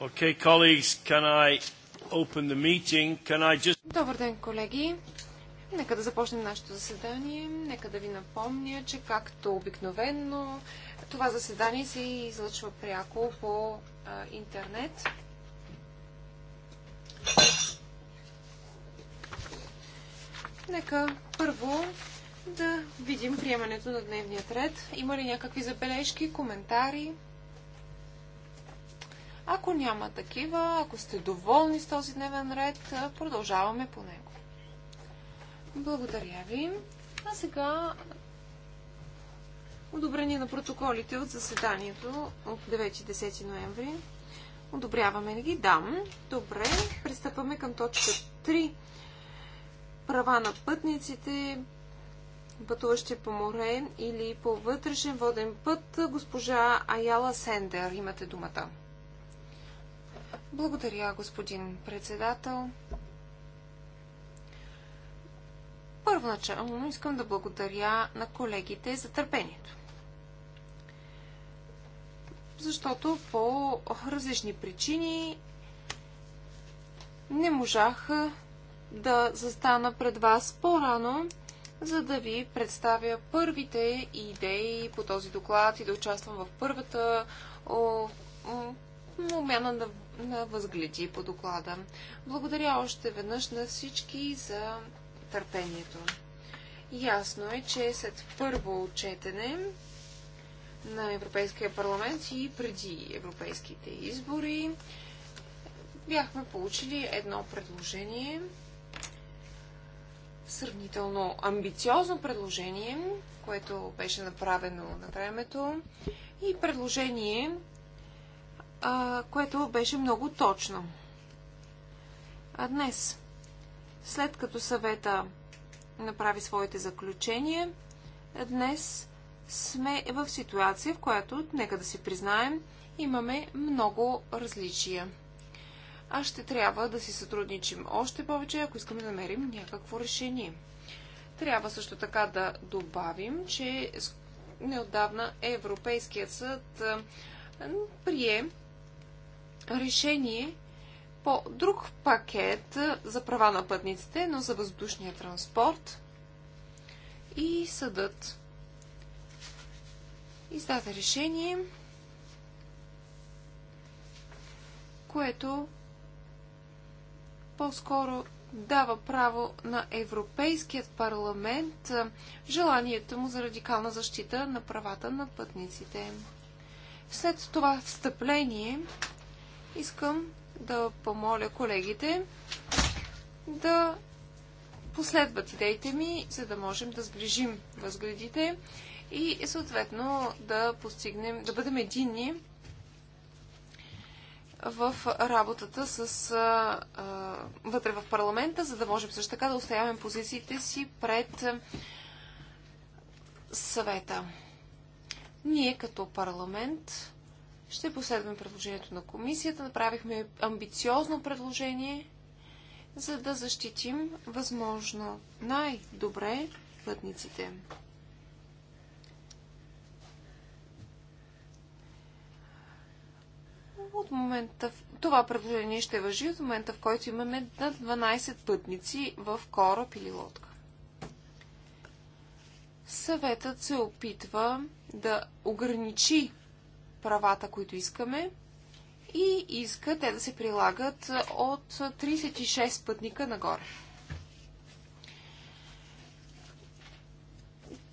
Okay, colleagues, can I open the meeting? Can I just... Добър ден, колеги! Нека да започнем нашето заседание. Нека да ви напомня, че както обикновено, това заседание се излъчва пряко по а, интернет. Нека първо да видим приемането на дневния ред. Има ли някакви забележки, коментари? Ако няма такива, ако сте доволни с този дневен ред, продължаваме по него. Благодаря ви. А сега одобрение на протоколите от заседанието от 9-10 ноември. Одобряваме ги. Дам. Добре. Пристъпваме към точка 3. Права на пътниците, пътуващи по море или по вътрешен воден път. Госпожа Аяла Сендер, имате думата. Благодаря, господин председател. Първоначално искам да благодаря на колегите за търпението. Защото по различни причини не можах да застана пред вас по-рано, за да ви представя първите идеи по този доклад и да участвам в първата обмяна на на възгледи по доклада. Благодаря още веднъж на всички за търпението. Ясно е, че след първо отчетене на Европейския парламент и преди европейските избори бяхме получили едно предложение, сравнително амбициозно предложение, което беше направено на времето и предложение, а, което беше много точно. А днес, след като съвета направи своите заключения, днес сме в ситуация, в която, нека да си признаем, имаме много различия. А ще трябва да си сътрудничим още повече, ако искаме да намерим някакво решение. Трябва също така да добавим, че неотдавна Европейският съд прие решение по друг пакет за права на пътниците, но за въздушния транспорт. И съдът издаде решение, което по-скоро дава право на Европейският парламент желанието му за радикална защита на правата на пътниците. След това встъпление Искам да помоля колегите да последват идеите ми, за да можем да сближим възгледите и съответно да постигнем, да бъдем единни в работата с, а, а, вътре в парламента, за да можем също така да устояваме позициите си пред съвета. Ние като парламент ще последваме предложението на комисията. Направихме амбициозно предложение, за да защитим възможно най-добре пътниците. От момента, това предложение ще въжи от момента, в който имаме на 12 пътници в кораб или лодка. Съветът се опитва да ограничи правата, които искаме и иска те да се прилагат от 36 пътника нагоре.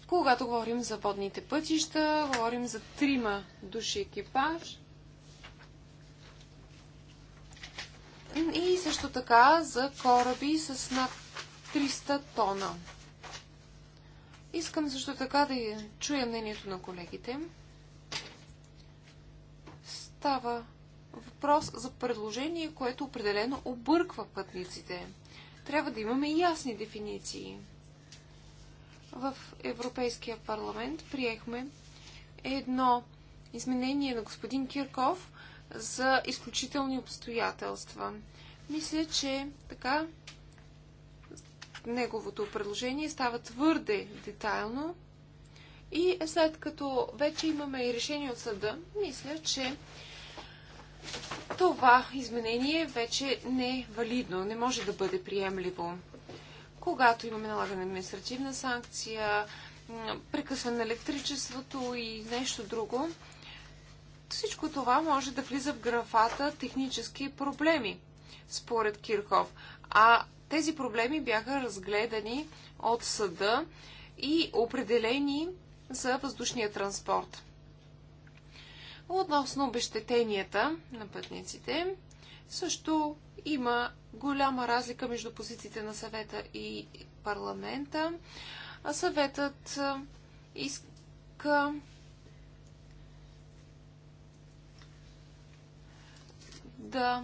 Когато говорим за водните пътища, говорим за трима души екипаж и също така за кораби с над 300 тона. Искам също така да чуя мнението на колегите. Става въпрос за предложение, което определено обърква пътниците. Трябва да имаме ясни дефиниции. В Европейския парламент приехме едно изменение на господин Кирков за изключителни обстоятелства. Мисля, че така неговото предложение става твърде детайлно и е след като вече имаме и решение от съда, мисля, че това изменение вече не е валидно, не може да бъде приемливо. Когато имаме налагане на административна санкция, прекъсване на електричеството и нещо друго, всичко това може да влиза в графата технически проблеми, според Кирхов. А тези проблеми бяха разгледани от съда и определени за въздушния транспорт. Относно обещетенията на пътниците, също има голяма разлика между позициите на съвета и парламента. А съветът иска да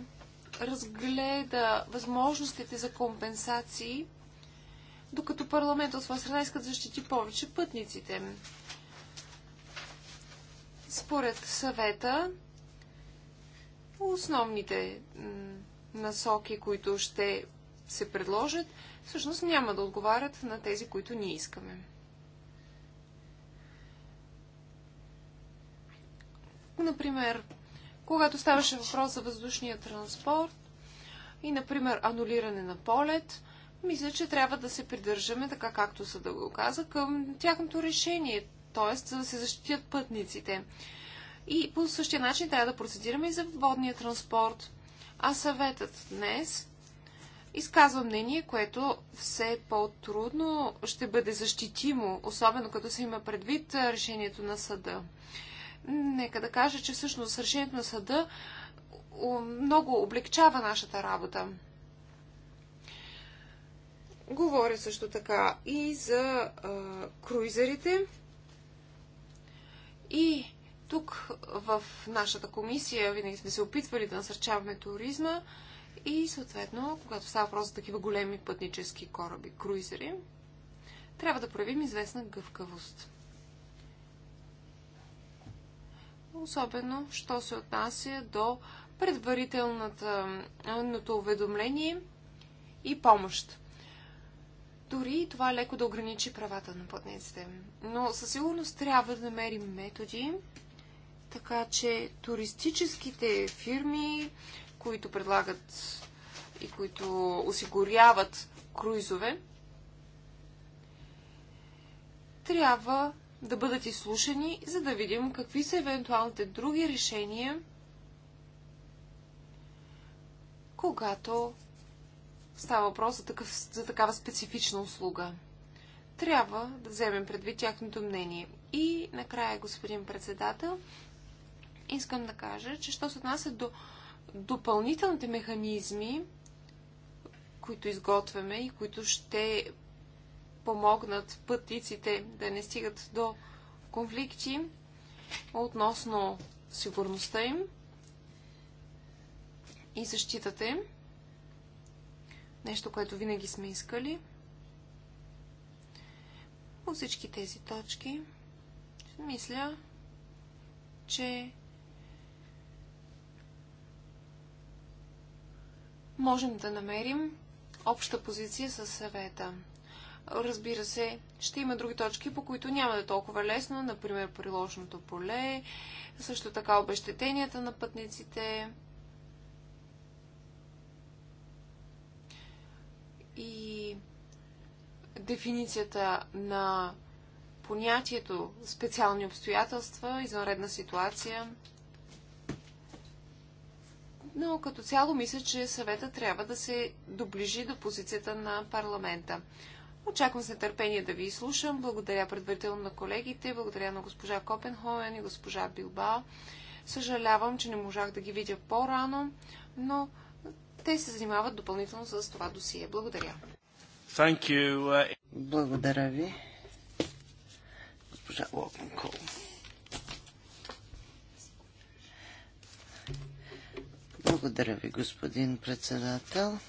разгледа възможностите за компенсации, докато парламентът от своя страна иска да защити повече пътниците. Според съвета, основните насоки, които ще се предложат, всъщност няма да отговарят на тези, които ние искаме. Например, когато ставаше въпрос за въздушния транспорт и, например, анулиране на полет, мисля, че трябва да се придържаме, така както да го каза, към тяхното решение т.е. за да се защитят пътниците. И по същия начин трябва да процедираме и за водния транспорт. А съветът днес изказва мнение, което все по-трудно ще бъде защитимо, особено като се има предвид решението на съда. Нека да кажа, че всъщност решението на съда много облегчава нашата работа. Говоря също така и за а, круизерите. И тук в нашата комисия винаги сме се опитвали да насърчаваме туризма и съответно, когато става въпрос за такива големи пътнически кораби, круизери, трябва да проявим известна гъвкавост. Особено, що се отнася до предварителното уведомление и помощ дори това леко да ограничи правата на пътниците. Но със сигурност трябва да намерим методи, така че туристическите фирми, които предлагат и които осигуряват круизове, трябва да бъдат изслушани, за да видим какви са евентуалните други решения, когато Става въпрос за, такъв, за такава специфична услуга. Трябва да вземем предвид тяхното мнение. И накрая, господин председател, искам да кажа, че що се отнася до допълнителните механизми, които изготвяме и които ще помогнат пътниците да не стигат до конфликти относно сигурността им и защитата им. Нещо, което винаги сме искали. По всички тези точки мисля, че можем да намерим обща позиция със съвета. Разбира се, ще има други точки, по които няма да е толкова лесно, например приложното поле, също така обещетенията на пътниците, и дефиницията на понятието специални обстоятелства, извънредна ситуация. Но като цяло мисля, че съвета трябва да се доближи до позицията на парламента. Очаквам с нетърпение да ви изслушам. Благодаря предварително на колегите, благодаря на госпожа Копенхоен и госпожа Билбао. Съжалявам, че не можах да ги видя по-рано, но те се занимават допълнително с това досие. Благодаря. Uh, Благодаря ви. Госпожа Локенкол. Благодаря ви, господин председател.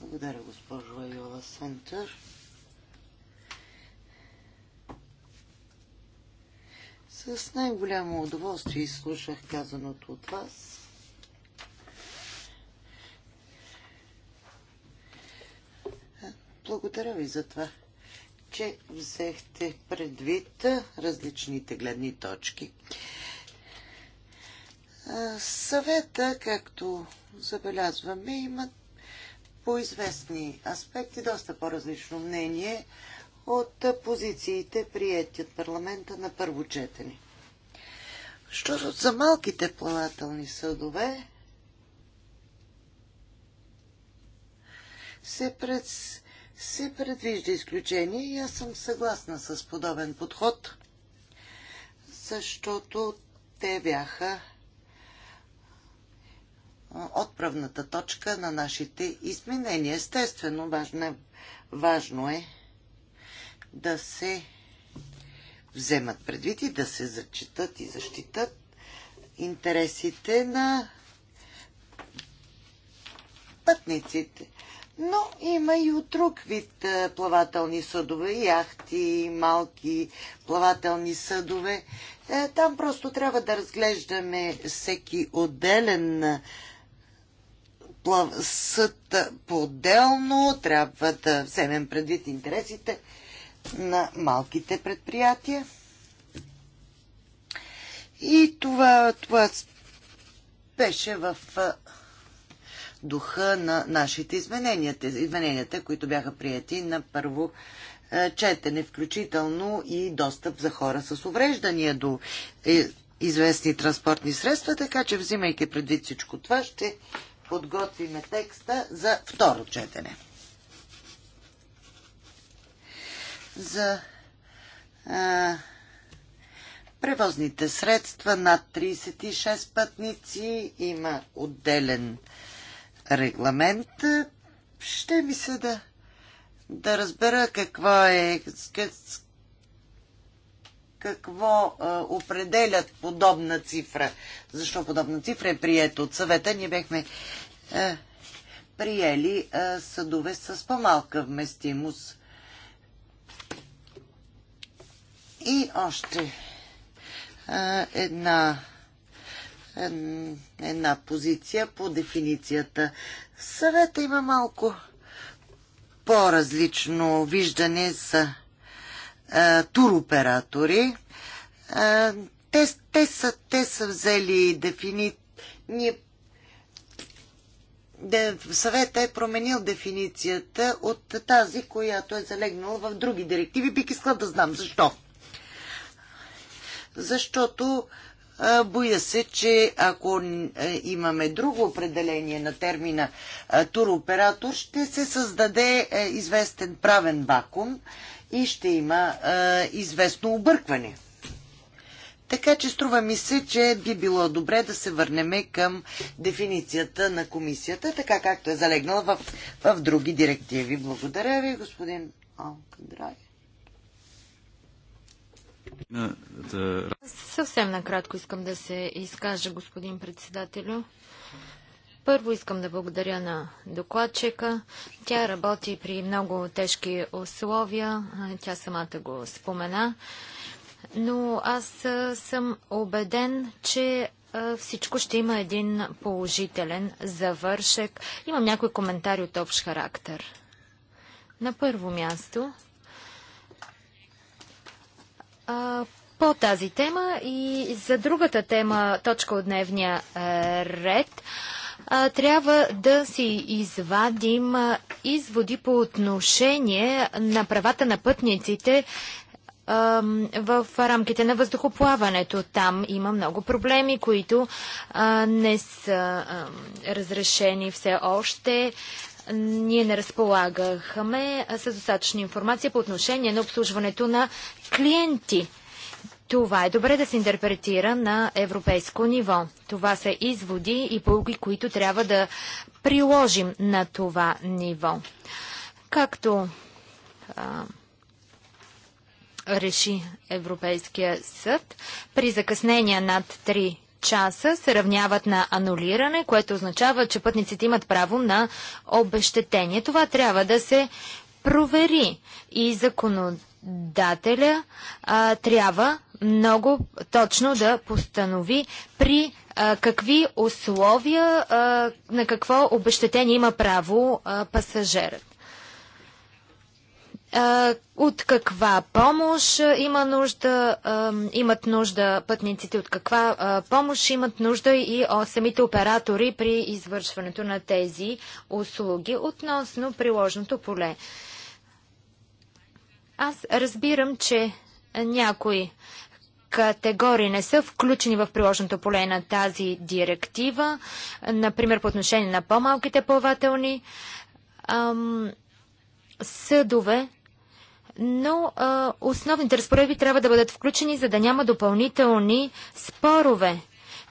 Благодаря, госпожо Айола Сентър. С най-голямо удоволствие изслушах казаното от вас. Благодаря ви за това, че взехте предвид различните гледни точки. Съвета, както забелязваме, имат по известни аспекти доста по-различно мнение от позициите, прияти от парламента на първо четене. Що за малките плавателни съдове се през се предвижда изключение и аз съм съгласна с подобен подход, защото те бяха отправната точка на нашите изменения. Естествено, важно, е, важно е да се вземат предвид и да се зачитат и защитат интересите на пътниците. Но има и от друг вид е, плавателни съдове, яхти, малки плавателни съдове. Е, там просто трябва да разглеждаме всеки отделен е, съд по-отделно, трябва да вземем предвид интересите на малките предприятия. И това, това беше в духа на нашите измененията, измененията, които бяха прияти на първо е, четене, включително и достъп за хора с увреждания до е, известни транспортни средства, така че взимайки предвид всичко това, ще подготвим текста за второ четене. За а, превозните средства над 36 пътници има отделен регламент. Ще ми се да, да разбера какво е, какво а, определят подобна цифра. Защо подобна цифра е приета от съвета? Ние бяхме а, приели а, съдове с по-малка вместимост. И още а, една една позиция по дефиницията. Съвета има малко по-различно виждане са а, е, туроператори. А, е, те, те, са, те са взели дефини... Ние... Де, съвета е променил дефиницията от тази, която е залегнала в други директиви. Бих искала да знам защо. Защото Боя се, че ако е, имаме друго определение на термина е, туроператор, ще се създаде е, известен правен вакуум и ще има известно объркване. Така че струва ми се, че би било добре да се върнем към дефиницията на комисията, така както е залегнала в, в други директиви. Благодаря ви, господин Алкадрай. Съвсем накратко искам да се изкажа, господин председателю. Първо искам да благодаря на докладчика. Тя работи при много тежки условия. Тя самата го спомена. Но аз съм убеден, че всичко ще има един положителен завършек. Имам някои коментари от общ характер. На първо място, а, по тази тема и за другата тема, точка от дневния ред, а, трябва да си извадим а, изводи по отношение на правата на пътниците в рамките на въздухоплаването. Там има много проблеми, които не са разрешени все още ние не разполагахме с достатъчна информация по отношение на обслужването на клиенти. Това е добре да се интерпретира на европейско ниво. Това са изводи и полуки, които трябва да приложим на това ниво. Както а, реши Европейския съд, при закъснение над 3 часа се равняват на анулиране, което означава, че пътниците имат право на обещетение. Това трябва да се провери и законодателя а, трябва много точно да постанови при а, какви условия, а, на какво обещетение има право а, пасажерът от каква помощ има нужда, имат нужда пътниците, от каква помощ имат нужда и самите оператори при извършването на тези услуги относно приложното поле. Аз разбирам, че някои категории не са включени в приложното поле на тази директива, например по отношение на по-малките плавателни съдове, но а, основните разпоредби трябва да бъдат включени, за да няма допълнителни спорове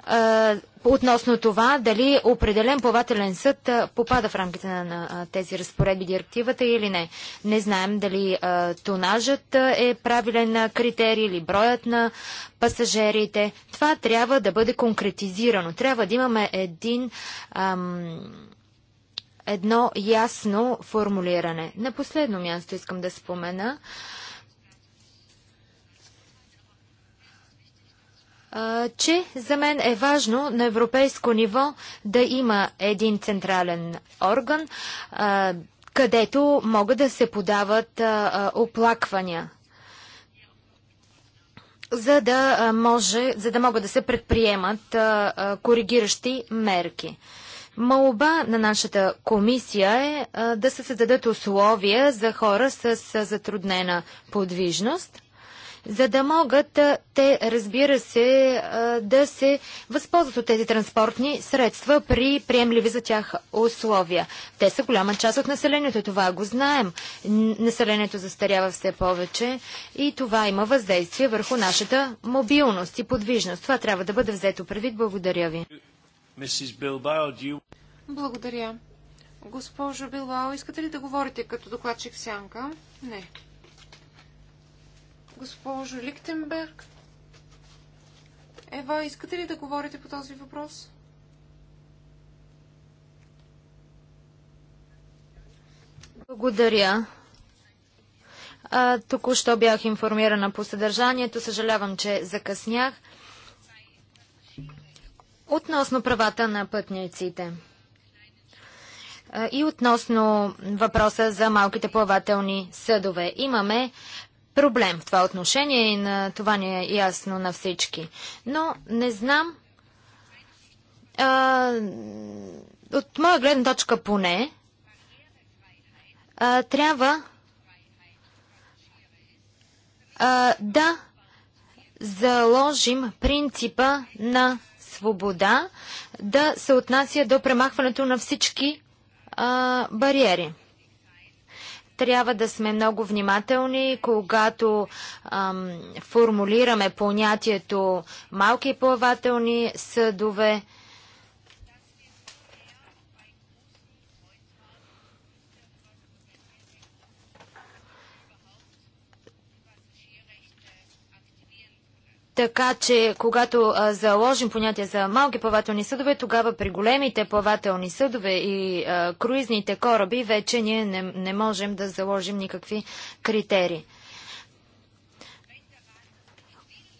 а, относно това дали определен пователен съд а, попада в рамките на, на тези разпоредби директивата или не. Не знаем дали а, тонажът е правилен критерий или броят на пасажерите. Това трябва да бъде конкретизирано. Трябва да имаме един ам, едно ясно формулиране. На последно място искам да спомена, че за мен е важно на европейско ниво да има един централен орган, където могат да се подават оплаквания за да, може, за да могат да се предприемат коригиращи мерки. Молба на нашата комисия е да се създадат условия за хора с, затруднена подвижност, за да могат те, разбира се, да се възползват от тези транспортни средства при приемливи за тях условия. Те са голяма част от населението, това го знаем. Населението застарява все повече и това има въздействие върху нашата мобилност и подвижност. Това трябва да бъде взето предвид. Благодаря ви. Благодаря. Госпожо Билбао, искате ли да говорите като докладчик в сянка? Не. Госпожо Ликтенберг? Ева, искате ли да говорите по този въпрос? Благодаря. Току-що бях информирана по съдържанието. Съжалявам, че закъснях. Относно правата на пътниците и относно въпроса за малките плавателни съдове. Имаме проблем в това отношение и на това ни е ясно на всички. Но не знам. А, от моя гледна точка поне а, трябва а, да заложим принципа на свобода да се отнася до премахването на всички а, бариери. Трябва да сме много внимателни, когато ам, формулираме понятието малки плавателни съдове, Така че, когато а, заложим понятие за малки плавателни съдове, тогава при големите плавателни съдове и а, круизните кораби вече ние не, не можем да заложим никакви критерии.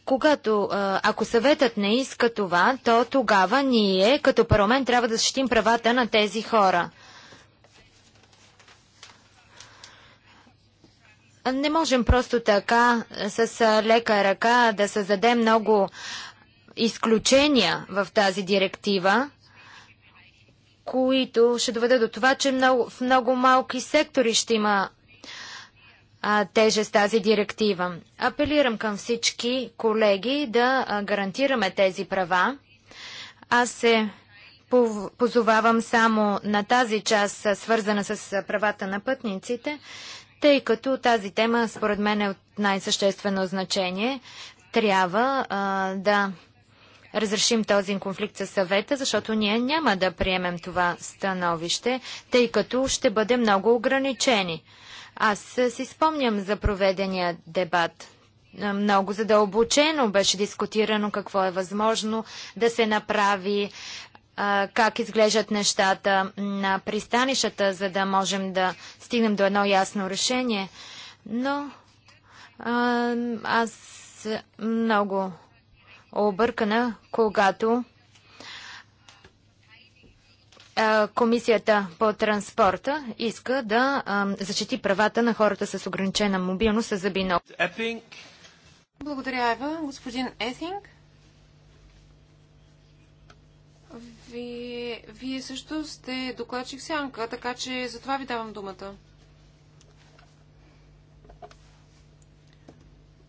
Когато, ако съветът не иска това, то тогава ние като парламент трябва да защитим правата на тези хора. Не можем просто така с лека ръка да създадем много изключения в тази директива, които ще доведат до това, че много, в много малки сектори ще има а, тежест тази директива. Апелирам към всички колеги да гарантираме тези права. Аз се позовавам само на тази част, свързана с правата на пътниците, тъй като тази тема според мен е от най-съществено значение. Трябва а, да разрешим този конфликт със съвета, защото ние няма да приемем това становище, тъй като ще бъде много ограничени. Аз си спомням за проведения дебат. Много задълбочено беше дискутирано какво е възможно да се направи, как изглеждат нещата на пристанищата, за да можем да стигнем до едно ясно решение. Но аз много объркана, когато Комисията по транспорта иска да защити правата на хората с ограничена мобилност за бинок. Благодаря, Ева. Господин Етинг. ви. Вие също сте докладчик сянка, така че за това ви давам думата.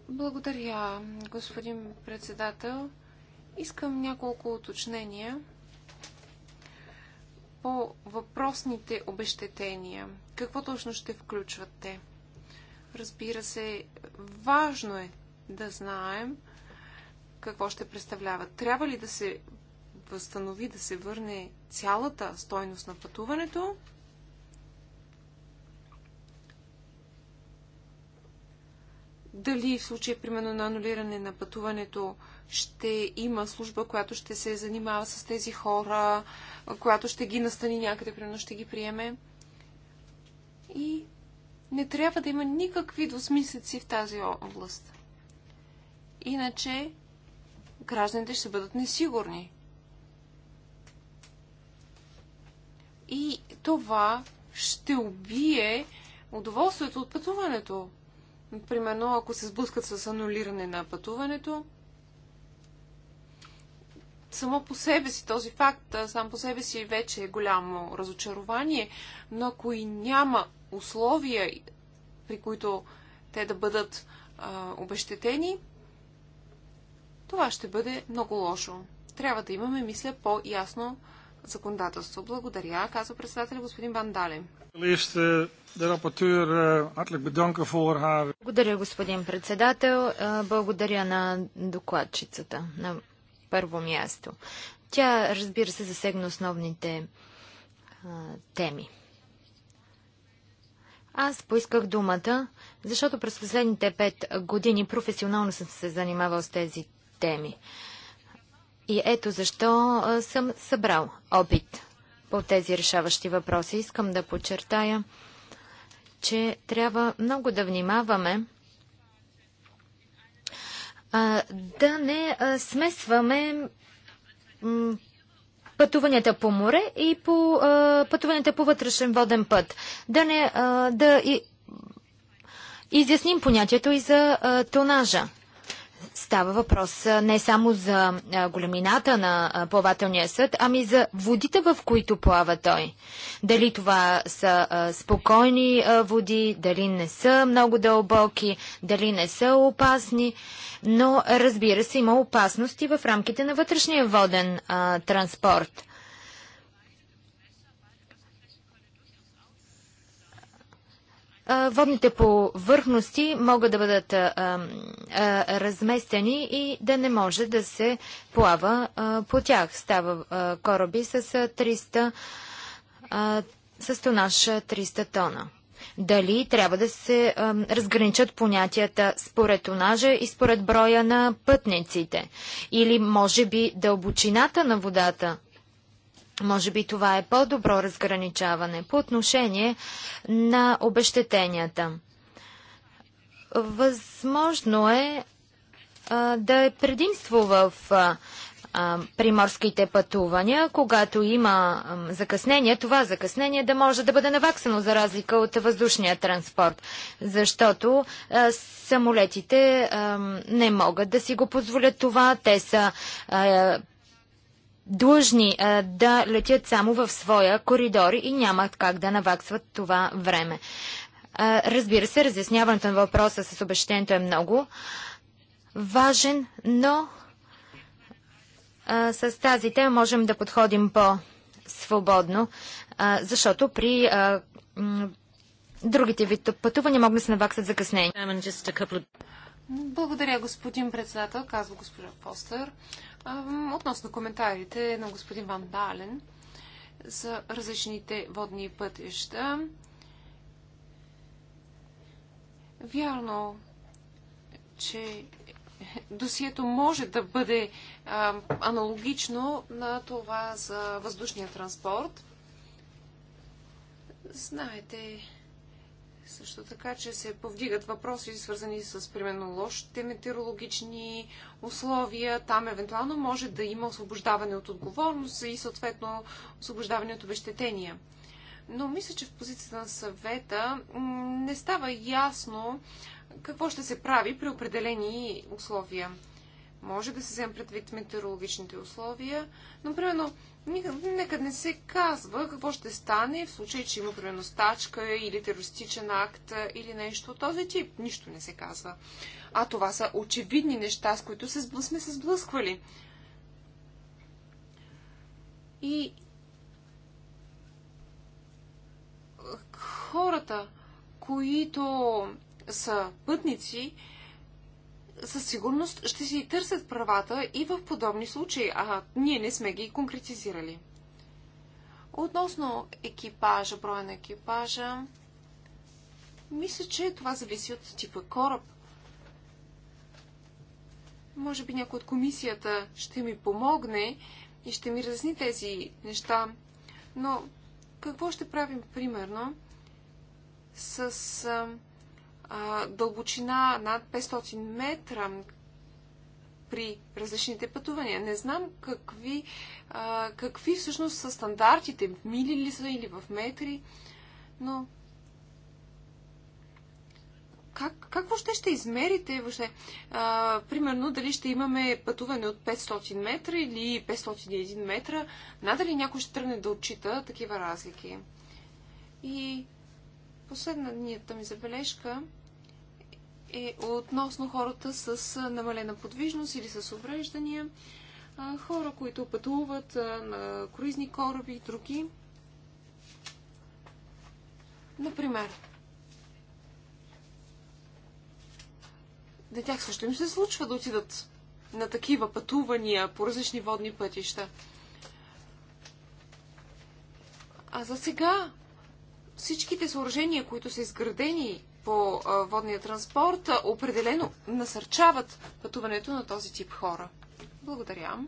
Благодаря, господин председател. Искам няколко уточнения по въпросните обещетения. Какво точно ще включват те? Разбира се, важно е да знаем какво ще представляват. Трябва ли да се възстанови, да се върне цялата стойност на пътуването, дали в случай, примерно, на анулиране на пътуването ще има служба, която ще се занимава с тези хора, която ще ги настани някъде, примерно ще ги приеме. И не трябва да има никакви двусмислици в тази област. Иначе гражданите ще бъдат несигурни. И това ще убие удоволствието от пътуването. Примерно, ако се сблъскат с анулиране на пътуването, само по себе си, този факт сам по себе си вече е голямо разочарование, но ако и няма условия, при които те да бъдат а, обещетени, това ще бъде много лошо. Трябва да имаме, мисля, по-ясно законодателство. Благодаря, казва председателя господин Бандали. Eh, благодаря, господин председател. Е, благодаря на докладчицата на първо място. Тя, разбира се, засегна основните е, теми. Аз поисках думата, защото през последните пет години професионално съм се занимавал с тези теми. И ето защо съм събрал опит по тези решаващи въпроси. Искам да подчертая, че трябва много да внимаваме да не смесваме пътуванията по море и по пътуванията по вътрешен воден път. Да не да изясним понятието и за тонажа. Става въпрос не само за големината на плавателния съд, ами за водите, в които плава той. Дали това са спокойни води, дали не са много дълбоки, дали не са опасни. Но разбира се, има опасности в рамките на вътрешния воден транспорт. водните повърхности могат да бъдат а, а, разместени и да не може да се плава а, по тях. Става кораби с 300 с тонаж 300 тона. Дали трябва да се разграничат понятията според тонажа и според броя на пътниците? Или може би дълбочината на водата може би това е по-добро разграничаване по отношение на обещетенията. Възможно е а, да е предимство в а, приморските пътувания, когато има закъснение, това закъснение да може да бъде наваксано за разлика от въздушния транспорт, защото а, самолетите а, не могат да си го позволят това. Те са а, длъжни а, да летят само в своя коридор и нямат как да наваксват това време. А, разбира се, разясняването на въпроса с обещението е много важен, но а, с тази тема можем да подходим по-свободно, защото при а, другите вид пътувания могат да се наваксат закъснение. Благодаря, господин председател, казва госпожа Постър. Относно коментарите на господин Ван Дален за различните водни пътища. Вярно, че досието може да бъде аналогично на това за въздушния транспорт. Знаете, също така, че се повдигат въпроси, свързани с, примерно, лошите метеорологични условия. Там евентуално може да има освобождаване от отговорност и съответно освобождаване от обещетения. Но мисля, че в позицията на съвета не става ясно какво ще се прави при определени условия. Може да се вземе предвид метеорологичните условия, но, примерно, Нека не се казва какво ще стане в случай, че има примерно стачка или терористичен акт или нещо от този тип. Нищо не се казва. А това са очевидни неща, с които се сме се сблъсквали. И хората, които са пътници, със сигурност ще си търсят правата и в подобни случаи, а ние не сме ги конкретизирали. Относно екипажа, броя на екипажа, мисля, че това зависи от типа кораб. Може би някой от комисията ще ми помогне и ще ми разни тези неща. Но какво ще правим, примерно, с дълбочина над 500 метра при различните пътувания. Не знам какви, а, какви всъщност са стандартите, мили ли са или в метри, но как, как въобще ще измерите въобще? А, примерно, дали ще имаме пътуване от 500 метра или 501 метра, надали някой ще тръгне да отчита такива разлики. И последната е ми забележка е относно хората с намалена подвижност или с увреждания, хора, които пътуват на круизни кораби и други. Например, на тях също им се случва да отидат на такива пътувания по различни водни пътища. А за сега всичките съоръжения, които са изградени по водния транспорт определено насърчават пътуването на този тип хора. Благодаря,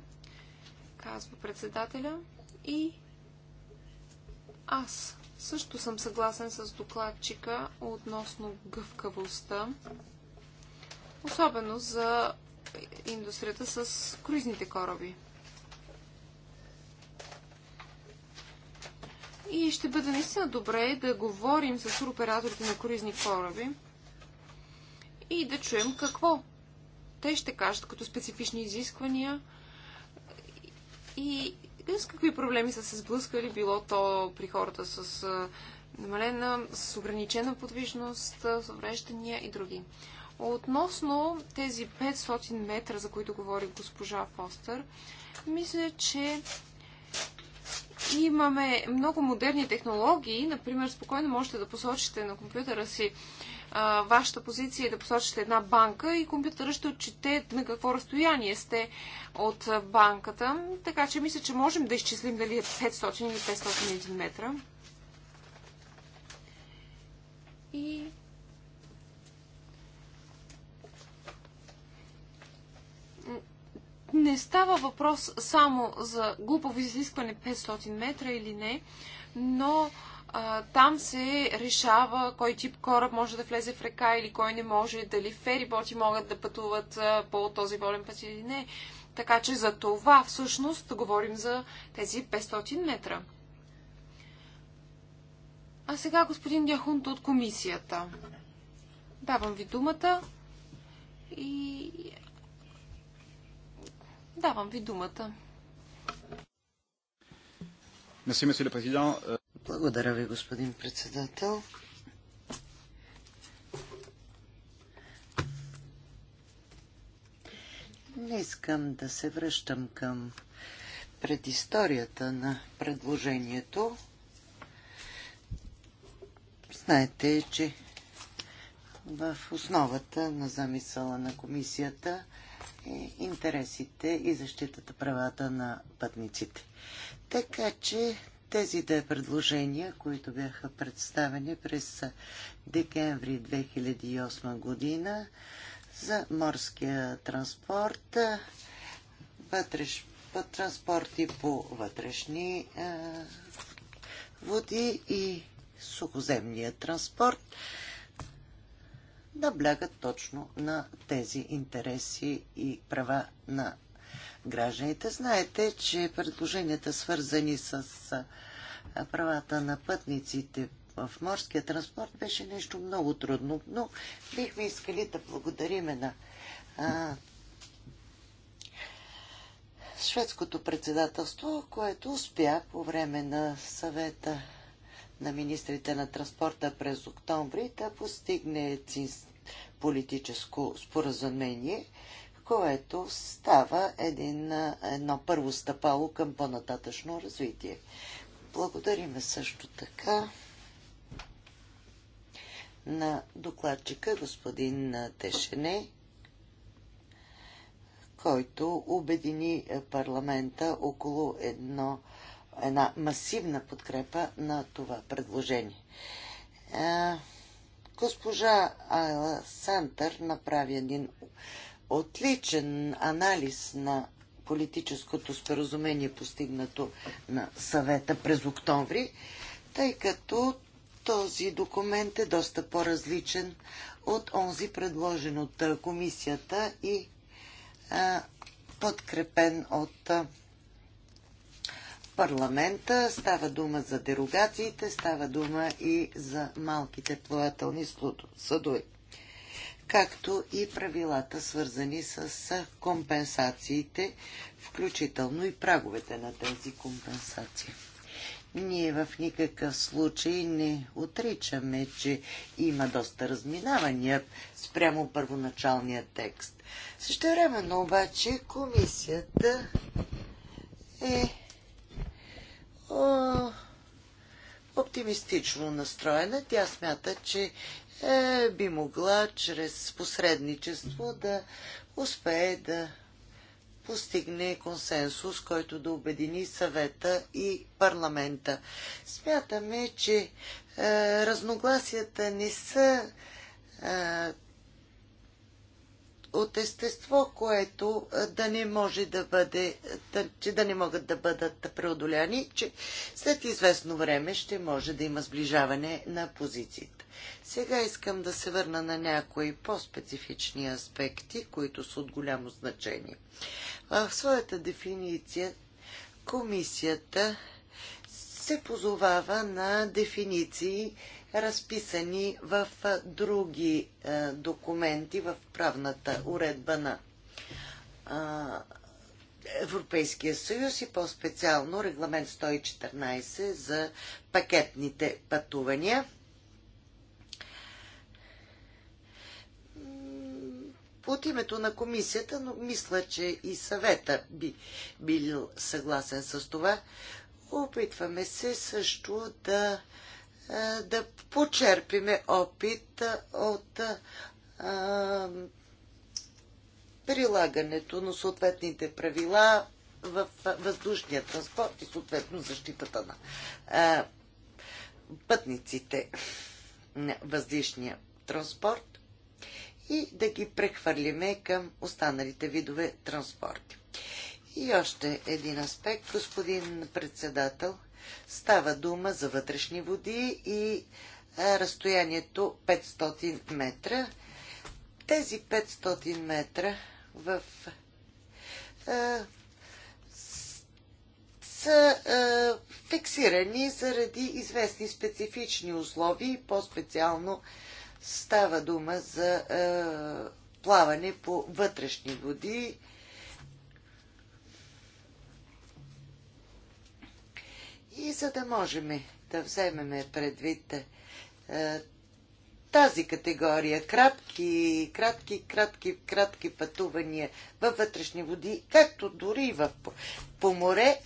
казва председателя. И аз също съм съгласен с докладчика относно гъвкавостта, особено за индустрията с круизните кораби. И ще бъде наистина добре да говорим с туроператорите на круизни кораби и да чуем какво те ще кажат като специфични изисквания и с какви проблеми са се сблъскали, било то при хората с намалена, с ограничена подвижност, с увреждания и други. Относно тези 500 метра, за които говори госпожа Фостер, мисля, че Имаме много модерни технологии. Например, спокойно можете да посочите на компютъра си а, вашата позиция и да посочите една банка и компютъра ще отчете на какво разстояние сте от банката. Така че мисля, че можем да изчислим дали е 500 или 501 метра. И не става въпрос само за глупаво изискване 500 метра или не, но а, там се решава кой тип кораб може да влезе в река или кой не може, дали фериботи могат да пътуват а, по този волен път или не. Така че за това всъщност говорим за тези 500 метра. А сега господин Дяхунт от комисията. Давам ви думата и Давам ви думата. Благодаря ви, господин председател. Не искам да се връщам към предисторията на предложението. Знаете, че в основата на замисъла на комисията интересите и защитата правата на пътниците. Така че тези две предложения, които бяха представени през декември 2008 година за морския транспорт, вътреш, транспорти по вътрешни а, води и сухоземния транспорт, наблягат точно на тези интереси и права на гражданите. Знаете, че предложенията свързани с правата на пътниците в морския транспорт беше нещо много трудно, но бихме искали да благодариме на а, шведското председателство, което успя по време на съвета на министрите на транспорта през октомври да постигне политическо споразумение, което става един, едно първо стъпало към по-нататъчно развитие. Благодариме също така на докладчика господин Тешене, който обедини парламента около едно една масивна подкрепа на това предложение. Е, госпожа Айла Сантър направи един отличен анализ на политическото споразумение, постигнато на съвета през октомври, тъй като този документ е доста по-различен от онзи предложен от комисията и е, подкрепен от парламента. Става дума за дерогациите, става дума и за малките плавателни съдове, както и правилата, свързани с компенсациите, включително и праговете на тези компенсации. Ние в никакъв случай не отричаме, че има доста разминавания спрямо първоначалния текст. Също но обаче комисията е оптимистично настроена. Тя смята, че е, би могла чрез посредничество да успее да постигне консенсус, който да обедини съвета и парламента. Смятаме, че е, разногласията не са е, от естество, което да не може да бъде, да, че да не могат да бъдат преодоляни, че след известно време ще може да има сближаване на позициите. Сега искам да се върна на някои по-специфични аспекти, които са от голямо значение. В своята дефиниция комисията се позовава на дефиниции разписани в други документи в правната уредба на Европейския съюз и по-специално регламент 114 за пакетните пътувания. От името на комисията, но мисля, че и съвета би бил съгласен с това, опитваме се също да е, да почерпиме опит от е, прилагането на съответните правила в въздушния транспорт и съответно защитата на е, пътниците на въздушния транспорт и да ги прехвърлиме към останалите видове транспорти. И още един аспект, господин председател – Става дума за вътрешни води и разстоянието 500 метра. Тези 500 метра в са е, фиксирани заради известни специфични условия и по-специално става дума за е, плаване по вътрешни води И за да можем да вземем предвид е, тази категория кратки, кратки, кратки, кратки пътувания във вътрешни води, както дори и в, по море,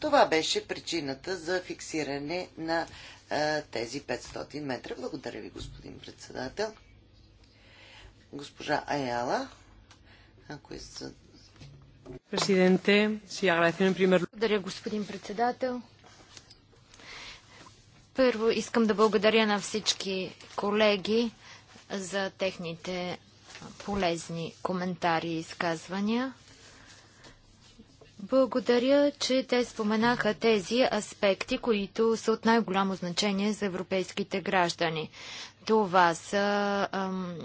това беше причината за фиксиране на а, е, тези 500 метра. Благодаря ви, господин председател. Госпожа Аяла, ако е за... Президенте, си пример. Благодаря, господин председател. Първо искам да благодаря на всички колеги за техните полезни коментари и изказвания. Благодаря, че те споменаха тези аспекти, които са от най-голямо значение за европейските граждани. Това са,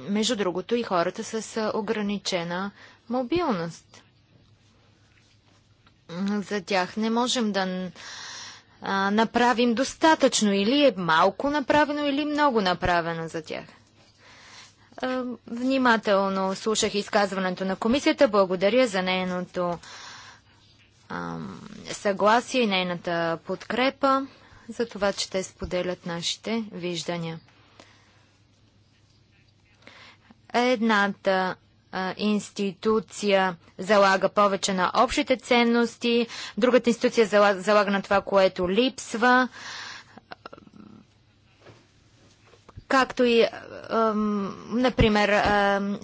между другото, и хората с ограничена мобилност. За тях не можем да а, направим достатъчно или е малко направено, или много направено за тях. А, внимателно слушах изказването на комисията. Благодаря за нейното а, съгласие и нейната подкрепа за това, че те споделят нашите виждания. Едната институция залага повече на общите ценности, другата институция залага, залага на това, което липсва, както и, например,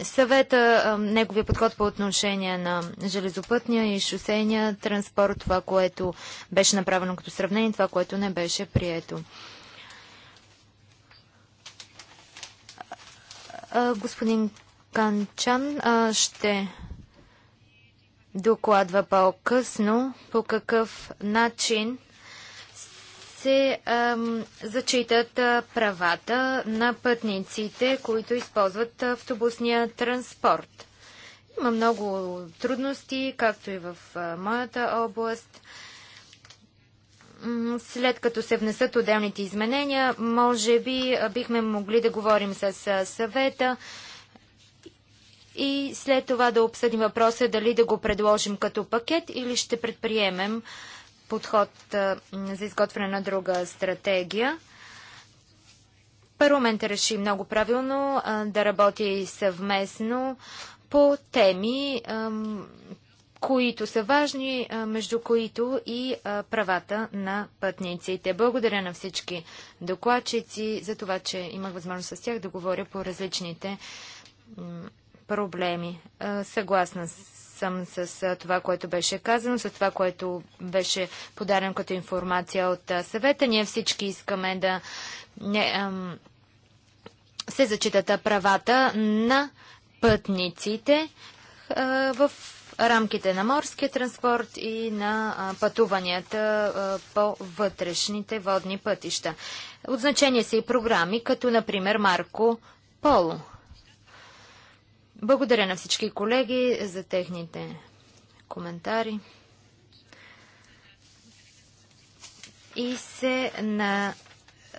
съвета, неговия подход по отношение на железопътния и шосейния транспорт, това, което беше направено като сравнение, това, което не беше прието. Господин Канчан а, ще докладва по-късно по какъв начин се ам, зачитат а, правата на пътниците, които използват автобусния транспорт. Има много трудности, както и в а, моята област. След като се внесат отделните изменения, може би бихме могли да говорим с а, съвета и след това да обсъдим въпроса дали да го предложим като пакет или ще предприемем подход за изготвяне на друга стратегия. Парламентът реши много правилно да работи съвместно по теми, които са важни, между които и правата на пътниците. Благодаря на всички докладчици за това, че имах възможност с тях да говоря по различните проблеми. Съгласна съм с това, което беше казано, с това, което беше подарено като информация от съвета. Ние всички искаме да не, ам, се зачитат правата на пътниците а, в рамките на морския транспорт и на а, пътуванията а, по вътрешните водни пътища. От значение са и програми, като например Марко Поло. Благодаря на всички колеги за техните коментари. И се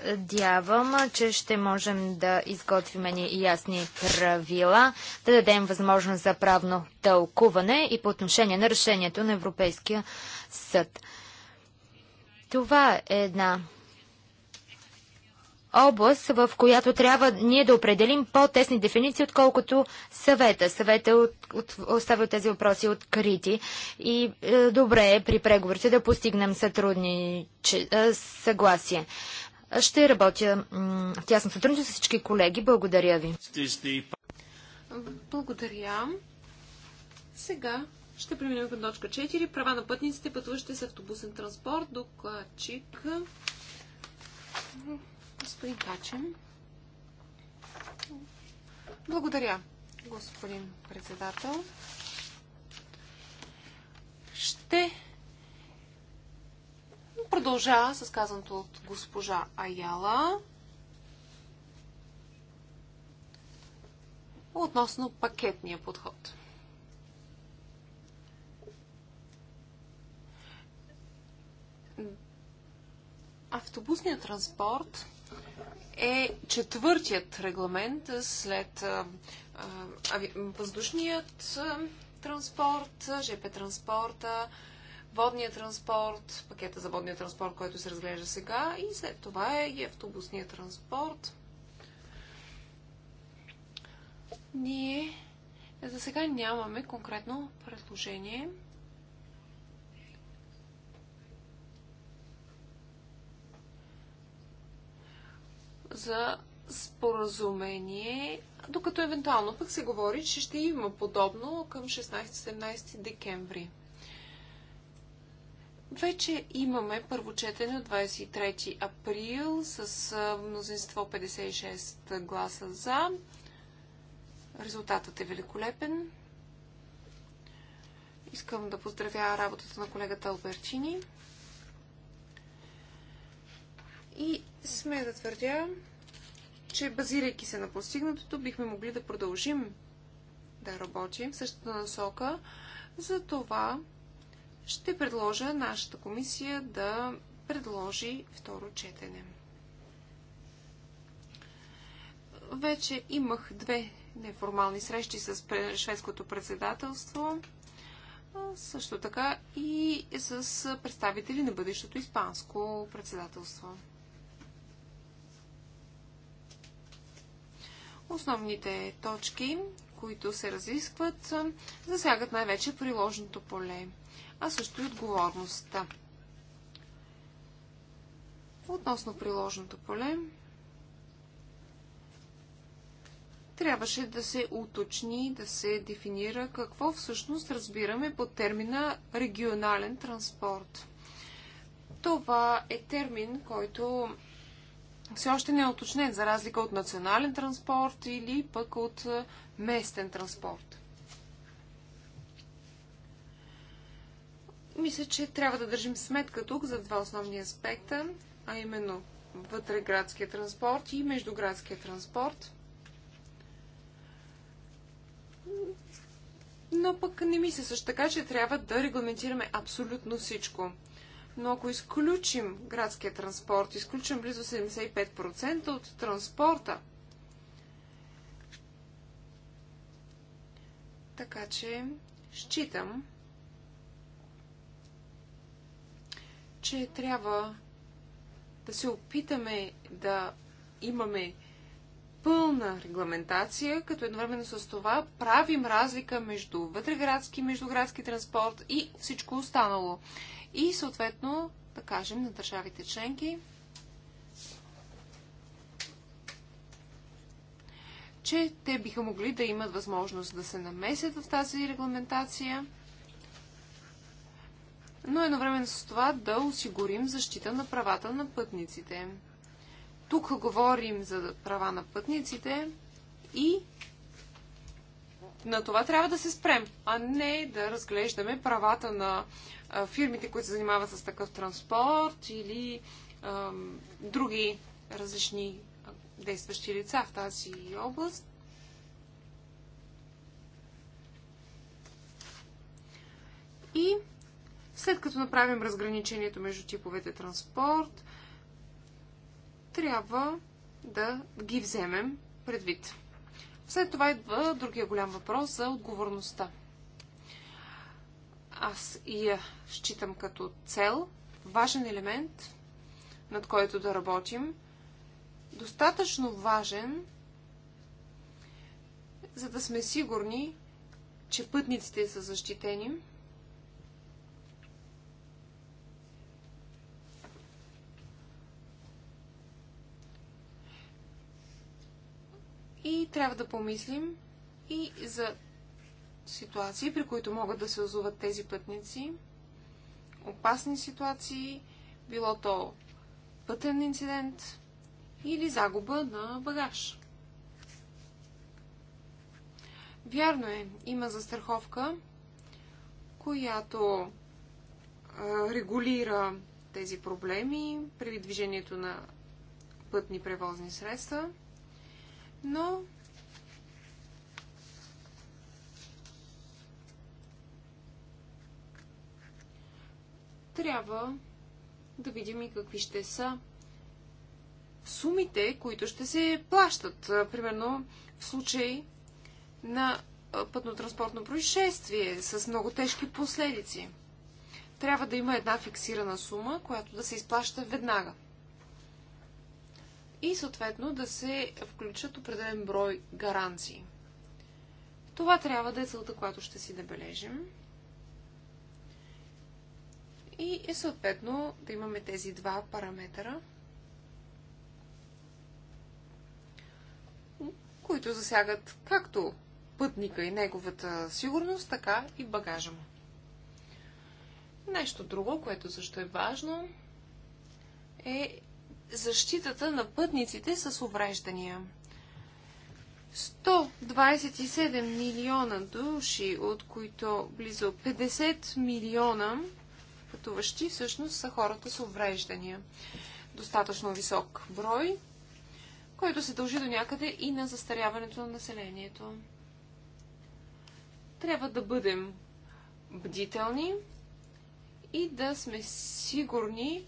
надявам, че ще можем да изготвим и ясни правила, да дадем възможност за правно тълкуване и по отношение на решението на Европейския съд. Това е една област, в която трябва ние да определим по-тесни дефиниции, отколкото съвета. Съвета е от, от, оставя тези въпроси открити и е, добре е при преговорите да постигнем сътрудниче, е, съгласие. Ще работя в тясно сътрудничество с всички колеги. Благодаря ви. Благодаря. Сега ще преминем към точка 4. Права на пътниците, пътуващи с автобусен транспорт, докладчик и Качен. Благодаря, господин председател. Ще продължа с казаното от госпожа Аяла относно пакетния подход. Автобусният транспорт е четвъртият регламент след а, въздушният транспорт, ЖП транспорта, водния транспорт, пакета за водния транспорт, който се разглежда сега и след това е и автобусния транспорт. Ние за сега нямаме конкретно предложение. за споразумение, докато евентуално пък се говори, че ще има подобно към 16-17 декември. Вече имаме първо четене от 23 април с мнозинство 56 гласа за. Резултатът е великолепен. Искам да поздравя работата на колегата Албертини. И сме да твърдя, че базирайки се на постигнатото, бихме могли да продължим да работим в същата насока. За това ще предложа нашата комисия да предложи второ четене. Вече имах две неформални срещи с шведското председателство, също така и с представители на бъдещото испанско председателство. Основните точки, които се разискват, засягат най-вече приложното поле, а също и отговорността. Относно приложното поле, трябваше да се уточни, да се дефинира какво всъщност разбираме под термина регионален транспорт. Това е термин, който все още не е уточнен, за разлика от национален транспорт или пък от е, местен транспорт. Мисля, че трябва да държим сметка тук за два основни аспекта, а именно вътреградския транспорт и междуградския транспорт. Но пък не мисля също така, че трябва да регламентираме абсолютно всичко – но ако изключим градския транспорт, изключим близо 75% от транспорта, така че считам, че трябва да се опитаме да имаме пълна регламентация, като едновременно с това правим разлика между вътреградски, и междуградски транспорт и всичко останало и съответно, да кажем, на държавите членки, че те биха могли да имат възможност да се намесят в тази регламентация, но едновременно с това да осигурим защита на правата на пътниците. Тук говорим за права на пътниците и на това трябва да се спрем, а не да разглеждаме правата на фирмите, които се занимават с такъв транспорт или ам, други различни действащи лица в тази област. И след като направим разграничението между типовете транспорт, трябва да ги вземем предвид. След това идва другия голям въпрос за отговорността. Аз я считам като цел, важен елемент, над който да работим, достатъчно важен, за да сме сигурни, че пътниците са защитени – И трябва да помислим и за ситуации, при които могат да се озуват тези пътници, опасни ситуации, било то пътен инцидент или загуба на багаж. Вярно е, има застраховка, която регулира тези проблеми при движението на пътни превозни средства – но трябва да видим и какви ще са сумите, които ще се плащат. Примерно в случай на пътно-транспортно происшествие с много тежки последици. Трябва да има една фиксирана сума, която да се изплаща веднага и съответно да се включат определен брой гаранции. Това трябва да е целта, която ще си набележим. И е съответно да имаме тези два параметъра, които засягат както пътника и неговата сигурност, така и багажа му. Нещо друго, което също е важно, е защитата на пътниците с увреждания. 127 милиона души, от които близо 50 милиона пътуващи всъщност са хората с увреждания. Достатъчно висок брой, който се дължи до някъде и на застаряването на населението. Трябва да бъдем бдителни и да сме сигурни,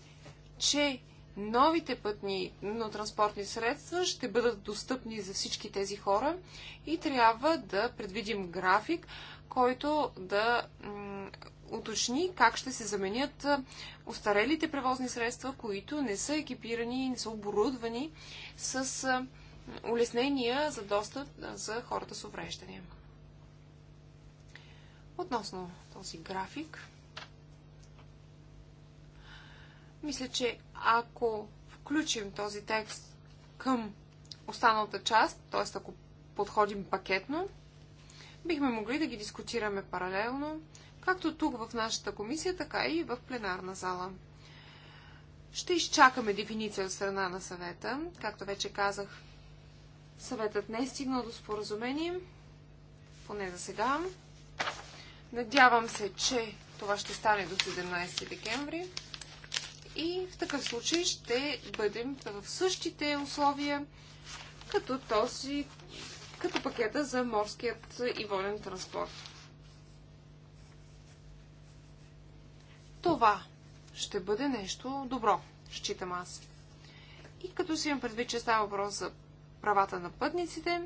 че новите пътни но транспортни средства ще бъдат достъпни за всички тези хора и трябва да предвидим график, който да уточни как ще се заменят устарелите превозни средства, които не са екипирани, не са оборудвани с улеснения за достъп за хората с увреждания. Относно този график, мисля, че ако включим този текст към останалата част, т.е. ако подходим пакетно, бихме могли да ги дискутираме паралелно, както тук в нашата комисия, така и в пленарна зала. Ще изчакаме дефиниция от страна на съвета. Както вече казах, съветът не е стигнал до споразумение, поне за сега. Надявам се, че това ще стане до 17 декември и в такъв случай ще бъдем в същите условия, като този, като пакета за морският и воден транспорт. Това ще бъде нещо добро, считам аз. И като си имам предвид, че става въпрос за правата на пътниците,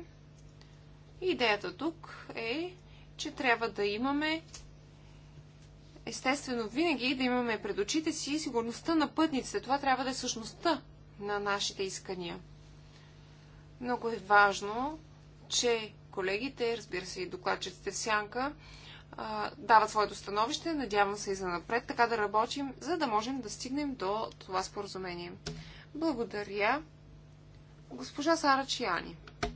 идеята тук е, че трябва да имаме естествено винаги да имаме пред очите си сигурността на пътниците. Това трябва да е същността на нашите искания. Много е важно, че колегите, разбира се и докладчиците в сянка, дават своето становище, надявам се и за напред, така да работим, за да можем да стигнем до това споразумение. Благодаря. Госпожа Сара Чияни.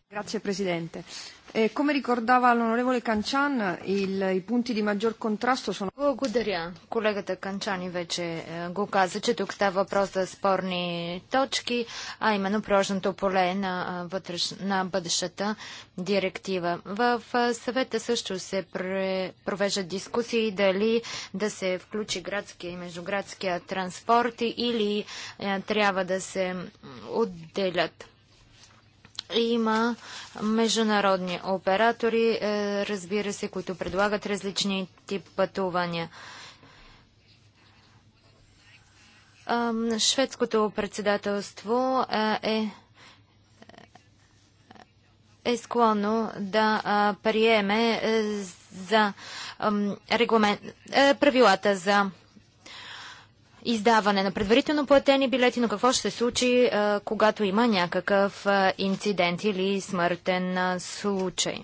Grazie Presidente. Eh, come ricordava l'onorevole Канчан, il, i punti di maggior contrasto sono... Благодаря. Колегата Канчани вече е, го каза, че тук става въпрос за спорни точки, а именно прожното поле на, е, вътреш... на бъдещата директива. В е, съвета също се пре... провеждат дискусии дали да се включи градския и междуградския транспорт или трябва да се отделят има международни оператори, е, разбира се, които предлагат различни тип пътувания. Шведското председателство е е, е склонно да приеме е, за правилата за издаване на предварително платени билети, но какво ще се случи, когато има някакъв инцидент или смъртен случай?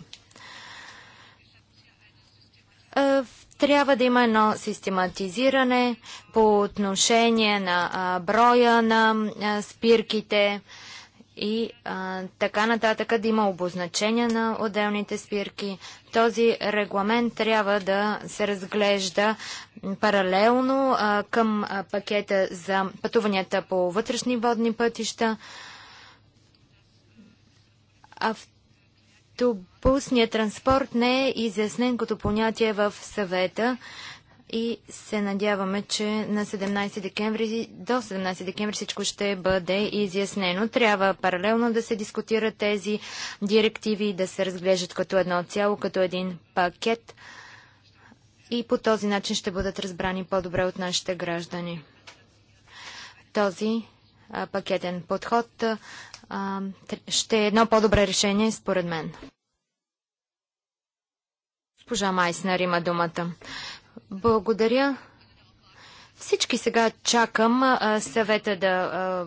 Трябва да има едно систематизиране по отношение на броя на спирките, и а, така нататък да има обозначения на отделните спирки. Този регламент трябва да се разглежда паралелно а, към а, пакета за пътуванията по вътрешни водни пътища. Автобусният транспорт не е изяснен като понятие в съвета. А, и се надяваме, че на 17 декември, до 17 декември всичко ще бъде изяснено. Трябва паралелно да се дискутират тези директиви и да се разглеждат като едно цяло, като един пакет и по този начин ще бъдат разбрани по-добре от нашите граждани. Този пакетен подход ще е едно по-добре решение, според мен. Госпожа Майснер има думата. Благодаря всички сега чакам а, съвета да а,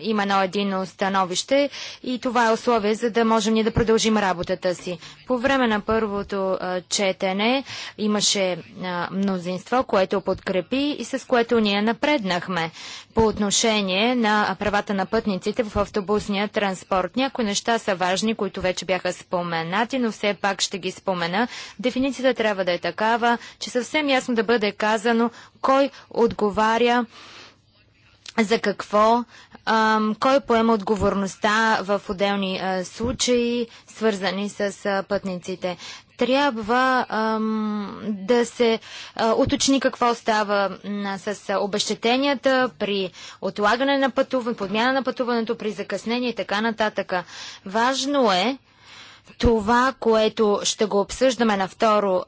има едно един становище и това е условие, за да можем ние да продължим работата си. По време на първото а, четене имаше а, мнозинство, което подкрепи и с което ние напреднахме по отношение на правата на пътниците в автобусния транспорт. Някои неща са важни, които вече бяха споменати, но все пак ще ги спомена. Дефиницията трябва да е такава, че съвсем ясно да бъде казано кой от отговаря за какво, кой поема отговорността в отделни случаи, свързани с пътниците. Трябва да се уточни какво става с обещетенията при отлагане на пътуване, подмяна на пътуването, при закъснение и така нататък. Важно е това, което ще го обсъждаме на второ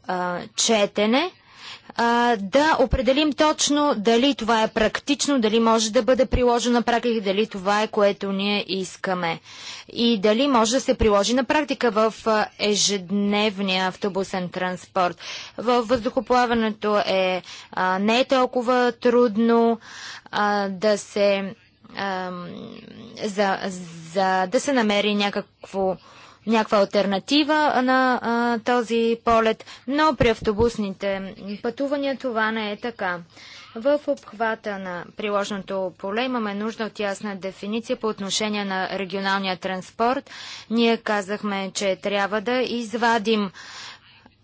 четене, а, да определим точно дали това е практично, дали може да бъде приложено на практика, дали това е което ние искаме. И дали може да се приложи на практика в ежедневния автобусен транспорт. Във въздухоплаването е, а, не е толкова трудно а, да се за, за да се намери някакво някаква альтернатива на а, този полет, но при автобусните пътувания това не е така. В обхвата на приложното поле имаме нужда от ясна дефиниция по отношение на регионалния транспорт. Ние казахме, че трябва да извадим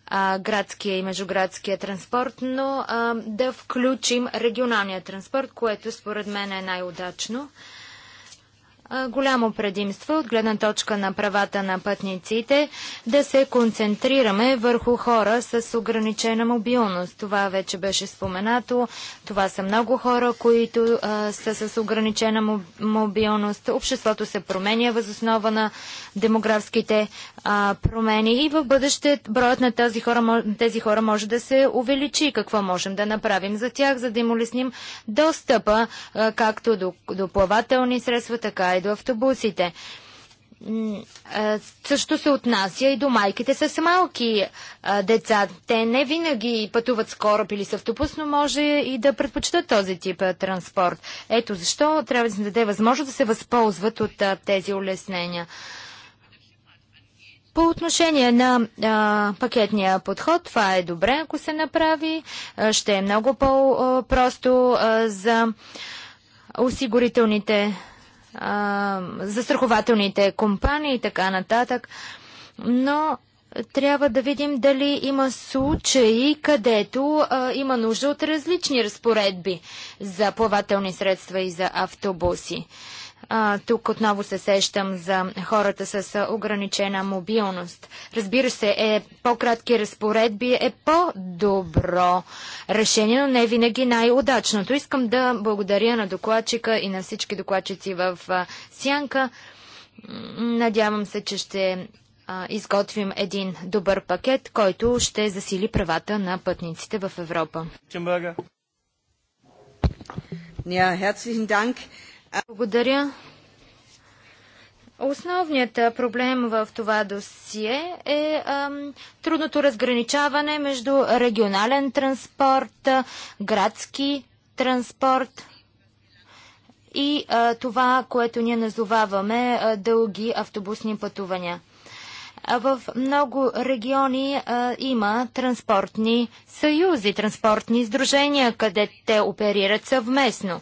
а, градския и междуградския транспорт, но а, да включим регионалния транспорт, което според мен е най-удачно голямо предимство от гледна точка на правата на пътниците да се концентрираме върху хора с ограничена мобилност. Това вече беше споменато. Това са много хора, които а, са с ограничена мобилност. Обществото се променя възоснова на демографските а, промени и в бъдеще броят на тези хора, тези хора може да се увеличи. Какво можем да направим за тях, за да им улесним достъпа а, както до, до плавателни средства, така и до автобусите. Също се отнася и до майките с малки деца. Те не винаги пътуват с кораб или с автобус, но може и да предпочитат този тип транспорт. Ето защо трябва да се даде възможност да се възползват от тези улеснения. По отношение на а, пакетния подход, това е добре, ако се направи. ще е много по-просто за осигурителните а, застрахователните компании и така нататък. Но трябва да видим дали има случаи, където а, има нужда от различни разпоредби за плавателни средства и за автобуси. А, тук отново се сещам за хората с ограничена мобилност. Разбира се, е по-кратки разпоредби е по-добро решение, но не винаги най-удачното. Искам да благодаря на докладчика и на всички докладчици в Сянка. Надявам се, че ще изготвим един добър пакет, който ще засили правата на пътниците в Европа. Ja, herzlichen Dank. Благодаря. Основният проблем в това досие е ам, трудното разграничаване между регионален транспорт, градски транспорт и а, това, което ние назоваваме а, дълги автобусни пътувания. А в много региони а, има транспортни съюзи, транспортни издружения, къде те оперират съвместно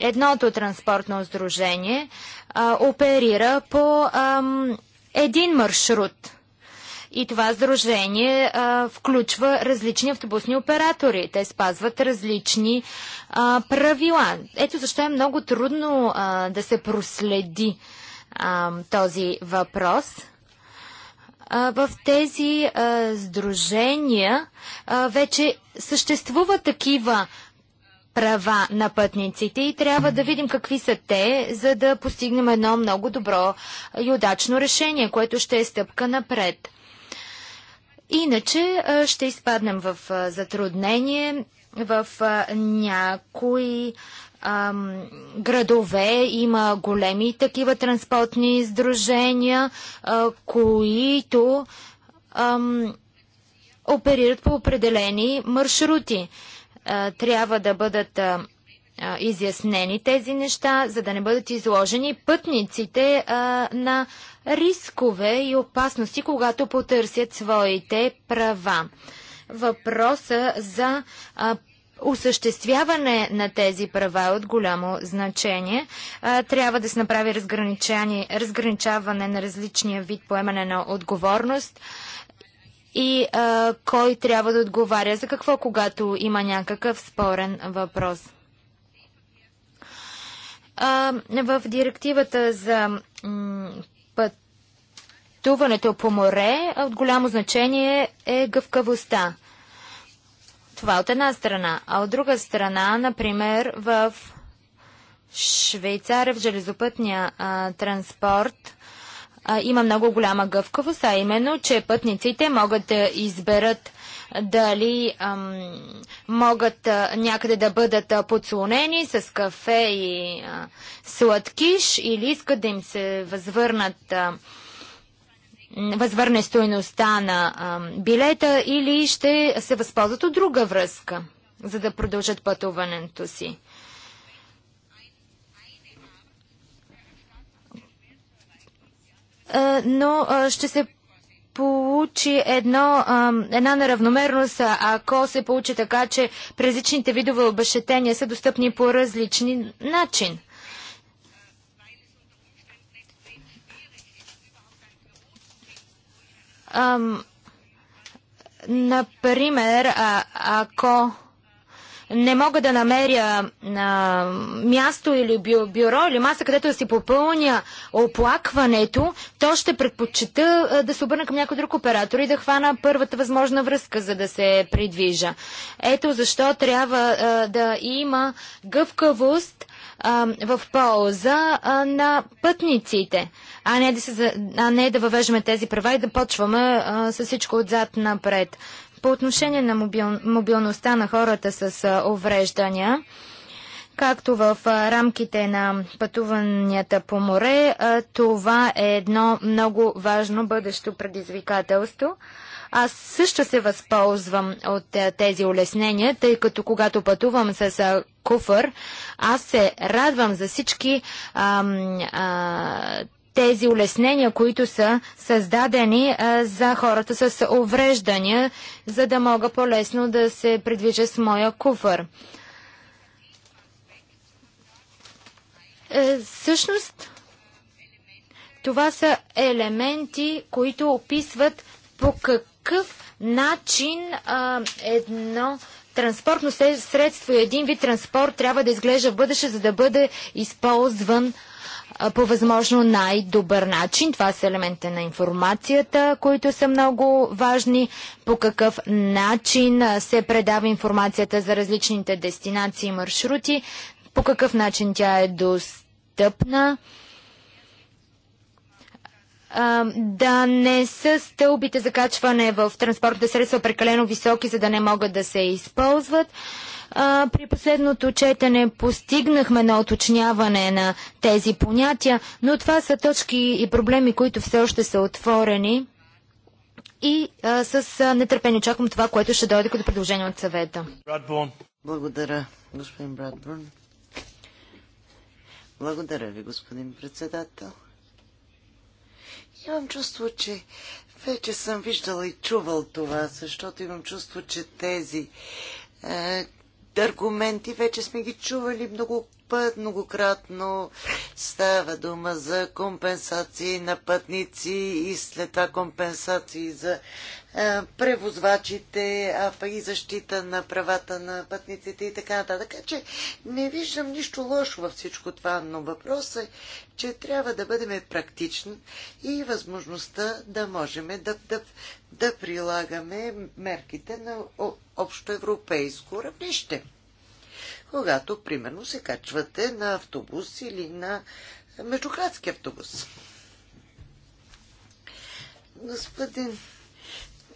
едното транспортно сдружение а, оперира по а, един маршрут. И това сдружение а, включва различни автобусни оператори. Те спазват различни а, правила. Ето защо е много трудно а, да се проследи а, този въпрос в тези а, сдружения а, вече съществуват такива права на пътниците и трябва да видим какви са те, за да постигнем едно много добро и удачно решение, което ще е стъпка напред. Иначе ще изпаднем в затруднение в някои ам, градове има големи такива транспортни издружения, а, които ам, оперират по определени маршрути трябва да бъдат изяснени тези неща, за да не бъдат изложени пътниците на рискове и опасности, когато потърсят своите права. Въпроса за осъществяване на тези права е от голямо значение. трябва да се направи разграничаване на различния вид поемане на отговорност и а, кой трябва да отговаря за какво, когато има някакъв спорен въпрос. А, в директивата за пътуването по море от голямо значение е гъвкавостта. Това от една страна. А от друга страна, например, в Швейцария в железопътния а, транспорт – има много голяма гъвкавост, а именно, че пътниците могат да изберат дали ам, могат а, някъде да бъдат подслонени с кафе и а, сладкиш или искат да им се възвърнат а, възвърне стоеността на а, билета или ще се възползват от друга връзка, за да продължат пътуването си. Е, но е, ще се получи едно, е, една неравномерност, ако се получи така, че различните видове обещетения са достъпни по различни начин. например, ако не мога да намеря а, място или бю, бюро или маса, където да си попълня оплакването, то ще предпочита а, да се обърна към някой друг оператор и да хвана първата възможна връзка, за да се придвижа. Ето защо трябва а, да има гъвкавост а, в полза а, на пътниците, а не да, се, а не да въвеждаме тези права и да почваме а, с всичко отзад напред. По отношение на мобил... мобилността на хората с увреждания, както в рамките на пътуванията по море, това е едно много важно бъдещо предизвикателство. Аз също се възползвам от тези улеснения, тъй като когато пътувам с куфър, аз се радвам за всички а, а, тези улеснения, които са създадени а, за хората с увреждания, за да мога по-лесно да се придвижа с моя куфър. Същност, е, всъщност, това са елементи, които описват по какъв начин а, едно транспортно средство и един вид транспорт трябва да изглежда в бъдеще, за да бъде използван по възможно най-добър начин. Това са елементи на информацията, които са много важни. По какъв начин се предава информацията за различните дестинации и маршрути, по какъв начин тя е достъпна да не са стълбите за качване в транспортните средства прекалено високи, за да не могат да се използват. А, при последното четене постигнахме на оточняване на тези понятия, но това са точки и проблеми, които все още са отворени и а, с нетърпение очаквам това, което ще дойде като предложение от съвета. Брадбурн. Благодаря, господин Брадбурн. Благодаря ви, господин председател. Имам чувство, че вече съм виждала и чувал това, защото имам чувство, че тези е, аргументи вече сме ги чували много път, многократно. Става дума за компенсации на пътници и след това компенсации за а, превозвачите, а пък и защита на правата на пътниците и така нататък. Така че не виждам нищо лошо във всичко това, но въпросът е, че трябва да бъдем практични и възможността да можем да, да, да прилагаме мерките на общоевропейско равнище. Когато, примерно, се качвате на автобус или на междуградски автобус. Господин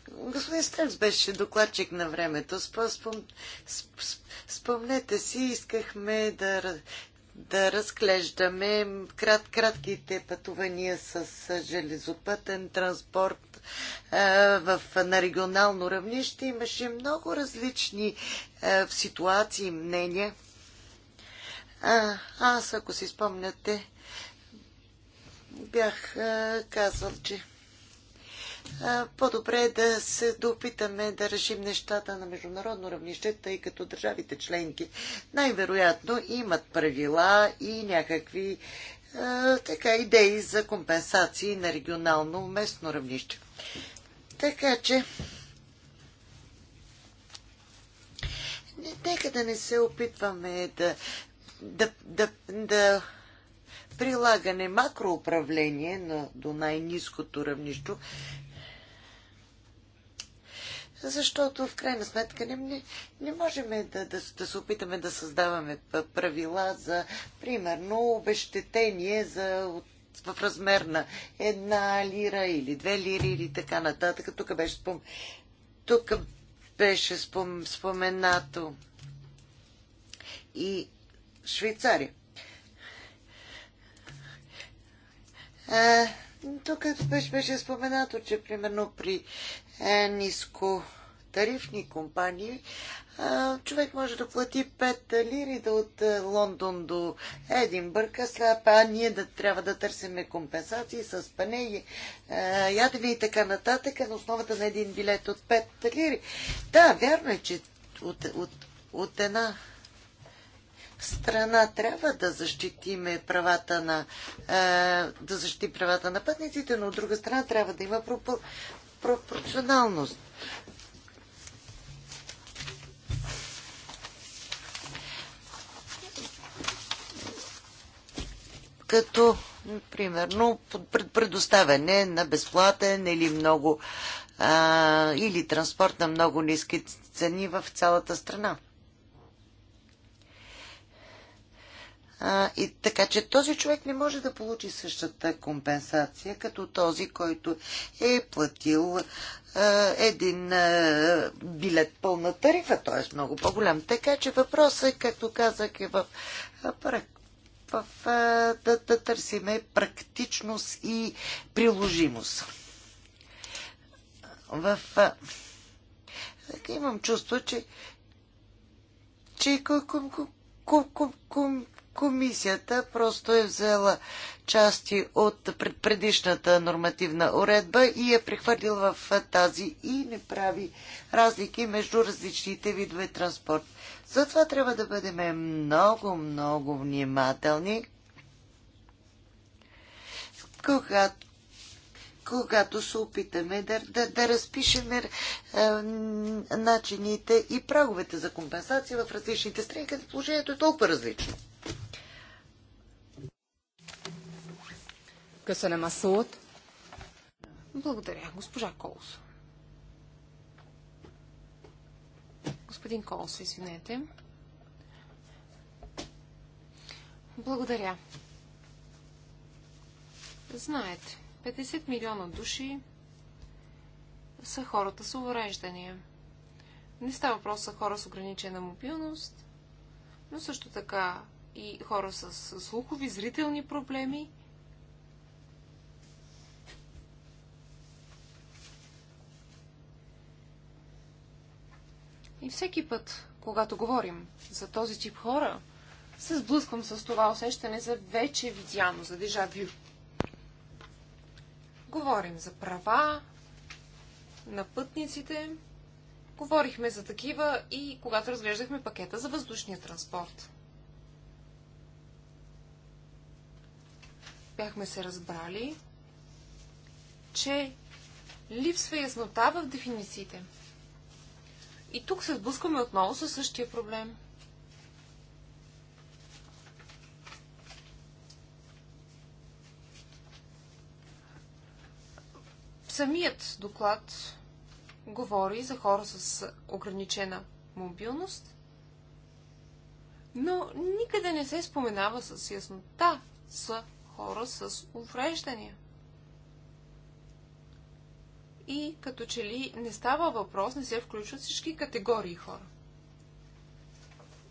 Господин Стрелс беше докладчик на времето. Спом... Спомнете си, искахме да, да разглеждаме крат, кратките пътувания с железопътен транспорт е, в, на регионално равнище имаше много различни в е, ситуации, мнения. А, аз, ако си спомняте, бях е, казал, че по-добре е да се допитаме да решим нещата на международно равнище, тъй като държавите членки най-вероятно имат правила и някакви така идеи за компенсации на регионално местно равнище. Така че нека да не се опитваме да, да, да, да прилагане макроуправление на, до най-низкото равнищо защото в крайна сметка не, не, не можем да, да, да се опитаме да създаваме правила за, примерно, обещетение за в размер на една лира или две лири или така нататък. Тук беше, спом... Тук беше спом... споменато и Швейцария. А, тук беше, беше споменато, че примерно при е ниско тарифни компании, човек може да плати 5 лири да от е, Лондон до Единбърг, а, след, ние да трябва да търсиме компенсации с пане, ядеви и така нататък на основата на един билет от 5 лири. Да, вярно е, че от, от, от една страна трябва да защитиме правата на, е, да защити правата на пътниците, но от друга страна трябва да има пропорционалност. Като, примерно, предоставяне на безплатен или много а, или транспорт на много ниски цени в цялата страна. А, и така че този човек не може да получи същата компенсация, като този, който е платил а, един а, билет пълна тарифа, т.е. много по-голям. Така че въпросът, е, както казах, е в, в, в да, да търсиме практичност и приложимост. В, имам чувство, че, че ком, ком, ком, Комисията просто е взела части от предишната нормативна уредба и е прехвърлила в тази и не прави разлики между различните видове транспорт. Затова трябва да бъдем много, много внимателни, когато, когато се опитаме да, да, да разпишем е, начините и праговете за компенсация в различните страни, където положението е толкова различно. Köszönöm a szót. Благодаря. Госпожа Колс. Господин Колс, извинете. Благодаря. Знаете, 50 милиона души са хората с увреждания. Не става въпрос за хора с ограничена мобилност, но също така и хора с слухови, зрителни проблеми – И всеки път, когато говорим за този тип хора, се сблъсквам с това усещане за вече видяно, за дежавю. Говорим за права на пътниците. Говорихме за такива и когато разглеждахме пакета за въздушния транспорт. Бяхме се разбрали, че липсва яснота в дефинициите. И тук се сблъскваме отново със същия проблем. Самият доклад говори за хора с ограничена мобилност, но никъде не се споменава с яснота са хора с увреждания и като че ли не става въпрос, не се включват всички категории хора.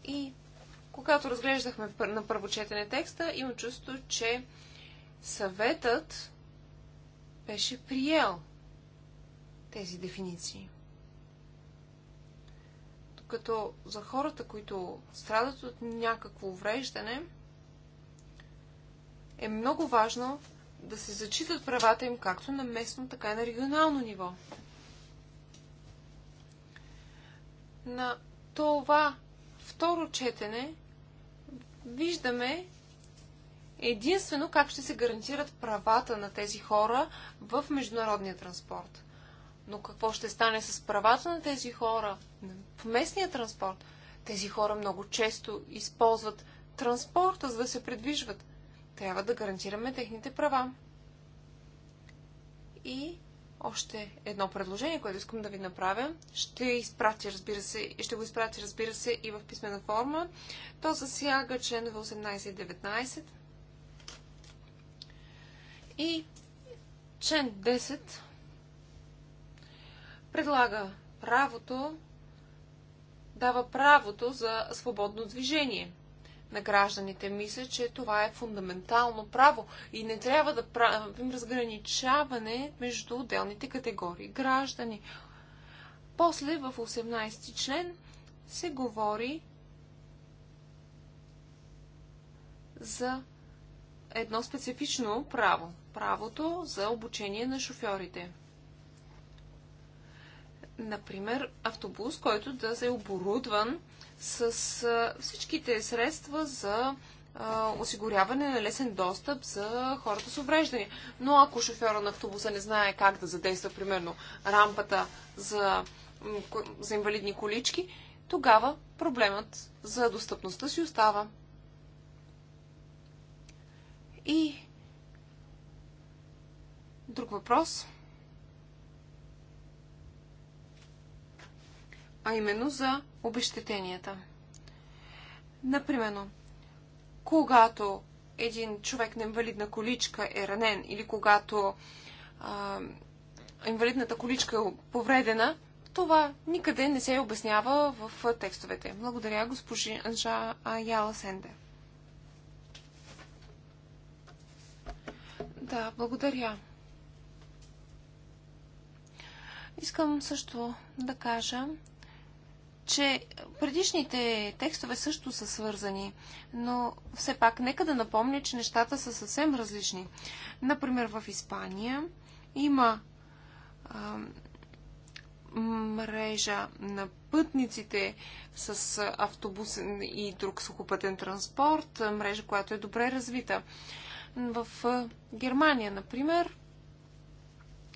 И когато разглеждахме на първо четене текста, имам чувство, че съветът беше приел тези дефиниции. Докато за хората, които страдат от някакво увреждане, е много важно да се зачитат правата им както на местно, така и на регионално ниво. На това второ четене виждаме единствено как ще се гарантират правата на тези хора в международния транспорт. Но какво ще стане с правата на тези хора в местния транспорт? Тези хора много често използват транспорта, за да се предвижват. Трябва да гарантираме техните права. И още едно предложение, което искам да ви направя. Ще изпрати, разбира се, ще го изпрати, разбира се, и в писмена форма. То засяга членове 18 и 19. И член 10 предлага правото, дава правото за свободно движение – на гражданите. Мисля, че това е фундаментално право и не трябва да правим разграничаване между отделните категории граждани. После в 18 ти член се говори за едно специфично право правото за обучение на шофьорите. Например, автобус, който да се е оборудван с всичките средства за осигуряване на лесен достъп за хората с увреждания. Но ако шофьора на автобуса не знае как да задейства, примерно, рампата за, за инвалидни колички, тогава проблемът за достъпността си остава. И друг въпрос. А именно за обещетенията. Например, когато един човек на инвалидна количка е ранен или когато а, инвалидната количка е повредена, това никъде не се обяснява в текстовете. Благодаря, госпожи Анжа Яла Сенде. Да, благодаря. Искам също да кажа, че предишните текстове също са свързани, но все пак нека да напомня, че нещата са съвсем различни. Например, в Испания има а, мрежа на пътниците с автобус и друг сухопътен транспорт, мрежа, която е добре развита. В Германия, например,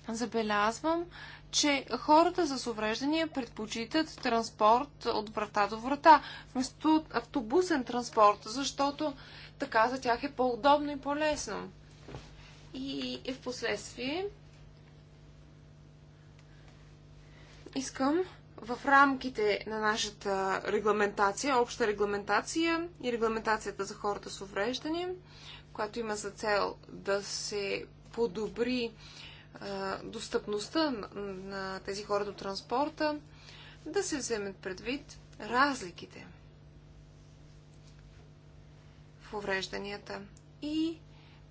забелязвам, че хората с увреждания предпочитат транспорт от врата до врата, вместо автобусен транспорт, защото така за тях е по-удобно и по-лесно. И в последствие искам в рамките на нашата регламентация, обща регламентация и регламентацията за хората с увреждания, която има за цел да се подобри достъпността на тези хора до транспорта, да се вземат предвид разликите в уврежданията. И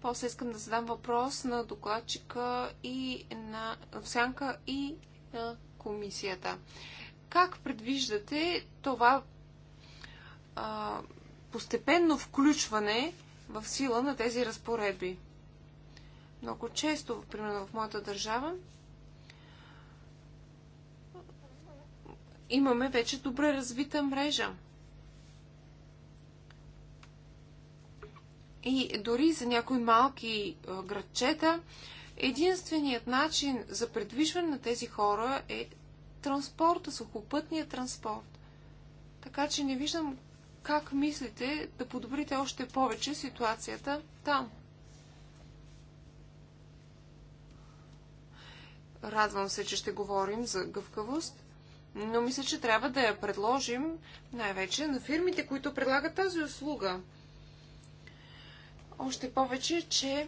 после искам да задам въпрос на докладчика и на Овсянка и на комисията. Как предвиждате това а, постепенно включване в сила на тези разпоредби? Много често, примерно в моята държава, имаме вече добре развита мрежа. И дори за някои малки градчета, единственият начин за предвижване на тези хора е транспорта, сухопътния транспорт. Така че не виждам как мислите да подобрите още повече ситуацията там. Радвам се, че ще говорим за гъвкавост, но мисля, че трябва да я предложим най-вече на фирмите, които предлагат тази услуга. Още повече, че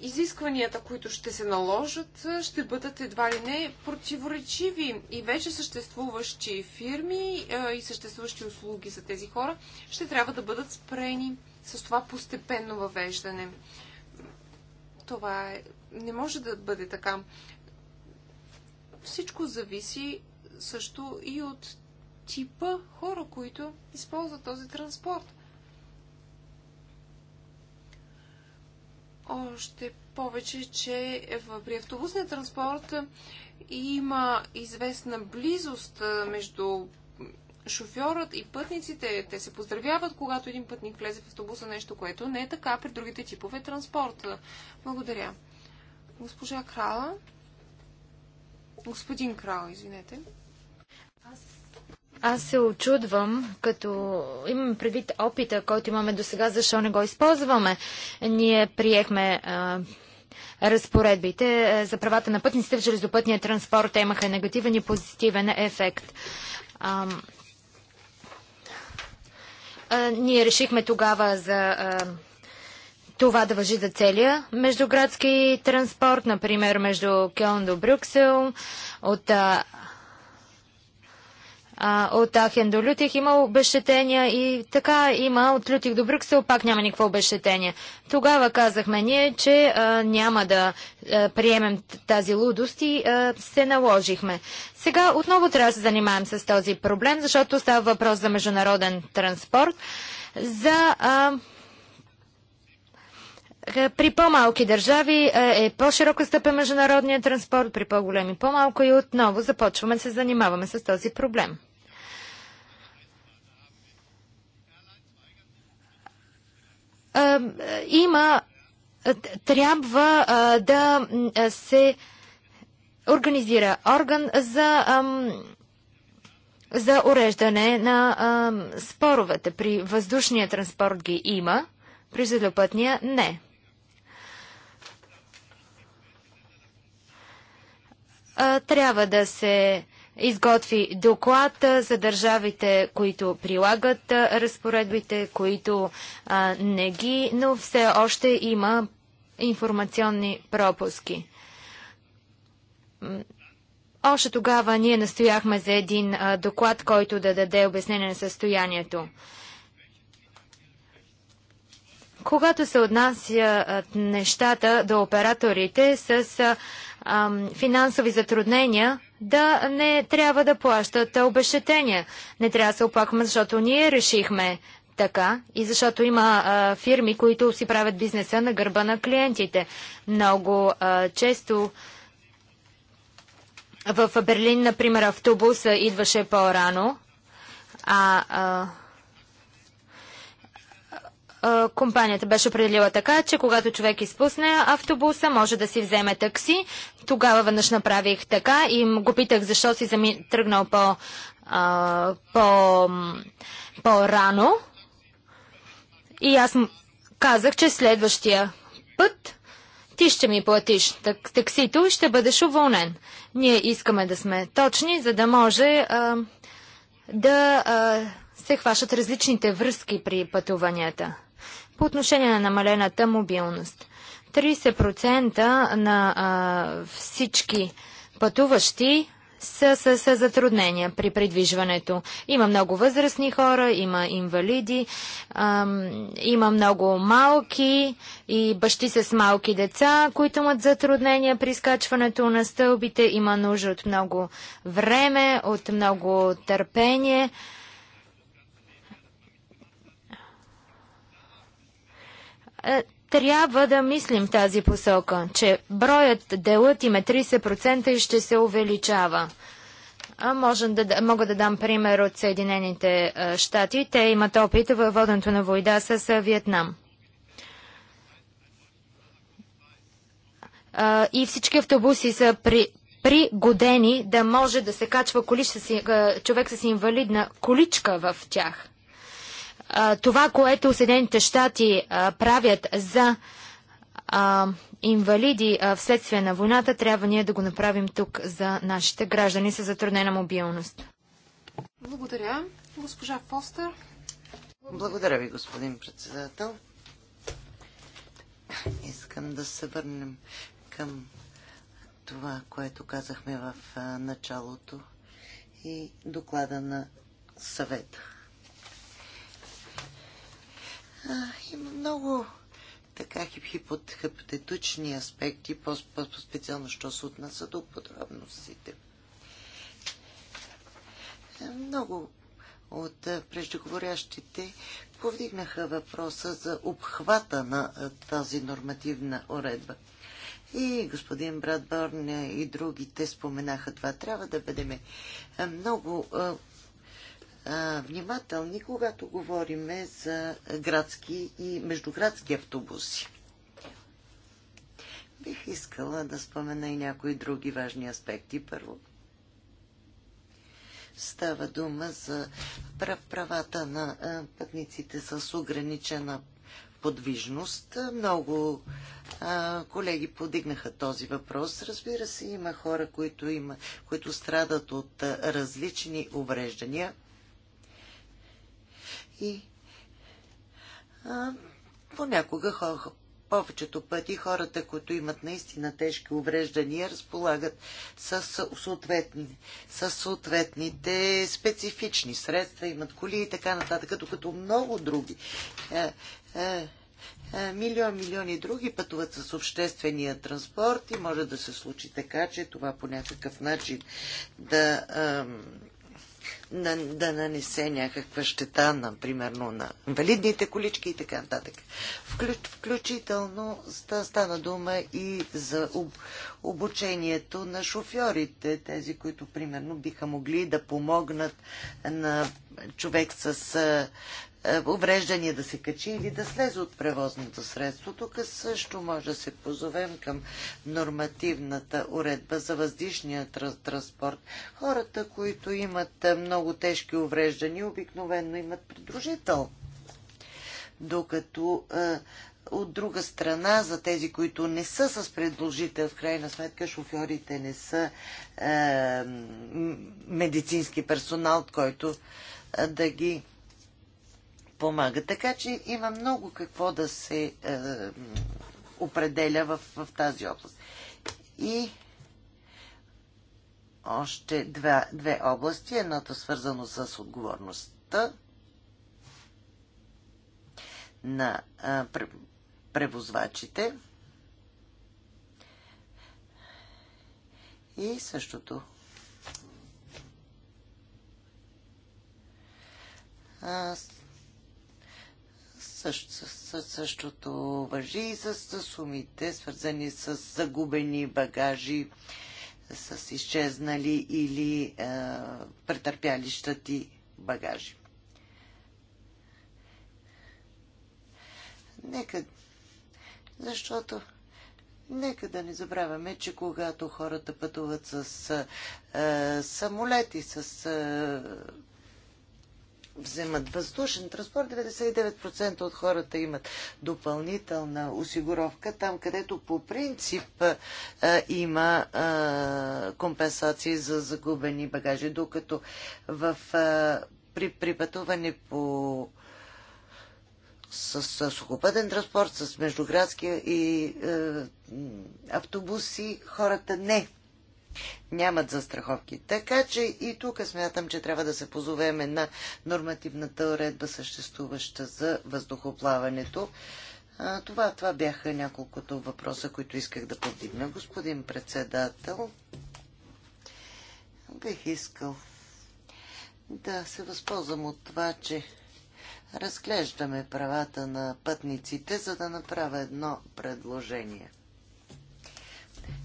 изискванията, които ще се наложат, ще бъдат едва ли не противоречиви. И вече съществуващи фирми и съществуващи услуги за тези хора ще трябва да бъдат спрени с това постепенно въвеждане. Това е не може да бъде така. Всичко зависи също и от типа хора, които използват този транспорт. Още повече, че при автобусния транспорт има известна близост между шофьорът и пътниците. Те се поздравяват, когато един пътник влезе в автобуса, нещо, което не е така при другите типове транспорт. Благодаря. Госпожа Крала. Господин Крал, извинете. Аз, аз се очудвам, като имам предвид опита, който имаме до сега, защо не го използваме. Ние приехме а, разпоредбите за правата на пътниците в железопътния транспорт. Те имаха негативен и позитивен ефект. А, а, ние решихме тогава за а, това да въжи за целия междуградски транспорт, например между Кьон до Брюксел, от, а, от Ахен до Лютих има обещетения и така има от Лютих до Брюксел пак няма никакво обещетение. Тогава казахме ние, че а, няма да а, приемем тази лудост и а, се наложихме. Сега отново трябва да се занимаем с този проблем, защото става въпрос за международен транспорт, за а, е, при по-малки държави е, е по-широка стъпен международния транспорт, при по-големи по-малко и отново започваме да се занимаваме с този проблем. Е, има, трябва да се организира орган за, за уреждане на споровете. При въздушния транспорт ги има, при жилопътния не. трябва да се изготви доклад за държавите, които прилагат разпоредбите, които не ги, но все още има информационни пропуски. Още тогава ние настояхме за един доклад, който да даде обяснение на състоянието. Когато се отнасят нещата до операторите с финансови затруднения, да не трябва да плащат обещетения. Не трябва да се оплакваме, защото ние решихме така и защото има а, фирми, които си правят бизнеса на гърба на клиентите. Много а, често в Берлин, например, автобус идваше по-рано, а, а компанията беше определила така, че когато човек изпусне автобуса, може да си вземе такси. Тогава веднъж направих така и го питах защо си зами... тръгнал по, а, по, по-рано. И аз казах, че следващия път ти ще ми платиш так, таксито и ще бъдеш уволнен. Ние искаме да сме точни, за да може а, да а, се хващат различните връзки при пътуванията. По отношение на намалената мобилност. 30% на а, всички пътуващи са с затруднения при придвижването. Има много възрастни хора, има инвалиди, има много малки и бащи с малки деца, които имат затруднения при скачването на стълбите. Има нужда от много време, от много търпение. Е, трябва да мислим в тази посока, че броят, делът им е 30% и ще се увеличава. А можем да, мога да дам пример от Съединените е, щати. Те имат опит във воденето на войда с е, Виетнам. А, и всички автобуси са при, пригодени да може да се качва колиш човек с инвалидна количка в тях това, което Съединените щати правят за а, инвалиди а, вследствие на войната, трябва ние да го направим тук за нашите граждани с затруднена мобилност. Благодаря. Госпожа Фостер. Благодаря ви, господин председател. Искам да се върнем към това, което казахме в началото и доклада на съвета. А, има много така хипотетични аспекти, по-специално, що се отнася до подробностите. Е, много от е, преждеговорящите повдигнаха въпроса за обхвата на е, тази нормативна уредба. И господин Брат Борн и другите споменаха това. Трябва да бъдем много внимателни, когато говорим за градски и междуградски автобуси. Бих искала да спомена и някои други важни аспекти. Първо, става дума за правата на пътниците с ограничена подвижност. Много а, колеги подигнаха този въпрос. Разбира се, има хора, които, има, които страдат от а, различни увреждания. И а, понякога хора, повечето пъти хората, които имат наистина тежки увреждания, разполагат с, съответни, с съответните специфични средства, имат коли и така нататък, докато много други. а, е, а, е, е, милион, милиони други пътуват с обществения транспорт и може да се случи така, че това по някакъв начин да да, да нанесе някаква щета, например, на валидните колички и така нататък. Включ, включително стана дума и за об, обучението на шофьорите, тези, които, примерно, биха могли да помогнат на човек с е, увреждания да се качи или да слезе от превозното средство. Тук също може да се позовем към нормативната уредба за въздишния транспорт. Хората, които имат е, много тежки увреждания, обикновенно имат придружител. Докато е, от друга страна, за тези, които не са с предложител, в крайна сметка шофьорите не са е, медицински персонал, който е, да ги помага. Така че има много какво да се е, определя в, в тази област. И още две, две области. Едното е свързано с отговорността на е, превозвачите и същото. А, също, същото въжи и за сумите, свързани с загубени багажи, с изчезнали или е, претърпяли щати багажи. Нека, защото Нека да не забравяме, че когато хората пътуват с е, самолети, с е, вземат въздушен транспорт, 99% от хората имат допълнителна осигуровка, там където по принцип а, има а, компенсации за загубени багажи, докато в, а, при, при пътуване по с, с сухопътен транспорт, с междуградски и е, автобуси, хората не нямат застраховки. Така че и тук смятам, че трябва да се позовеме на нормативната уредба, съществуваща за въздухоплаването. А, това, това бяха няколкото въпроса, които исках да повдигна. Господин председател, бих искал да се възползвам от това, че разглеждаме правата на пътниците, за да направя едно предложение –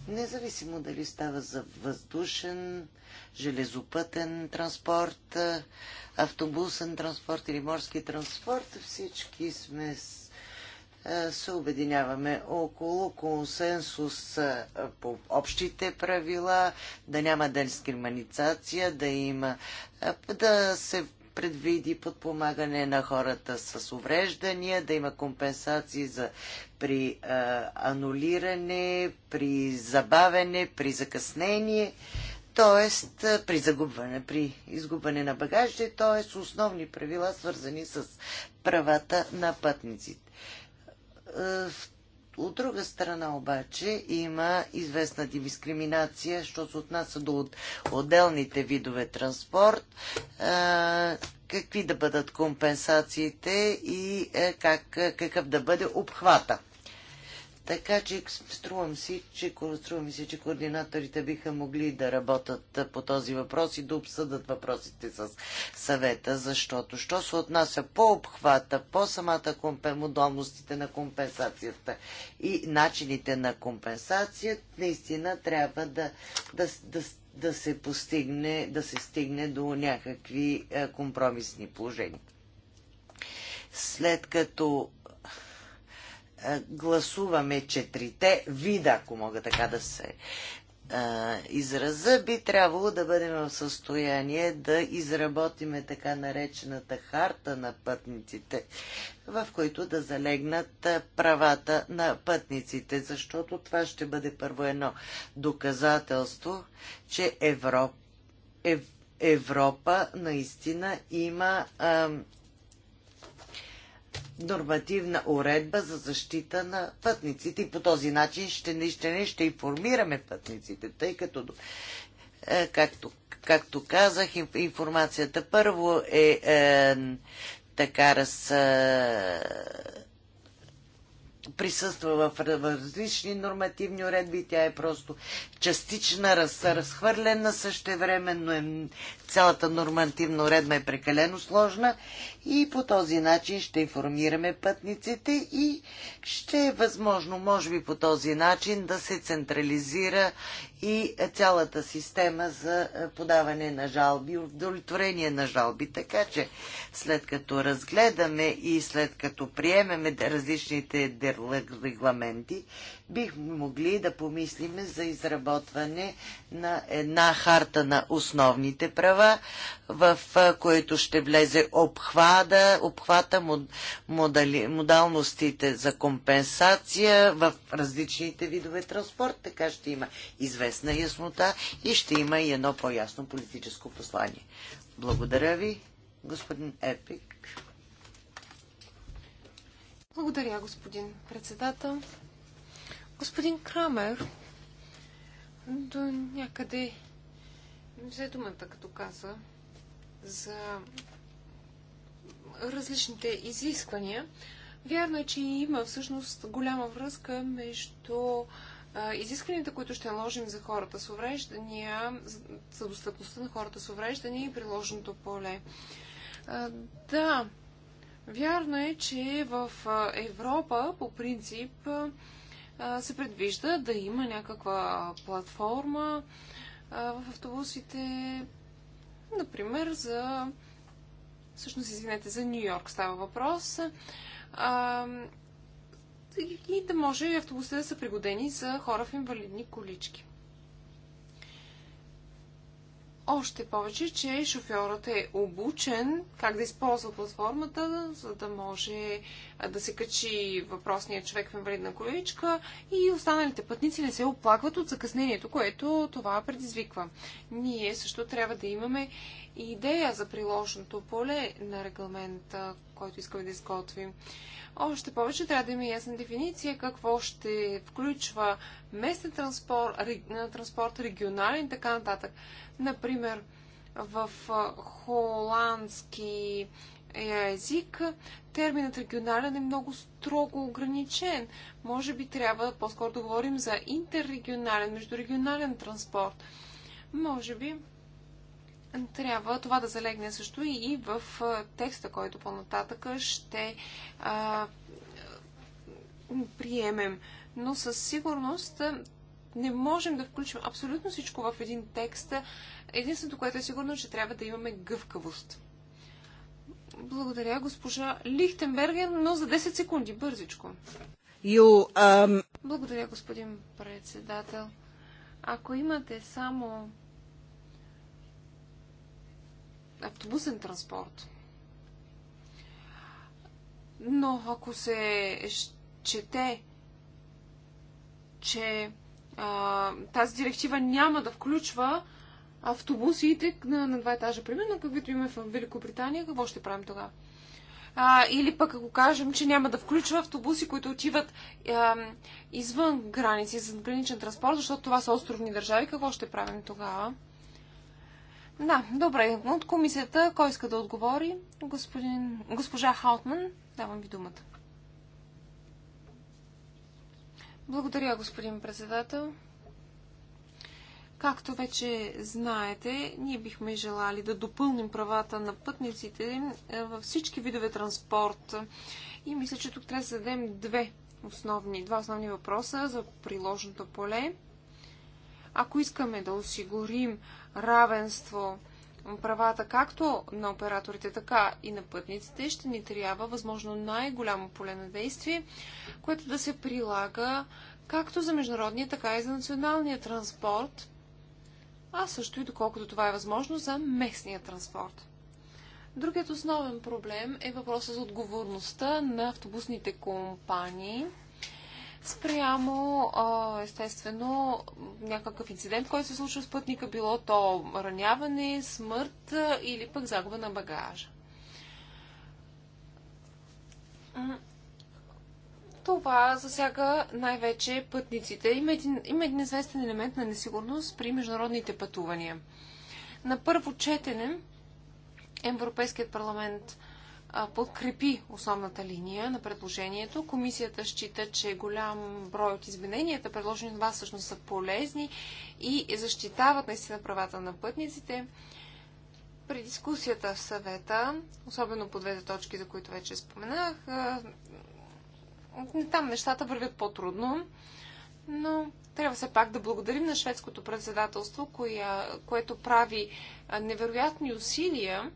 Независимо дали става за въздушен, железопътен транспорт, автобусен транспорт или морски транспорт, всички сме се обединяваме около консенсус по общите правила, да няма дискриминация, да има да се предвиди подпомагане на хората с увреждания, да има компенсации за, при а, анулиране, при забавене, при закъснение, т.е. при загубване, при изгубване на багажите, т.е. основни правила, свързани с правата на пътниците. От друга страна обаче има известна дискриминация, що се отнася до отделните видове транспорт, какви да бъдат компенсациите и е, как, какъв да бъде обхвата. Така че струвам си, че, струвам си, че координаторите биха могли да работят по този въпрос и да обсъдат въпросите с съвета, защото що се отнася по обхвата, по самата компе, модалностите на компенсацията и начините на компенсация, наистина трябва да, да, да, да се постигне, да се стигне до някакви компромисни положения. След като е, гласуваме четирите вида, ако мога така да се е, израза, би трябвало да бъдем в състояние да изработиме така наречената харта на пътниците, в които да залегнат е, правата на пътниците, защото това ще бъде първо едно доказателство, че Европа, Европа наистина има нормативна уредба за защита на пътниците и по този начин ще, не, ще, не, ще информираме пътниците, тъй като, е, както, както казах, информацията първо е, е така раз, е, присъства в, различни нормативни уредби, тя е просто частична, раз, разхвърлена, същевременно е цялата нормативна уредба е прекалено сложна и по този начин ще информираме пътниците и ще е възможно, може би по този начин, да се централизира и цялата система за подаване на жалби, удовлетворение на жалби. Така че след като разгледаме и след като приемеме различните регламенти, бихме могли да помислим за изработване на една харта на основните права, в което ще влезе обхвата, обхвата модали, модалностите за компенсация в различните видове транспорт, така ще има известна яснота и ще има и едно по-ясно политическо послание. Благодаря ви, господин Епик. Благодаря, господин председател. Господин Крамер до някъде взе думата, като каза за различните изисквания. Вярно е, че има всъщност голяма връзка между изискванията, които ще наложим за хората с увреждания, за достъпността на хората с увреждания и приложеното поле. Да, вярно е, че в Европа по принцип се предвижда да има някаква платформа в автобусите, например, за. Всъщност, извинете, за Нью Йорк става въпрос. И да може автобусите да са пригодени за хора в инвалидни колички. Още повече, че шофьорът е обучен как да използва платформата, за да може да се качи въпросният човек в инвалидна количка и останалите пътници не се оплакват от закъснението, което това предизвиква. Ние също трябва да имаме идея за приложното поле на регламента, който искаме да изготвим. Още повече трябва да има ясна дефиниция какво ще включва местен транспорт, транспорт регионален и така нататък. Например, в холандски е, език терминът регионален е много строго ограничен. Може би трябва по-скоро да говорим за интеррегионален, междурегионален транспорт. Може би трябва това да залегне също и в текста, който по-нататъка ще а, приемем. Но със сигурност не можем да включим абсолютно всичко в един текст. Единственото, което е сигурно, че трябва да имаме гъвкавост. Благодаря, госпожа Лихтенберген, но за 10 секунди, бързичко. You, um... Благодаря, господин председател. Ако имате само автобусен транспорт. Но ако се чете, че а, тази директива няма да включва автобусите на, на два етажа, примерно, каквито има в Великобритания, какво ще правим тогава? или пък ако кажем, че няма да включва автобуси, които отиват а, извън граници, извън граничен транспорт, защото това са островни държави, какво ще правим тогава? Да, добре. От комисията, кой иска да отговори? Господин... Госпожа Халтман, давам ви думата. Благодаря, господин председател. Както вече знаете, ние бихме желали да допълним правата на пътниците е, във всички видове транспорт. И мисля, че тук трябва да зададем две основни, два основни въпроса за приложното поле ако искаме да осигурим равенство правата както на операторите, така и на пътниците, ще ни трябва възможно най-голямо поле на действие, което да се прилага както за международния, така и за националния транспорт, а също и доколкото това е възможно за местния транспорт. Другият основен проблем е въпросът за отговорността на автобусните компании – спрямо, естествено, някакъв инцидент, който се случва с пътника, било то раняване, смърт или пък загуба на багажа. Това засяга най-вече пътниците. Има един, има един известен елемент на несигурност при международните пътувания. На първо четене Европейският парламент подкрепи основната линия на предложението. Комисията счита, че голям брой от измененията, предложени от вас, всъщност са полезни и защитават наистина правата на пътниците. При дискусията в съвета, особено по двете точки, за които вече споменах, там нещата вървят по-трудно, но трябва все пак да благодарим на шведското председателство, което прави невероятни усилия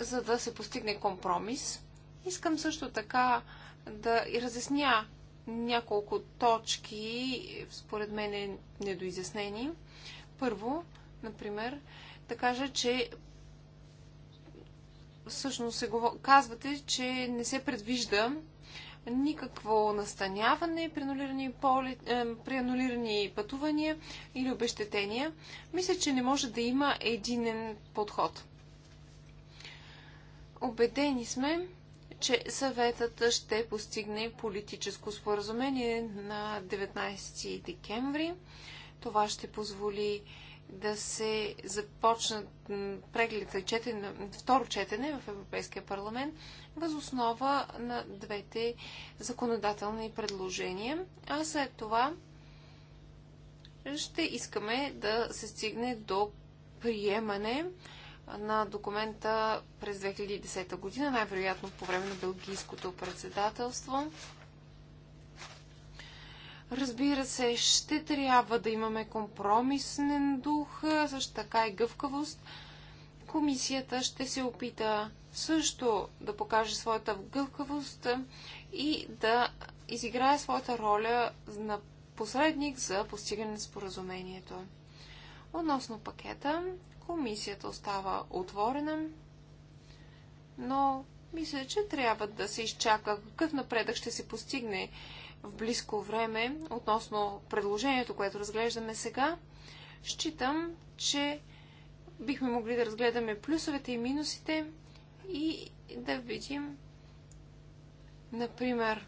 за да се постигне компромис. Искам също така да разясня няколко точки, според мен е недоизяснени. Първо, например, да кажа, че всъщност се говор... казвате, че не се предвижда никакво настаняване, преанулирани поли... Е, пренулирани пътувания или обещетения. Мисля, че не може да има единен подход. Обедени сме, че съветът ще постигне политическо споразумение на 19 декември. Това ще позволи да се започнат преглед и четене, второ четене в Европейския парламент въз основа на двете законодателни предложения, а след това ще искаме да се стигне до приемане на документа през 2010 година, най-вероятно по време на Белгийското председателство. Разбира се, ще трябва да имаме компромисен дух, също така и гъвкавост. Комисията ще се опита също да покаже своята гъвкавост и да изиграе своята роля на посредник за постигане на споразумението. Относно пакета, Комисията остава отворена, но мисля, че трябва да се изчака какъв напредък ще се постигне в близко време относно предложението, което разглеждаме сега. Считам, че бихме могли да разгледаме плюсовете и минусите и да видим, например,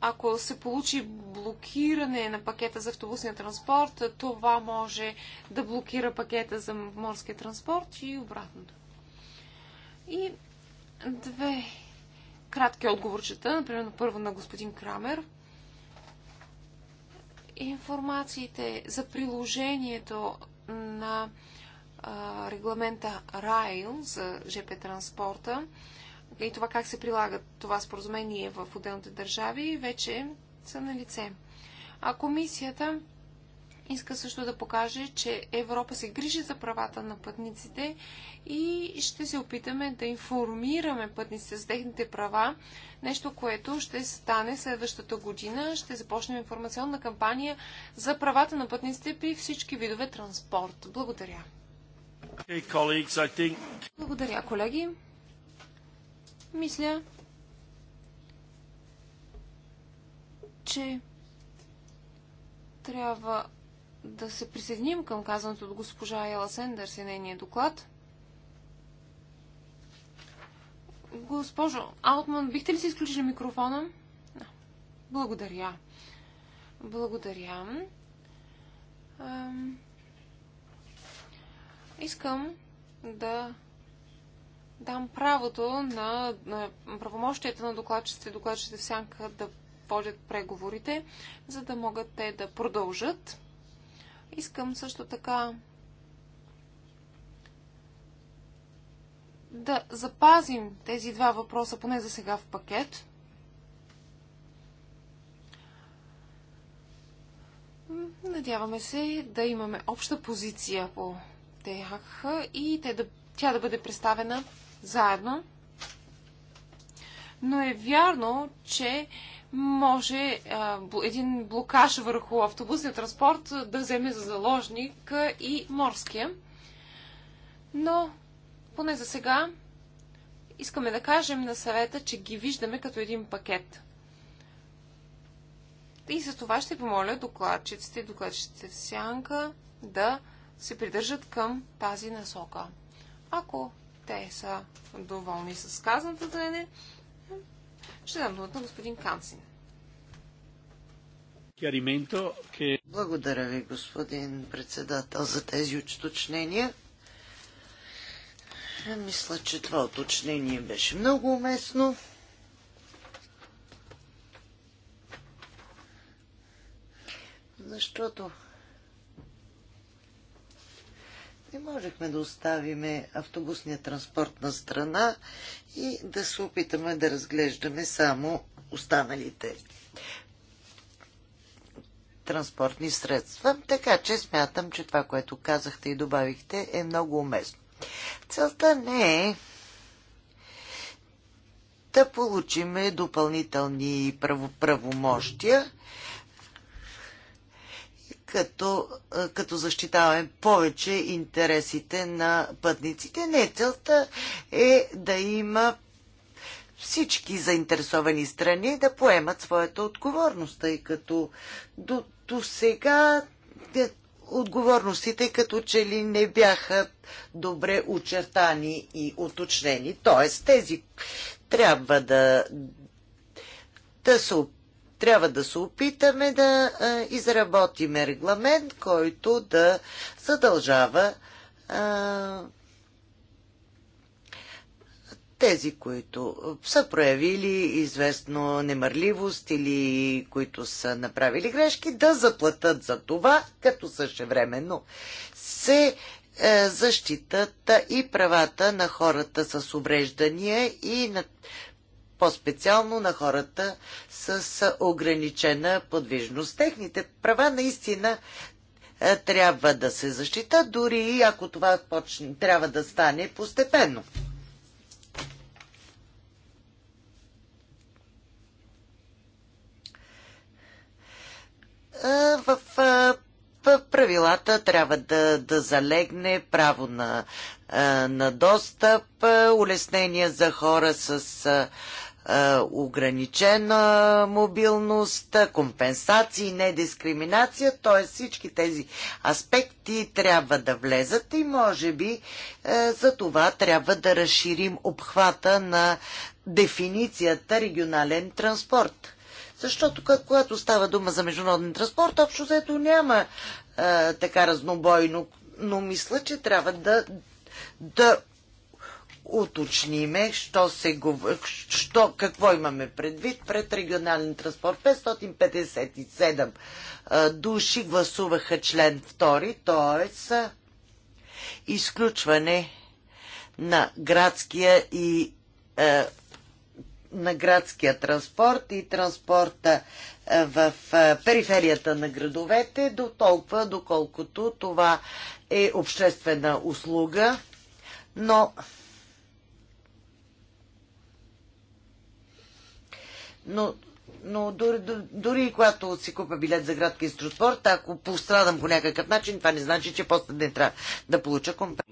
ако се получи блокиране на пакета за автобусния транспорт, това може да блокира пакета за морския транспорт и обратното. И две кратки отговорчета, например, първо на господин Крамер. Информациите за приложението на регламента РАИЛ за ЖП транспорта и това как се прилага това споразумение в отделните държави, вече са на лице. А комисията иска също да покаже, че Европа се грижи за правата на пътниците и ще се опитаме да информираме пътниците за техните права, нещо, което ще стане следващата година. Ще започнем информационна кампания за правата на пътниците при всички видове транспорт. Благодаря. Hey, think... Благодаря, колеги. Мисля, че трябва да се присъединим към казаното от госпожа Ела Сендърс и нейния доклад. Госпожо Аутман, бихте ли си изключили микрофона? Благодаря. Благодаря. Искам да дам правото на, на правомощията на докладчиците, докладчиците в сянка да водят преговорите, за да могат те да продължат. Искам също така да запазим тези два въпроса, поне за сега в пакет. Надяваме се да имаме обща позиция по тях и те да, тя да бъде представена заедно. Но е вярно, че може а, един блокаж върху автобусния транспорт да вземе за заложник и морския. Но, поне за сега, искаме да кажем на съвета, че ги виждаме като един пакет. И за това ще помоля докладчиците и докладчиците в сянка да се придържат към тази насока. Ако те са доволни с казаното да не. Ще дам думата на господин Канцин. Благодаря ви, господин председател, за тези уточнения. Мисля, че това уточнение беше много уместно. Защото не можехме да оставиме автобусния транспорт на страна и да се опитаме да разглеждаме само останалите транспортни средства. Така че смятам, че това, което казахте и добавихте, е много уместно. Целта не е да получиме допълнителни правомощия, като, е, като защитаваме повече интересите на пътниците. Не, целта е да има всички заинтересовани страни да поемат своята отговорност, тъй като до, до сега е, отговорностите като че ли не бяха добре очертани и уточнени. Тоест, тези трябва да, да се опитат трябва да се опитаме да изработиме регламент, който да задължава тези, които са проявили известно немърливост или които са направили грешки, да заплатат за това, като същевременно се е, защитат и правата на хората с увреждания и на по-специално на хората с ограничена подвижност. Техните права наистина е, трябва да се защита, дори и ако това почне, трябва да стане постепенно. Е, е, в правилата трябва да, да залегне право на, на достъп, улеснения за хора с е, ограничена мобилност, компенсации, недискриминация, т.е. всички тези аспекти трябва да влезат и може би е, за това трябва да разширим обхвата на дефиницията регионален транспорт. Защото когато става дума за международен транспорт, общо заето няма е, така разнобойно, но мисля, че трябва да, да уточниме, що се говори, що, какво имаме предвид пред регионален транспорт. 557 души гласуваха член 2, т.е. изключване на градския и на градския транспорт и транспорта в периферията на градовете, до толкова, доколкото това е обществена услуга, но но, но дори, дори когато си купя билет за градски транспорт, ако пострадам по някакъв начин, това не значи, че после не трябва да получа компенсация.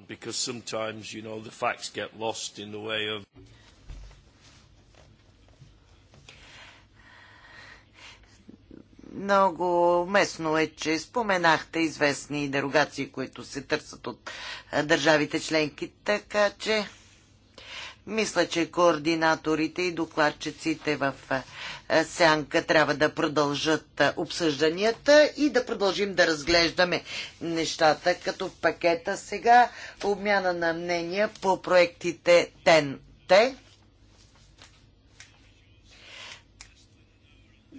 Много местно е, че споменахте известни дерогации, които се търсят от държавите членки, така че мисля, че координаторите и докладчиците в сянка трябва да продължат обсъжданията и да продължим да разглеждаме нещата, като в пакета сега обмяна на мнения по проектите ТЕН-Т.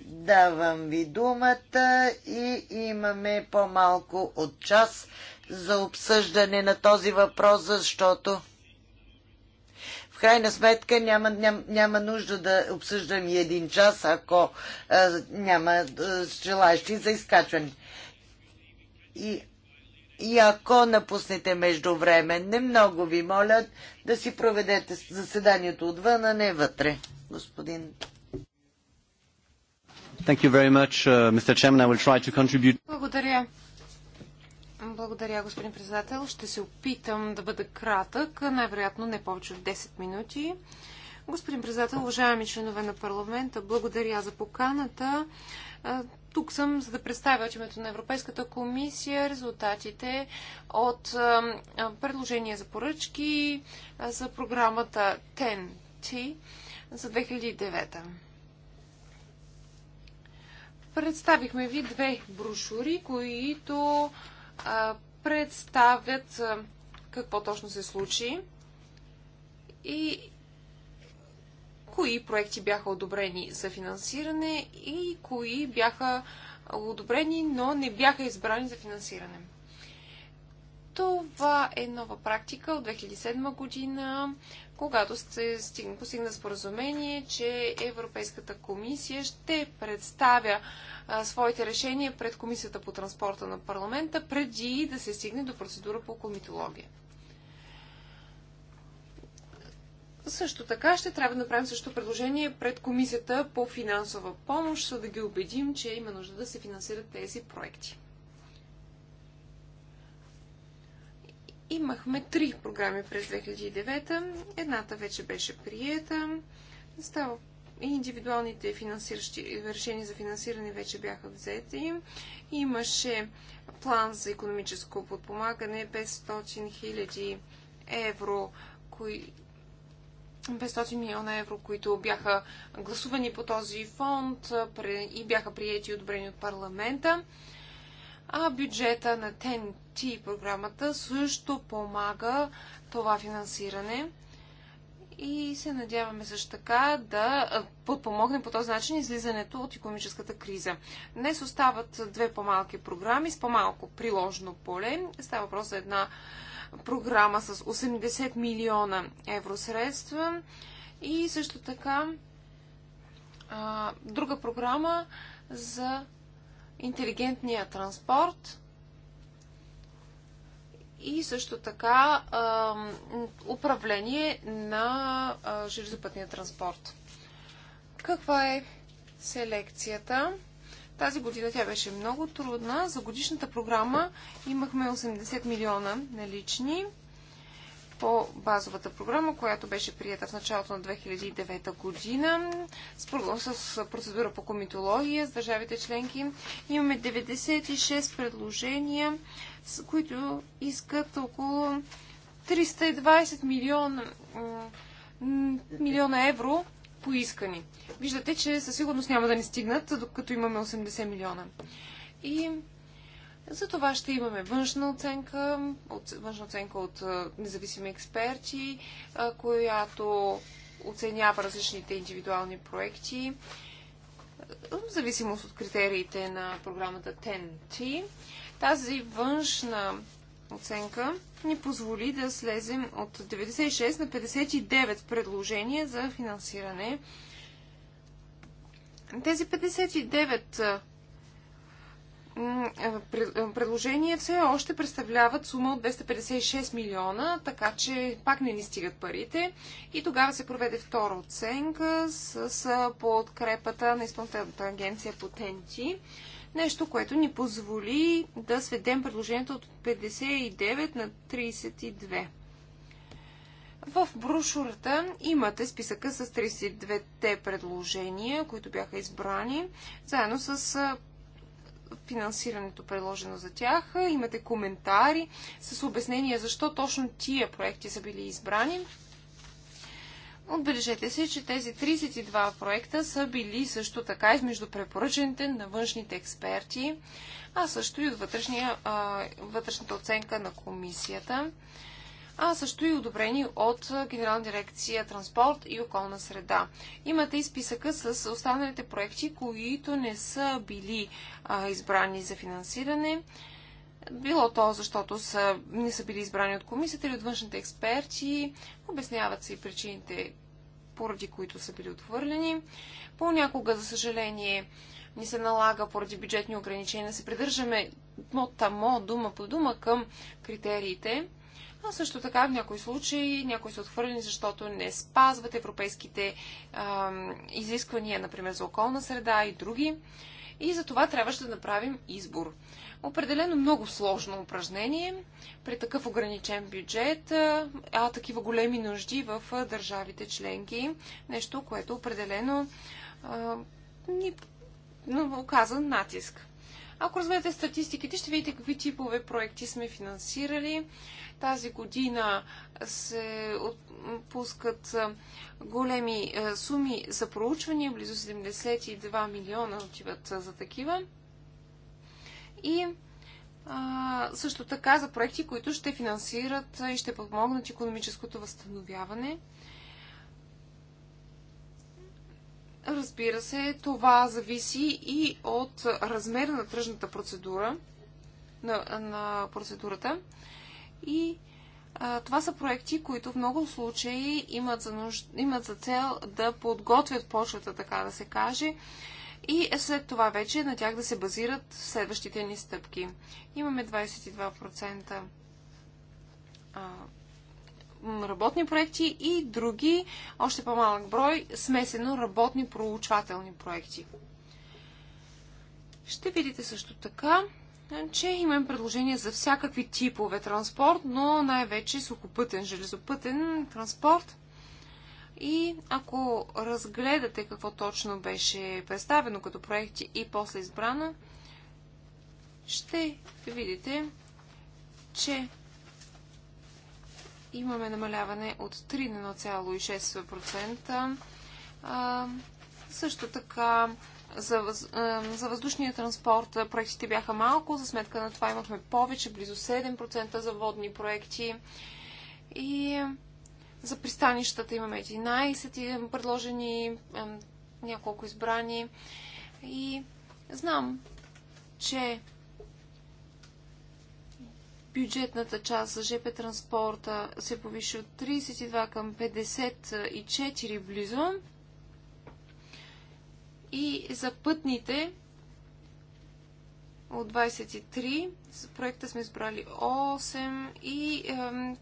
Давам ви думата и имаме по-малко от час за обсъждане на този въпрос, защото крайна сметка няма, няма, няма нужда да обсъждам и един час, ако а, няма а, желащи за изкачване. И, и ако напуснете между време не много ви моля да си проведете заседанието отвън, а не вътре, господин Much, uh, Chairman, contribute... Благодаря, благодаря, господин председател. Ще се опитам да бъда кратък, най-вероятно не повече от 10 минути. Господин председател, уважаеми членове на парламента, благодаря за поканата. Тук съм, за да представя от името на Европейската комисия резултатите от предложения за поръчки за програмата TEN-T за 2009. Представихме ви две брошури, които представят какво точно се случи и кои проекти бяха одобрени за финансиране и кои бяха одобрени, но не бяха избрани за финансиране. Това е нова практика от 2007 година когато се постигна споразумение, че Европейската комисия ще представя а, своите решения пред Комисията по транспорта на парламента, преди да се стигне до процедура по комитология. Също така ще трябва да направим също предложение пред Комисията по финансова помощ, за да ги убедим, че има нужда да се финансират тези проекти. Имахме три програми през 2009. Едната вече беше приета. Става индивидуалните финансиращи, решения за финансиране вече бяха взети. Имаше план за економическо подпомагане 500 000 евро, кои, 500 милиона евро, които бяха гласувани по този фонд и бяха приети и одобрени от парламента а бюджета на ТНТ програмата също помага това финансиране и се надяваме също така да подпомогне по този начин излизането от економическата криза. Днес остават две по-малки програми с по-малко приложно поле. Става въпрос за една програма с 80 милиона евро средства и също така а, друга програма за интелигентния транспорт и също така управление на железопътния транспорт. Каква е селекцията? Тази година тя беше много трудна. За годишната програма имахме 80 милиона налични по базовата програма, която беше прията в началото на 2009 година с процедура по комитология с държавите членки. Имаме 96 предложения, с които искат около 320 милиона, милиона евро поискани. Виждате, че със сигурност няма да ни стигнат, докато имаме 80 милиона. И за това ще имаме външна оценка, от, външна оценка от независими експерти, която оценява различните индивидуални проекти, в зависимост от критериите на програмата TEN-T. Тази външна оценка ни позволи да слезем от 96 на 59 предложения за финансиране. Тези 59 е, е, предложения все още представляват сума от 256 милиона, така че пак не ни стигат парите. И тогава се проведе втора оценка с, с е, подкрепата на изпълнителната агенция по ТЕНТИ. Нещо, което ни позволи да сведем предложението от 59 на 32. В брошурата имате списъка с 32-те предложения, които бяха избрани, заедно с финансирането предложено за тях. Имате коментари с обяснение защо точно тия проекти са били избрани. Отбележете се, че тези 32 проекта са били също така измежду препоръчените на външните експерти, а също и от вътрешния, вътрешната оценка на комисията а също и одобрени от Генерална дирекция Транспорт и околна среда. Имате и списъка с останалите проекти, които не са били а, избрани за финансиране. Било то, защото са, не са били избрани от комисията или от външните експерти. Обясняват се и причините, поради които са били отхвърлени. Понякога, за съжаление, ни се налага поради бюджетни ограничения да се придържаме мотамо, дума по дума към критериите а също така в някои случаи някои са отхвърлени, защото не спазват европейските а, изисквания, например за околна среда и други. И за това трябваше да направим избор. Определено много сложно упражнение при такъв ограничен бюджет, а такива големи нужди в държавите членки. Нещо, което определено а, ни но, оказа натиск. Ако разгледате статистиките, ще видите какви типове проекти сме финансирали тази година се отпускат големи суми за проучвания, близо 72 милиона отиват за такива. И а, също така за проекти, които ще финансират и ще подмогнат економическото възстановяване. Разбира се, това зависи и от размера на тръжната процедура, на, на процедурата. И а, това са проекти, които в много случаи имат за, нуж... имат за цел да подготвят почвата, така да се каже, и след това вече на тях да се базират следващите ни стъпки. Имаме 22% работни проекти и други, още по-малък брой, смесено работни проучвателни проекти. Ще видите също така, че имам предложения за всякакви типове транспорт, но най-вече сухопътен, железопътен транспорт. И ако разгледате какво точно беше представено като проект и после избрано, ще видите, че имаме намаляване от 3 на 0,6%. Също така за, въз... за въздушния транспорт проектите бяха малко, за сметка на това имахме повече, близо 7% за водни проекти. И за пристанищата имаме 11 предложени, няколко избрани. И знам, че бюджетната част за ЖП транспорта се повиши от 32 към 54 близо. И за пътните от 23, за проекта сме избрали 8 и е,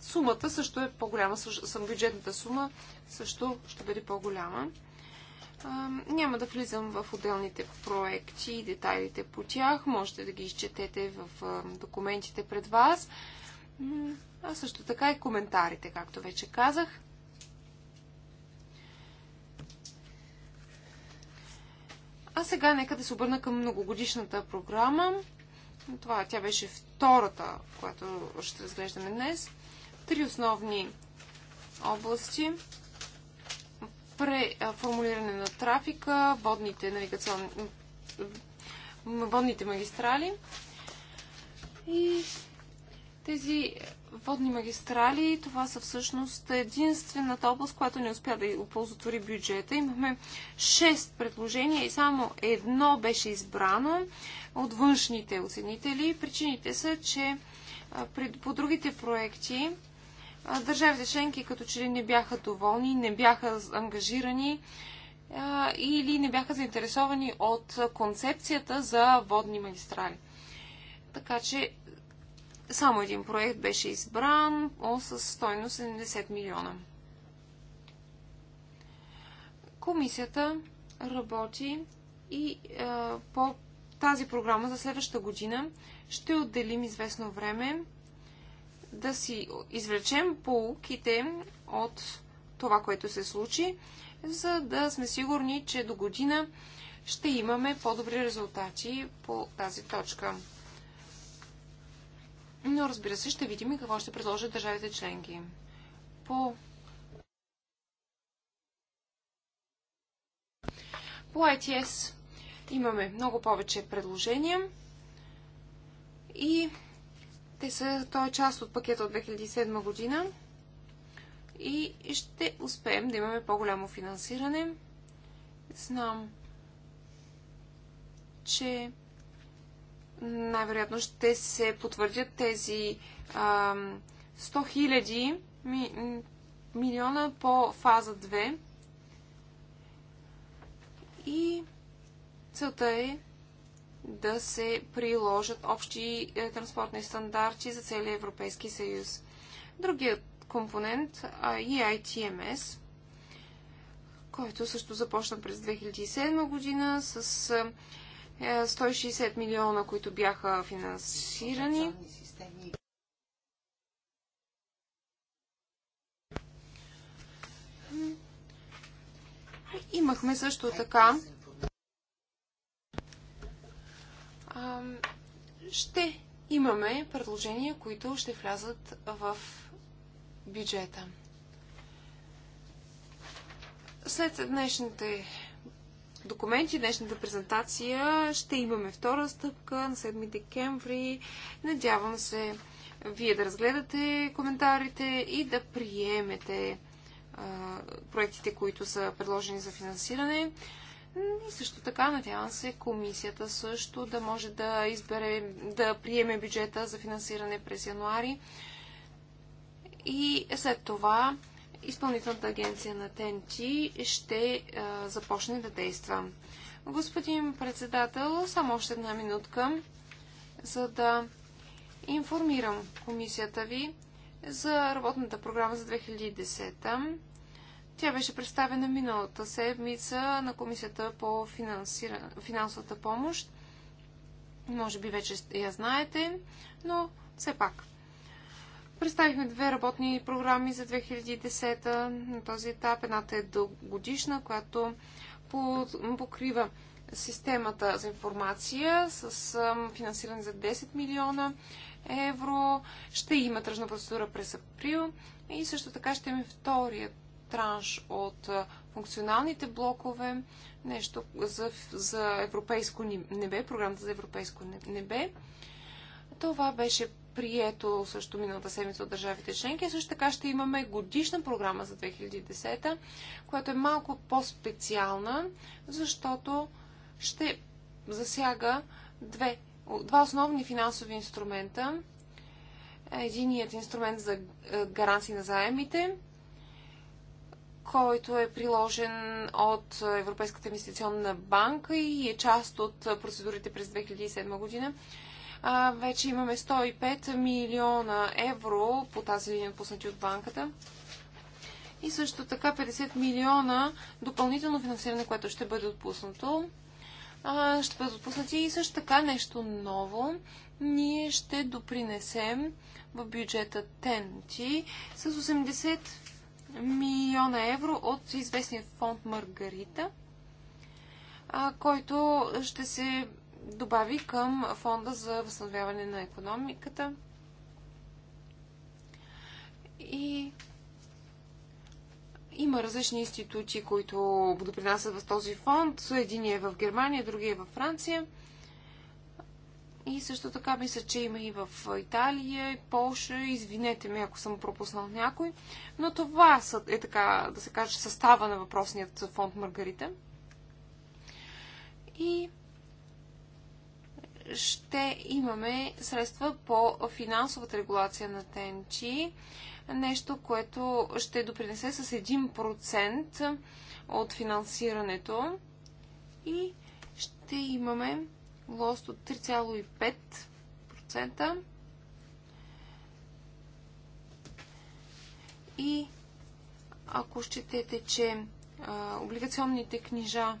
сумата също е по-голяма, съм бюджетната сума също ще бъде по-голяма. Няма да влизам в отделните проекти и детайлите по тях. Можете да ги изчетете в документите пред вас. А също така и коментарите, както вече казах. А сега нека да се обърна към многогодишната програма. Това тя беше втората, която ще разглеждаме днес. Три основни области. Преформулиране на трафика, водните навигационни водните магистрали. И тези водни магистрали, това са всъщност единствената област, която не успя да оползотвори бюджета. Имахме 6 предложения и само едно беше избрано от външните оценители. Причините са, че по другите проекти държавите членки като че ли не бяха доволни, не бяха ангажирани или не бяха заинтересовани от концепцията за водни магистрали. Така че само един проект беше избран с стойност 70 милиона. Комисията работи и по тази програма за следващата година ще отделим известно време да си извлечем полуките от това, което се случи, за да сме сигурни, че до година ще имаме по-добри резултати по тази точка. Но разбира се, ще видим и какво ще предложат държавите членки. По По ITS имаме много повече предложения и те са, той е част от пакета от 2007 година и ще успеем да имаме по-голямо финансиране. Знам, че най-вероятно ще се потвърдят тези а, 100 000 ми, милиона по фаза 2. И целта е да се приложат общи е, транспортни стандарти за целия Европейски съюз. Другият компонент ITMS, който също започна през 2007 година с 160 е, милиона, които бяха финансирани. Имахме също така. Ще имаме предложения, които ще влязат в бюджета. След днешните документи, днешната презентация. Ще имаме втора стъпка на 7 декември. Надявам се вие да разгледате коментарите и да приемете а, проектите, които са предложени за финансиране. И също така, надявам се, комисията също да може да избере, да приеме бюджета за финансиране през януари. И след това изпълнителната агенция на ТНТ ще а, започне да действа. Господин председател, само още една минутка, за да информирам комисията ви за работната програма за 2010. Тя беше представена миналата седмица на комисията по финансира... финансовата помощ. Може би вече я знаете, но все пак. Представихме две работни програми за 2010 на този етап. Едната е дългогодишна, която покрива системата за информация с финансиране за 10 милиона евро. Ще има тръжна процедура през април и също така ще има вторият транш от функционалните блокове, нещо за, за европейско небе, програмата за европейско небе. Това беше прието също миналата седмица от държавите членки. Също така ще имаме годишна програма за 2010, която е малко по-специална, защото ще засяга две, два основни финансови инструмента. Единият инструмент за е, гаранции на заемите, който е приложен от Европейската инвестиционна банка и е част от процедурите през 2007 година. А, вече имаме 105 милиона евро по тази линия, пуснати от банката. И също така 50 милиона допълнително финансиране, което ще бъде отпуснато. А, ще бъдат отпуснати и също така нещо ново. Ние ще допринесем в бюджета Тенти с 80 милиона евро от известния фонд Маргарита, който ще се добави към фонда за възстановяване на економиката. И има различни институти, които допринасят в този фонд. Един е в Германия, другия е във Франция. И също така мисля, че има и в Италия, и Полша. Извинете ме, ако съм пропуснал някой. Но това е така, да се каже, състава на въпросният фонд Маргарита. И ще имаме средства по финансовата регулация на ТНЧИ, нещо, което ще допринесе с 1% от финансирането и ще имаме лост от 3,5% и ако считате, че облигационните книжа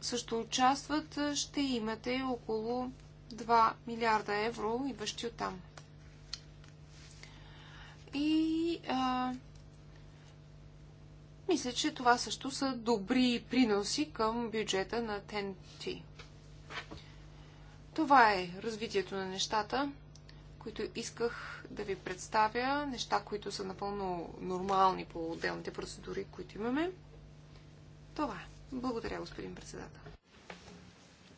също участват, ще имате около 2 милиарда евро, идващи от там. И а, мисля, че това също са добри приноси към бюджета на ТНТ. Това е развитието на нещата, които исках да ви представя. Неща, които са напълно нормални по отделните процедури, които имаме. Това е. Благодаря, господин председател.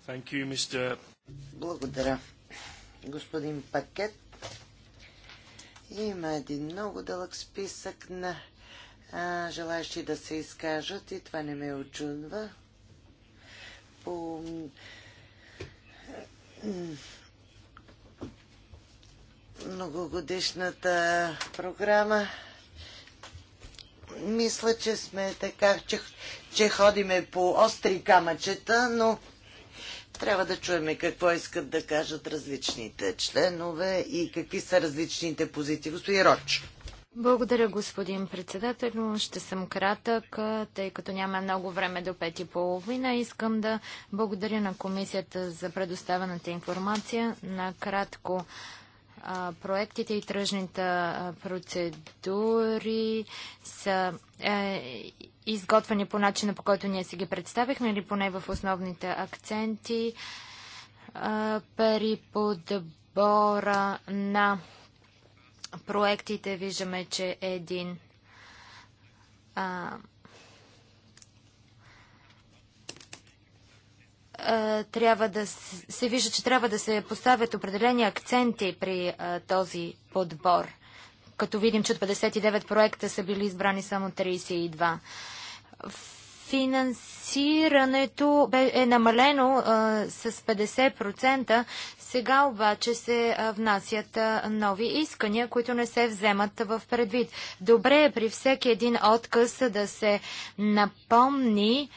Thank you, Mr. Благодаря, господин Пакет. Има един много дълъг списък на а, желаящи да се изкажат и това не ме очудва. По многогодишната програма мисля, че сме така, че, че ходиме по остри камъчета, но трябва да чуем какво искат да кажат различните членове и какви са различните позиции. Господин Роч. Благодаря, господин председател. Ще съм кратък, тъй като няма много време до пет и половина. Искам да благодаря на комисията за предоставената информация. Накратко проектите и тръжните процедури са е, изготвени по начина, по който ние си ги представихме, или поне в основните акценти. при подбора на проектите виждаме, че един трябва да се вижда, че трябва да се поставят определени акценти при а, този подбор. Като видим, че от 59 проекта са били избрани само 32. Финансирането е намалено а, с 50%. Сега обаче се а, внасят нови искания, които не се вземат в предвид. Добре е при всеки един отказ да се напомни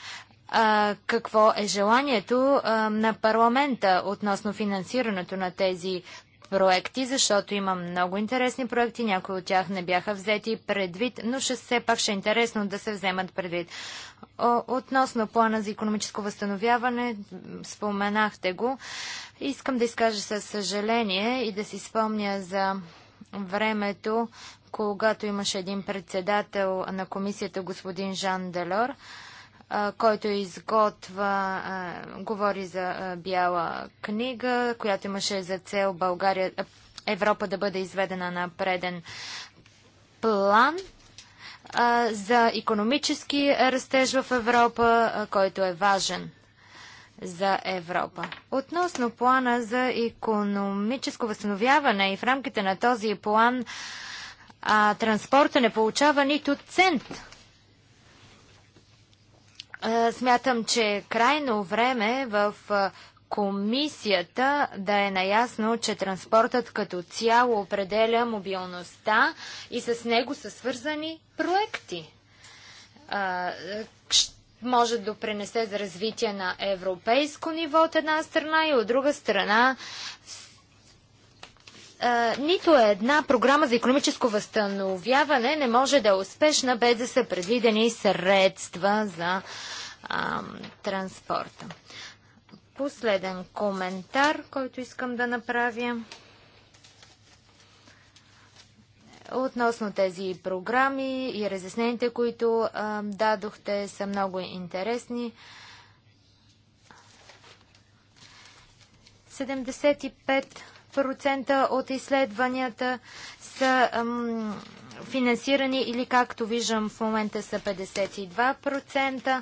а, какво е желанието а, на парламента относно финансирането на тези проекти, защото има много интересни проекти, някои от тях не бяха взети предвид, но ще все пак ще е интересно да се вземат предвид. Относно плана за економическо възстановяване, споменахте го, искам да изкажа със съжаление и да си спомня за времето, когато имаше един председател на комисията, господин Жан Делор, който изготва, говори за бяла книга, която имаше за цел България, Европа да бъде изведена на преден план за економически растеж в Европа, който е важен за Европа. Относно плана за економическо възстановяване и в рамките на този план а, транспорта не получава нито цент Смятам, че е крайно време в комисията да е наясно, че транспортът като цяло определя мобилността и с него са свързани проекти. Е, може да допренесе за развитие на европейско ниво от една страна и от друга страна нито една програма за економическо възстановяване не може да е успешна без да са предвидени средства за а, транспорта. Последен коментар, който искам да направя относно тези програми и разяснените, които а, дадохте, са много интересни. 75 процента от изследванията са ам, финансирани или както виждам в момента са 52%.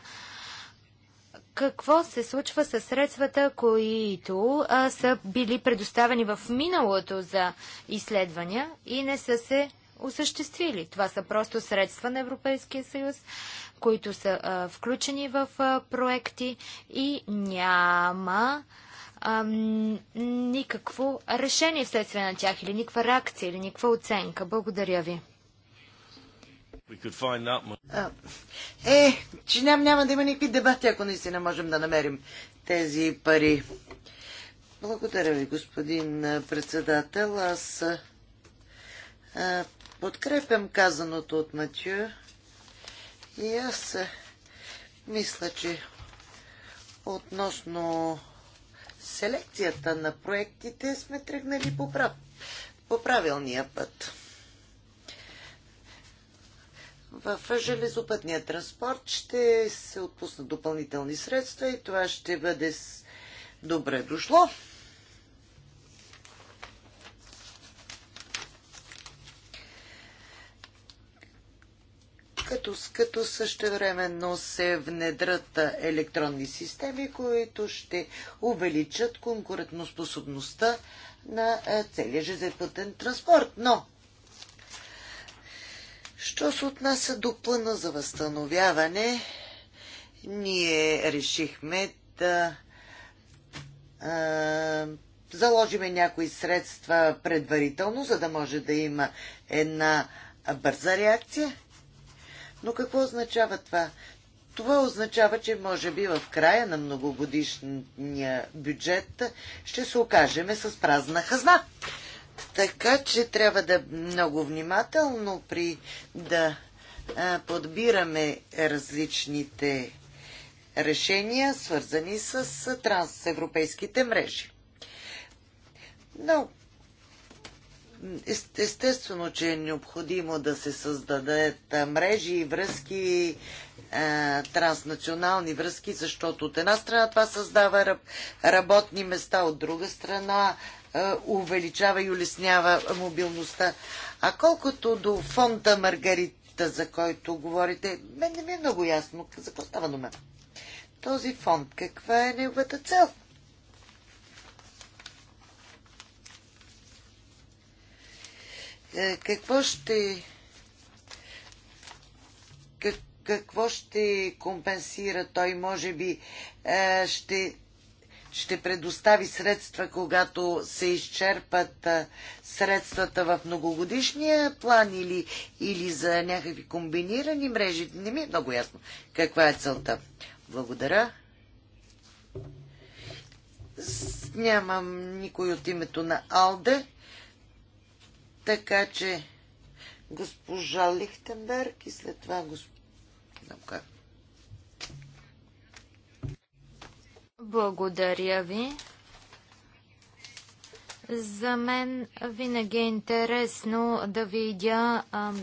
Какво се случва с средствата, които а, са били предоставени в миналото за изследвания и не са се осъществили? Това са просто средства на Европейския съюз, които са а, включени в а, проекти и няма а, а, никакво решение вследствие на тях или никаква реакция или никаква оценка. Благодаря ви. е, че ням, няма да има никакви дебати, ако наистина можем да намерим тези пари. Благодаря ви, господин председател. Аз а, подкрепям казаното от Матю и аз мисля, че относно селекцията на проектите сме тръгнали по, прав... по правилния път. В железопътния транспорт ще се отпуснат допълнителни средства и това ще бъде добре дошло. като, като същевременно се внедрат електронни системи, които ще увеличат конкурентоспособността на е, целия железопътен транспорт. Но, що се отнася до плана за възстановяване, ние решихме да а, е, заложиме някои средства предварително, за да може да има една бърза реакция. Но какво означава това? Това означава, че може би в края на многогодишния бюджет ще се окажеме с празна хазна. Така че трябва да много внимателно при да подбираме различните решения, свързани с трансевропейските мрежи. Но Естествено, че е необходимо да се създадат мрежи и връзки, транснационални връзки, защото от една страна това създава работни места, от друга страна увеличава и улеснява мобилността. А колкото до фонда Маргарита, за който говорите, мен не ми е много ясно за какво става дума. Този фонд, каква е неговата цел? Е, какво ще какво ще компенсира той, може би е, ще, ще предостави средства, когато се изчерпат е, средствата в многогодишния план или, или за някакви комбинирани мрежи. Не ми е много ясно каква е целта. Благодаря. Нямам никой от името на Алде. Така че госпожа Лихтенберг и след това госпожа... Благодаря ви. За мен винаги е интересно да видя а,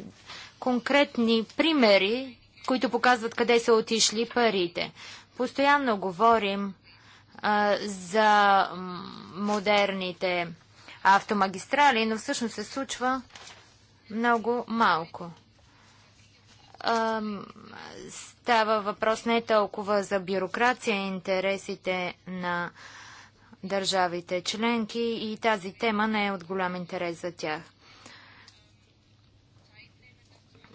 конкретни примери, които показват къде са отишли парите. Постоянно говорим а, за модерните автомагистрали, но всъщност се случва много малко. Става въпрос не толкова за бюрокрация и интересите на държавите членки и тази тема не е от голям интерес за тях.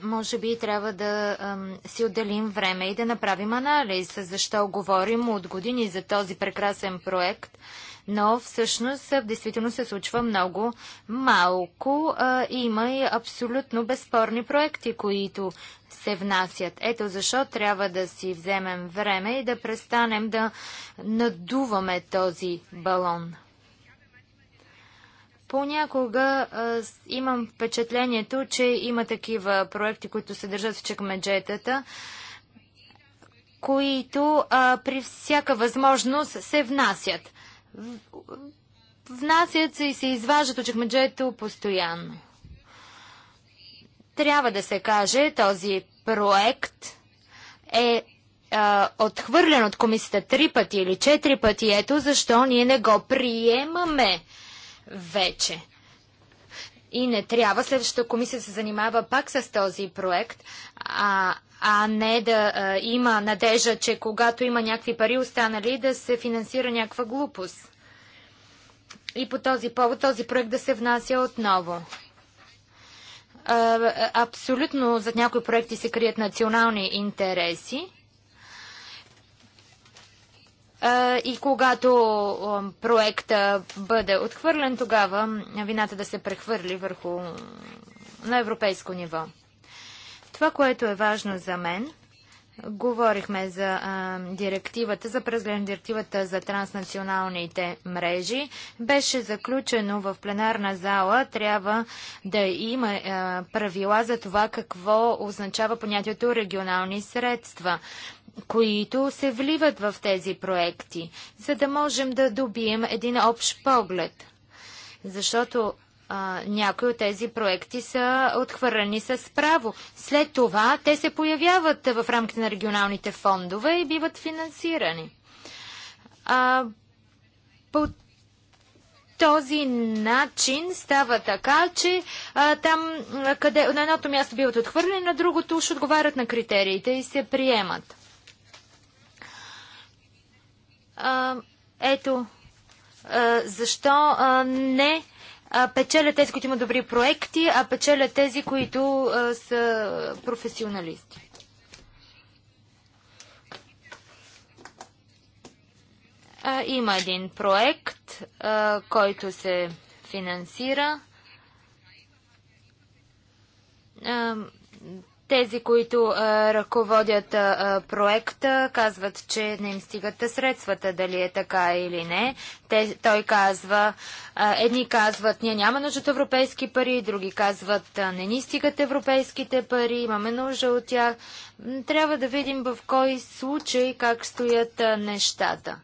Може би трябва да си отделим време и да направим анализ, защо говорим от години за този прекрасен проект но всъщност в действителност се случва много малко. А, има и абсолютно безспорни проекти, които се внасят. Ето защо трябва да си вземем време и да престанем да надуваме този балон. Понякога а, имам впечатлението, че има такива проекти, които се държат в чекмеджетата, които а, при всяка възможност се внасят внасят се и се изваждат от чехмеджето постоянно. Трябва да се каже, този проект е а, отхвърлен от комисията три пъти или четири пъти. Ето защо ние не го приемаме вече. И не трябва следващата комисия се занимава пак с този проект, а а не да а, има надежда, че когато има някакви пари останали, да се финансира някаква глупост. И по този повод този проект да се внася отново. А, абсолютно за някои проекти се крият национални интереси. А, и когато проекта бъде отхвърлен, тогава вината да се прехвърли върху на европейско ниво. Това, което е важно за мен, говорихме за а, директивата, за преразглеждане директивата за транснационалните мрежи. Беше заключено в пленарна зала, трябва да има а, правила за това какво означава понятието регионални средства които се вливат в тези проекти, за да можем да добием един общ поглед. Защото а, някои от тези проекти са отхвърлени с право. След това те се появяват в рамките на регионалните фондове и биват финансирани. А, по този начин става така, че а, там, къде на едното място биват отхвърлени, на другото уж отговарят на критериите и се приемат. А, ето, а, защо а, не печелят тези, които имат добри проекти, а печелят тези, които са професионалисти. има един проект, който се финансира. Тези, които а, ръководят а, проекта, казват, че не им стигат средствата, дали е така или не. Те, той казва, а, едни казват, ние няма нужда от европейски пари, други казват, а, не ни стигат европейските пари, имаме нужда от тях. Трябва да видим в кой случай как стоят а, нещата.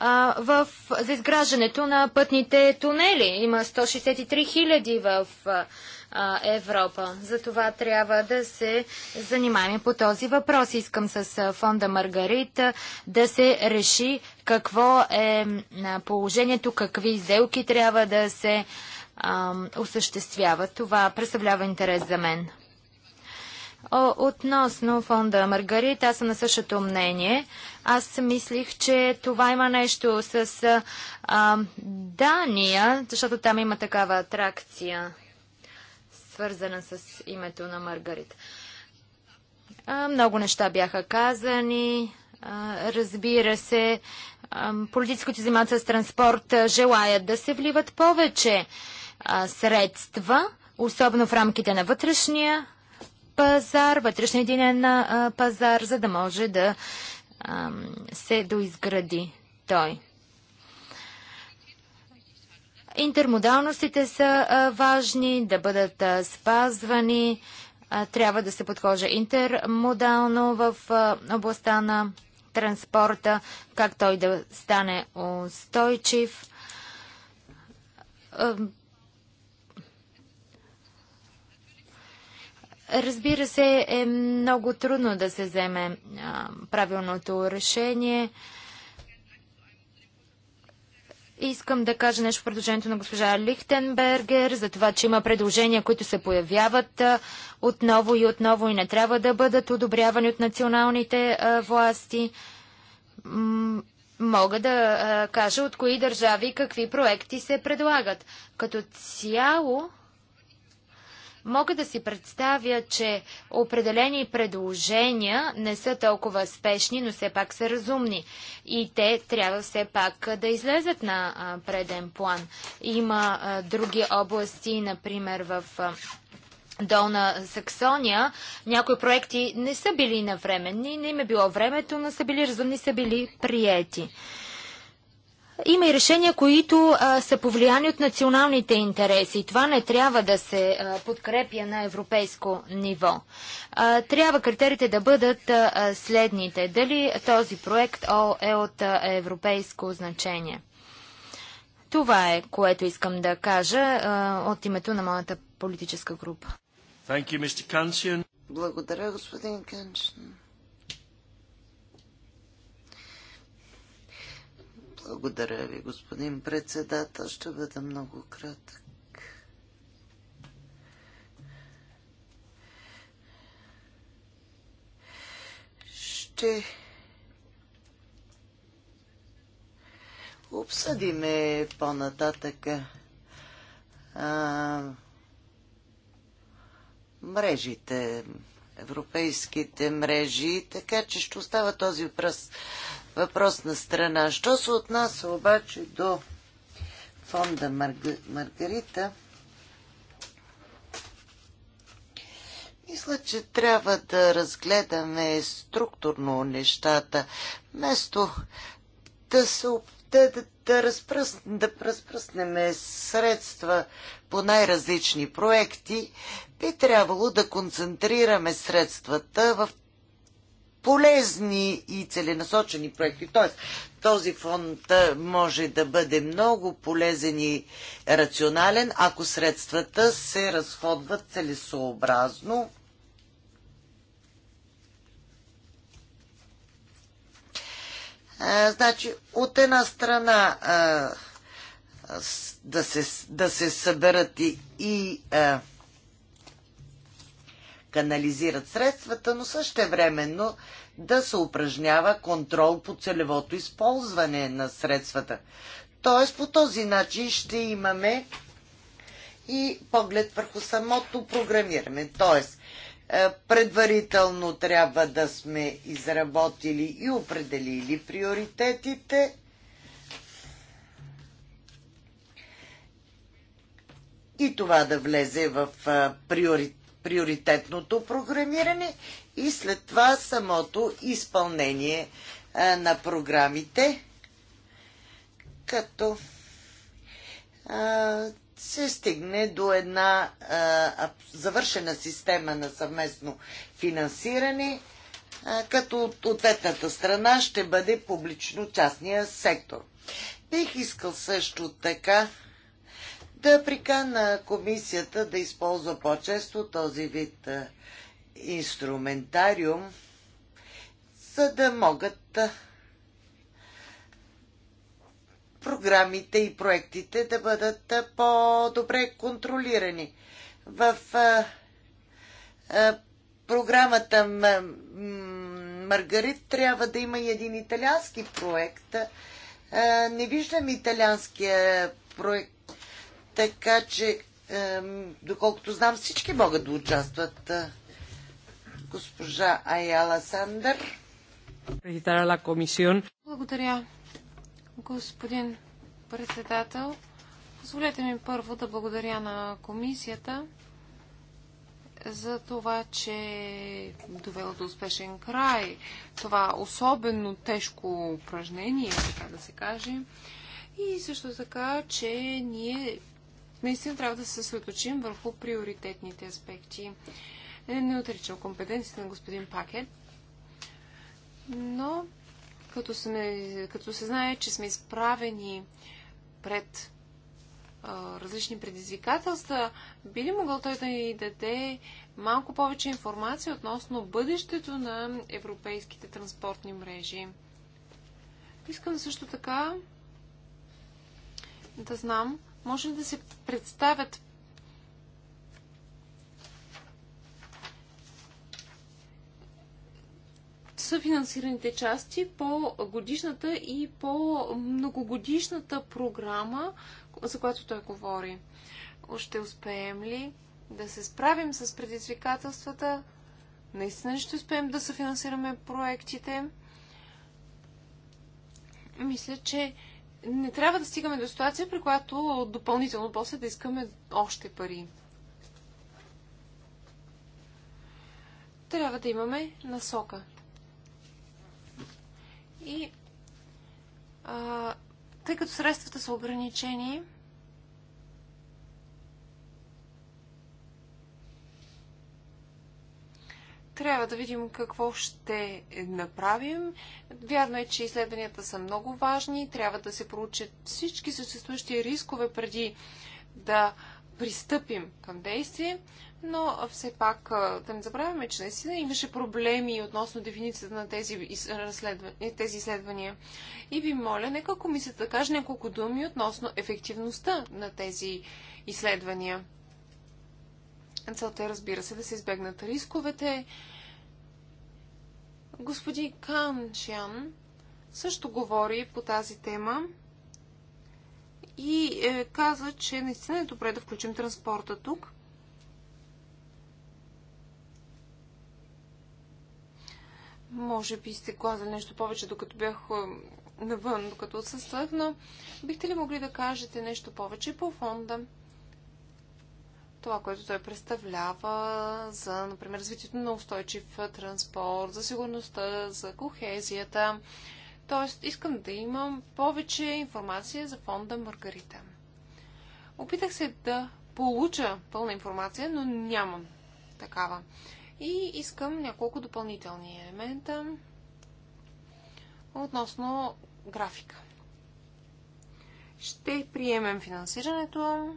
а, в, за изграждането на пътните тунели. Има 163 хиляди в а, Европа. За това трябва да се занимаваме по този въпрос. Искам с фонда Маргарита да се реши какво е положението, какви сделки трябва да се а, осъществяват. Това представлява интерес за мен. Относно фонда Маргарита, аз съм на същото мнение. Аз мислих, че това има нещо с а, Дания, защото там има такава атракция, свързана с името на Маргарита. А, много неща бяха казани. А, разбира се, а, политическото занимават с транспорт желаят да се вливат повече средства, особено в рамките на вътрешния пазар, вътрешния единен пазар, за да може да се доизгради той. Интермодалностите са важни да бъдат спазвани. трябва да се подхожа интермодално в областта на транспорта, как той да стане устойчив. Разбира се, е много трудно да се вземе а, правилното решение. Искам да кажа нещо в предложението на госпожа Лихтенбергер за това, че има предложения, които се появяват отново и отново и не трябва да бъдат одобрявани от националните а, власти. М мога да кажа от кои държави какви проекти се предлагат. Като цяло, Мога да си представя, че определени предложения не са толкова спешни, но все пак са разумни. И те трябва все пак да излезат на преден план. Има други области, например в Долна Саксония, някои проекти не са били навременни, не им е било времето, но са били разумни, са били приети. Има и решения, които а, са повлияни от националните интереси. Това не трябва да се а, подкрепя на европейско ниво. А, трябва критериите да бъдат а, следните. Дали този проект О, е от а, европейско значение? Това е, което искам да кажа а, от името на моята политическа група. Thank you, Mr. Благодаря, господин Канчен. Благодаря ви, господин председател. Ще бъда много кратък. Ще обсъдиме по-нататък мрежите, европейските мрежи, така че ще остава този въпрос въпрос на страна. Що се отнася обаче до фонда Маргарита, мисля, че трябва да разгледаме структурно нещата, вместо да се да, да, да, разпръс, да разпръснем средства по най-различни проекти, би трябвало да концентрираме средствата в полезни и целенасочени проекти. Тоест, този фонд може да бъде много полезен и рационален, ако средствата се разходват целесообразно. А, значи, от една страна а, да, се, да се съберат и, и а, канализират средствата, но също времено да се упражнява контрол по целевото използване на средствата. Тоест по този начин ще имаме и поглед върху самото програмиране. Тоест, е, предварително трябва да сме изработили и определили приоритетите. И това да влезе в е, приори приоритетното програмиране и след това самото изпълнение на програмите, като се стигне до една а, завършена система на съвместно финансиране, а, като ответната страна ще бъде публично-частния сектор. Бих искал също така да прикана комисията да използва по-често този вид инструментариум, за да могат програмите и проектите да бъдат по-добре контролирани. В програмата Маргарит трябва да има и един италиански проект. Не виждам италианския проект така че, доколкото знам, всички могат да участват. Е, госпожа Аяла Сандър. Благодаря, господин председател. Позволете ми първо да благодаря на комисията за това, че е довело до успешен край това особено тежко упражнение, така да се каже. И също така, че ние наистина трябва да се съсредоточим върху приоритетните аспекти. Е, не отричам компетенциите на господин Пакет, но като, сме, като се знае, че сме изправени пред а, различни предизвикателства, би ли могъл той да ни даде малко повече информация относно бъдещето на европейските транспортни мрежи? Искам също така да знам може да се представят съфинансираните части по годишната и по многогодишната програма, за която той говори. Ще успеем ли да се справим с предизвикателствата? Наистина ще успеем да съфинансираме проектите? Мисля, че не трябва да стигаме до ситуация, при която допълнително после да искаме още пари. Трябва да имаме насока. И а, тъй като средствата са ограничени, Трябва да видим какво ще направим. Вярно е, че изследванията са много важни. Трябва да се проучат всички съществуващи рискове преди да пристъпим към действие, но все пак да не забравяме, че наистина имаше проблеми относно дефиницията на тези, е, тези изследвания. И ви моля, нека комисията да каже няколко думи относно ефективността на тези изследвания. Целта е, разбира се, да се избегнат рисковете. Господин Кан Шиан също говори по тази тема и е, каза, че наистина е добре да включим транспорта тук. Може би сте казали нещо повече, докато бях е, навън, докато отсъствах, но бихте ли могли да кажете нещо повече по фонда? това, което той представлява за, например, развитието на устойчив транспорт, за сигурността, за кохезията. Тоест, искам да имам повече информация за фонда Маргарита. Опитах се да получа пълна информация, но нямам такава. И искам няколко допълнителни елемента относно графика. Ще приемем финансирането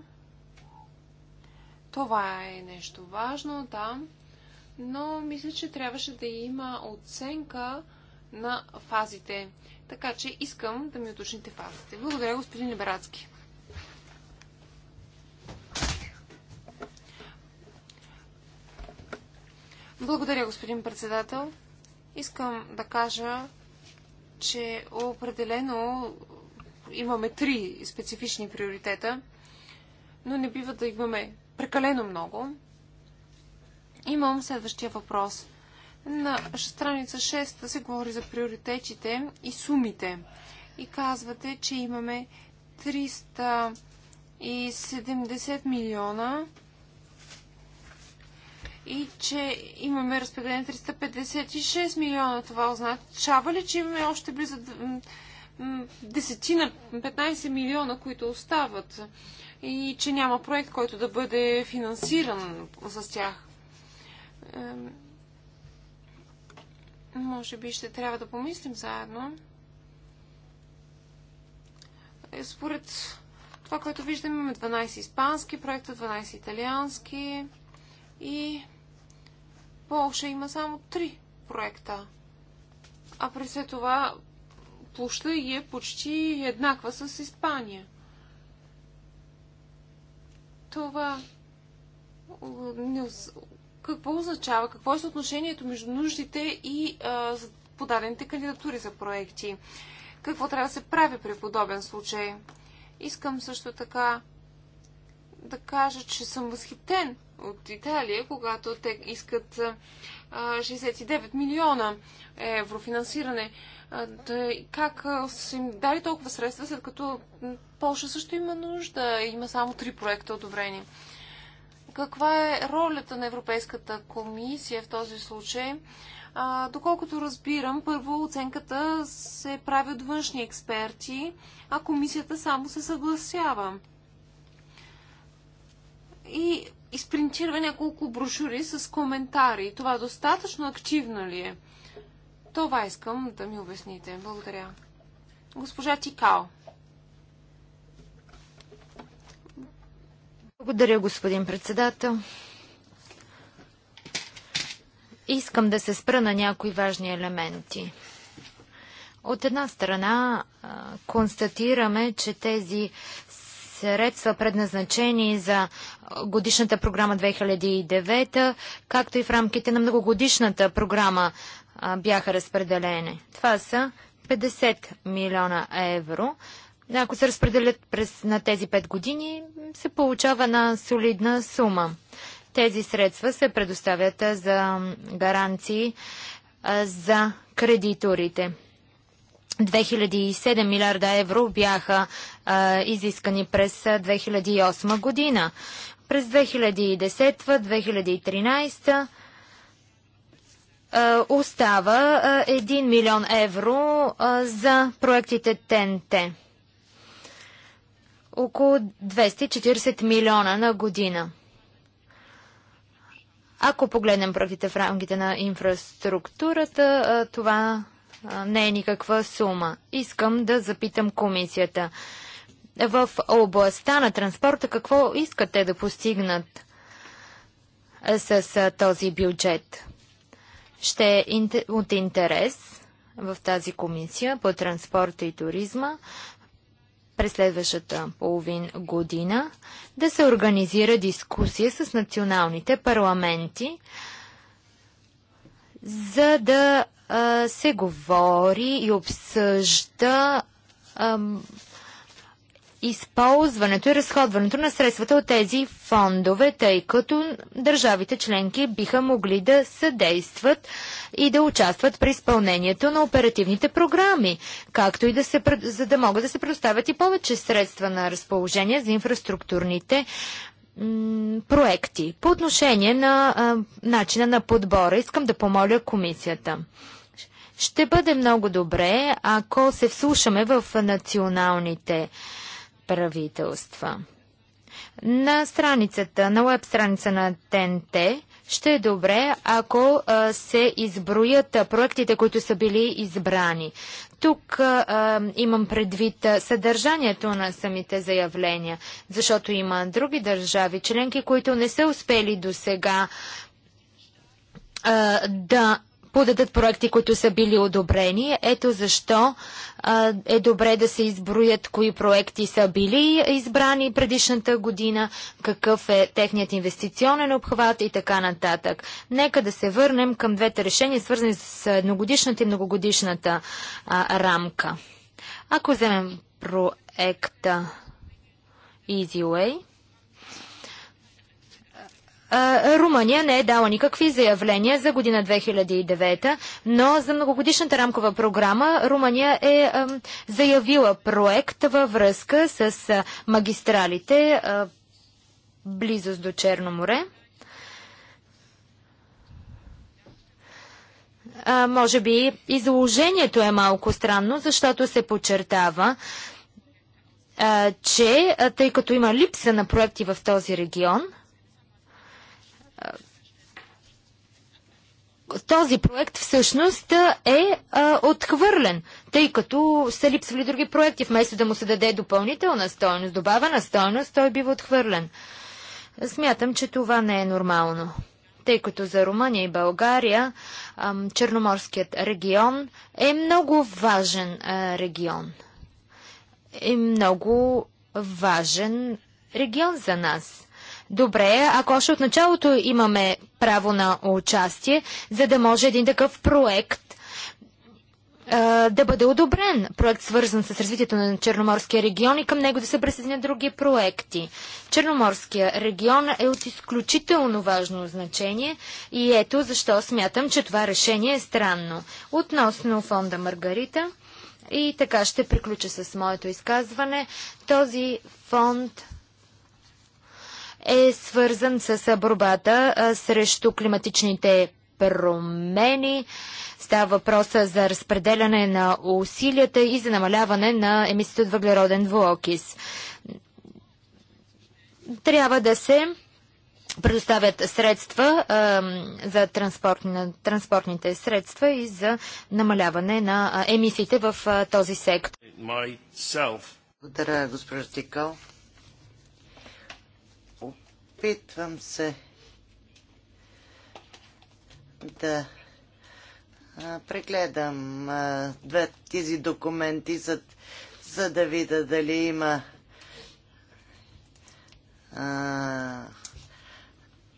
това е нещо важно, да, но мисля, че трябваше да има оценка на фазите. Така че искам да ми уточните фазите. Благодаря, господин Либерацки. Благодаря, господин председател. Искам да кажа, че определено имаме три специфични приоритета, но не бива да имаме прекалено много. Имам следващия въпрос. На страница 6 се говори за приоритетите и сумите. И казвате, че имаме 370 милиона и че имаме разпределение 356 милиона. Това означава ли, че имаме още близо десетина, 15 милиона, които остават? и че няма проект, който да бъде финансиран с тях. Може би ще трябва да помислим заедно. Е, според това, което виждаме, имаме 12 испански проекта, 12 италиански и Полша има само 3 проекта. А през това площа е почти еднаква с Испания. Това какво означава? Какво е съотношението между нуждите и а, подадените кандидатури за проекти? Какво трябва да се прави при подобен случай? Искам също така да кажа, че съм възхитен от Италия, когато те искат 69 милиона евро финансиране. Как са им дали толкова средства, след като Польша също има нужда? Има само три проекта одобрени. Каква е ролята на Европейската комисия в този случай? А, доколкото разбирам, първо оценката се прави от външни експерти, а комисията само се съгласява. И изпринтираме няколко брошури с коментари. Това достатъчно активно ли е? Това искам да ми обясните. Благодаря. Госпожа Тикао. Благодаря, господин председател. Искам да се спра на някои важни елементи. От една страна констатираме, че тези средства, предназначени за годишната програма 2009, както и в рамките на многогодишната програма бяха разпределени. Това са 50 милиона евро. Ако се разпределят през, на тези 5 години, се получава на солидна сума. Тези средства се предоставят за гаранции за кредиторите. 2007 милиарда евро бяха а, изискани през 2008 година. През 2010-2013 остава а, 1 милион евро а, за проектите ТНТ. Около 240 милиона на година. Ако погледнем проектите в рамките на инфраструктурата, това не е никаква сума. Искам да запитам комисията. В областта на транспорта какво искат те да постигнат с този бюджет? Ще е от интерес в тази комисия по транспорта и туризма през следващата половин година да се организира дискусия с националните парламенти, за да а, се говори и обсъжда ам, използването и разходването на средствата от тези фондове, тъй като държавите членки биха могли да съдействат и да участват при изпълнението на оперативните програми, както и да се, за да могат да се предоставят и повече средства на разположение за инфраструктурните проекти. По отношение на а, начина на подбора, искам да помоля комисията. Ще бъде много добре, ако се вслушаме в националните правителства. На страницата, на веб страница на ТНТ ще е добре, ако а, се изброят проектите, които са били избрани. Тук а, имам предвид съдържанието на самите заявления, защото има други държави членки, които не са успели до сега да подадат проекти, които са били одобрени. Ето защо а, е добре да се изброят кои проекти са били избрани предишната година, какъв е техният инвестиционен обхват и така нататък. Нека да се върнем към двете решения, свързани с едногодишната и многогодишната а, рамка. Ако вземем проекта EasyWay, Румъния не е дала никакви заявления за година 2009, но за многогодишната рамкова програма Румъния е заявила проект във връзка с магистралите близост до Черно море. може би изложението е малко странно, защото се подчертава, че тъй като има липса на проекти в този регион – този проект всъщност е а, отхвърлен, тъй като са липсвали други проекти. Вместо да му се даде допълнителна стойност, добавена стойност, той бива отхвърлен. Смятам, че това не е нормално. Тъй като за Румъния и България а, Черноморският регион е много важен а, регион. Е много важен регион за нас добре, ако още от началото имаме право на участие, за да може един такъв проект а, да бъде одобрен. Проект свързан с развитието на Черноморския регион и към него да се присъединят други проекти. Черноморския регион е от изключително важно значение и ето защо смятам, че това решение е странно. Относно фонда Маргарита, и така ще приключа с моето изказване, този фонд е свързан с борбата срещу климатичните промени. Става въпроса за разпределяне на усилията и за намаляване на емисията от въглероден двуокис. Трябва да се предоставят средства а, за транспортни, транспортните средства и за намаляване на емисиите в а, този сектор. Благодаря, госпожа Тикал. Опитвам се да прегледам две тези документи, за, за да видя дали има а,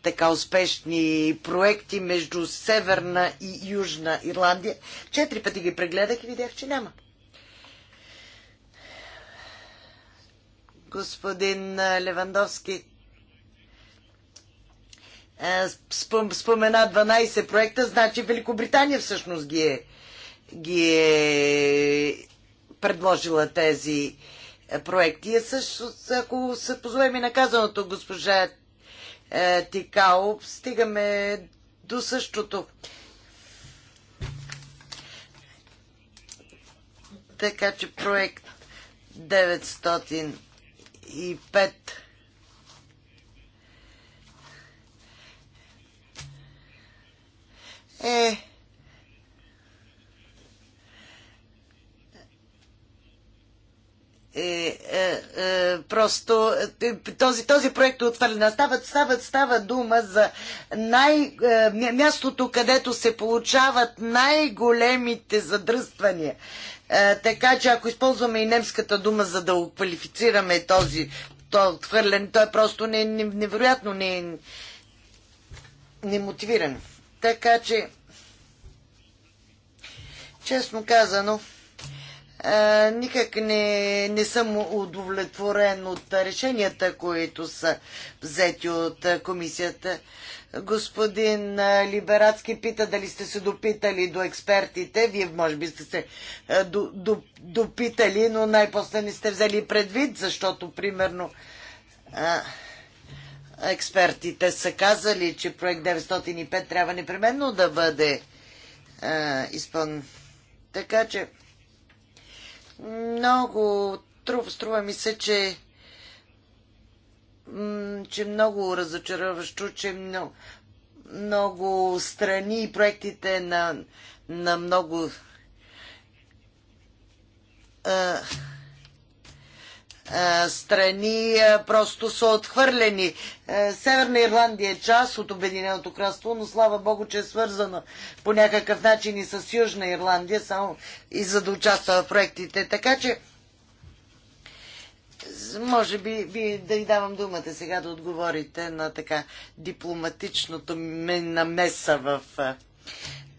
така успешни проекти между Северна и Южна Ирландия. Четири пъти ги прегледах и видях, че няма. Господин Левандовски е, спомена 12 проекта, значи Великобритания всъщност ги е, ги е предложила тези е, проекти. Е също, ако се позовем и наказаното госпожа е, Тикао, стигаме до същото. Така че проект 905 е е, е, е, просто е, този, този проект е отвърлен. Става, става, става дума за най, е, мястото, където се получават най-големите задръствания. Е, така че ако използваме и немската дума, за да квалифицираме този то е отхвърлен, той е просто не, не, невероятно не, не мотивиран. Така че, честно казано, никак не, не съм удовлетворен от решенията, които са взети от комисията. Господин Либератски пита дали сте се допитали до експертите. Вие може би сте се до, до, допитали, но най-после не сте взели предвид, защото примерно а, Експертите са казали, че проект 905 трябва непременно да бъде а, изпълнен. Така че много трудно струва ми се, че че много разочароващо, че много, много страни и проектите на, на много а, е, страни е, просто са отхвърлени. Е, Северна Ирландия е част от Обединеното кралство, но слава Богу, че е свързана по някакъв начин и с Южна Ирландия, само и за да участва в проектите. Така че, може би, би да ви давам думата сега да отговорите на така дипломатичното намеса в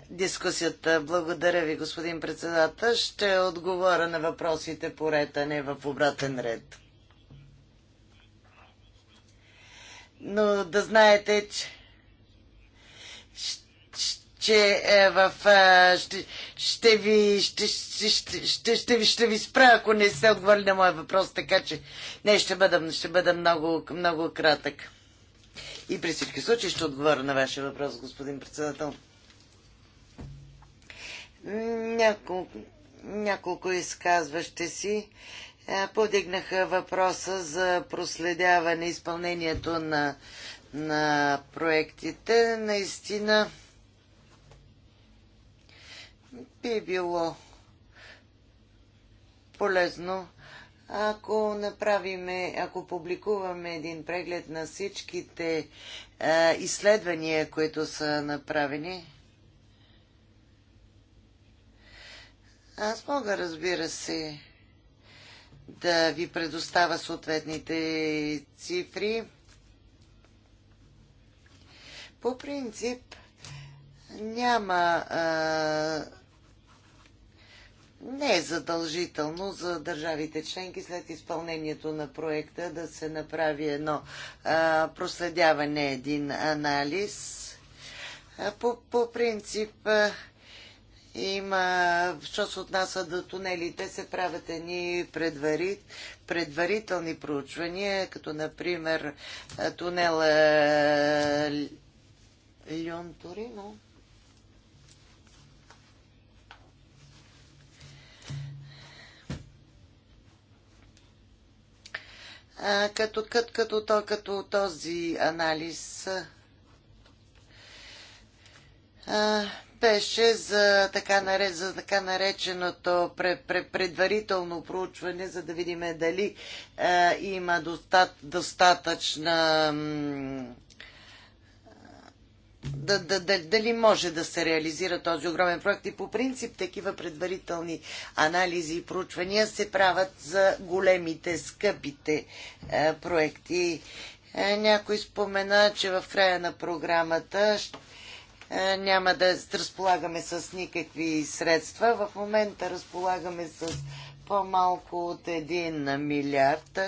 дискусията. Благодаря ви, господин председател. Ще отговоря на въпросите по ред, а не в обратен ред. Но да знаете, че че е, в, е, ще, ще, ви, ще, ще, ще, ще, ще, ви, ще ви спра, ако не сте отговорили на моя въпрос, така че не, ще бъда, ще бъда много, много кратък. И при всички случаи ще отговоря на вашия въпрос, господин председател. Няколко, няколко изказващи си е, подигнаха въпроса за проследяване изпълнението на, на проектите. Наистина би било полезно, ако направиме, ако публикуваме един преглед на всичките е, изследвания, които са направени, Аз мога, разбира се, да ви предоставя съответните цифри. По принцип няма. А, не е задължително за държавите членки след изпълнението на проекта да се направи едно а, проследяване, един анализ. А, по, по принцип. А, има, що се отнася до тунелите, се правят едни предварит, предварителни проучвания, като например тунела е, Льон Торино. Като, като, като, то, като този анализ а, беше за така, за така нареченото предварително проучване, за да видим дали е, има достат, достатъчна. Да, да, да, дали може да се реализира този огромен проект. И по принцип такива предварителни анализи и проучвания се правят за големите, скъпите е, проекти. Е, някой спомена, че в края на програмата ще е, няма да разполагаме с никакви средства. В момента разполагаме с по-малко от 1 милиард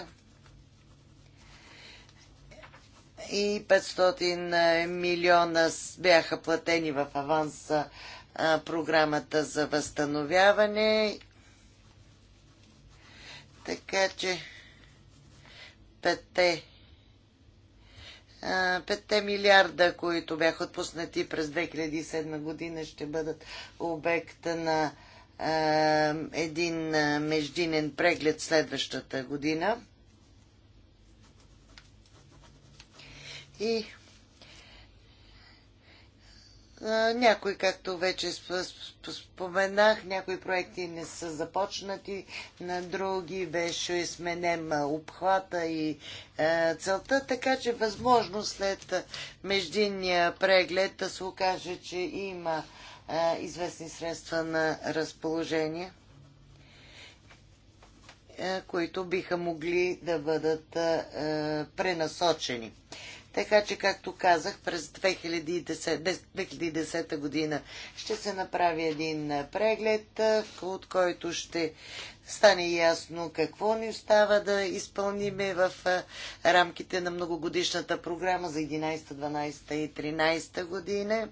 и 500 е, милиона бяха платени в аванса е, програмата за възстановяване. Така че пете 5 милиарда, които бяха отпуснати през 2007 година, ще бъдат обект на един междинен преглед следващата година. И някои, както вече споменах, някои проекти не са започнати, на други беше сменен обхвата и целта, така че възможно след междинния преглед да се окаже, че има известни средства на разположение, които биха могли да бъдат пренасочени. Така че, както казах, през 2010, 2010 година ще се направи един преглед, от който ще стане ясно какво ни остава да изпълниме в рамките на многогодишната програма за 11, 12 и 13 година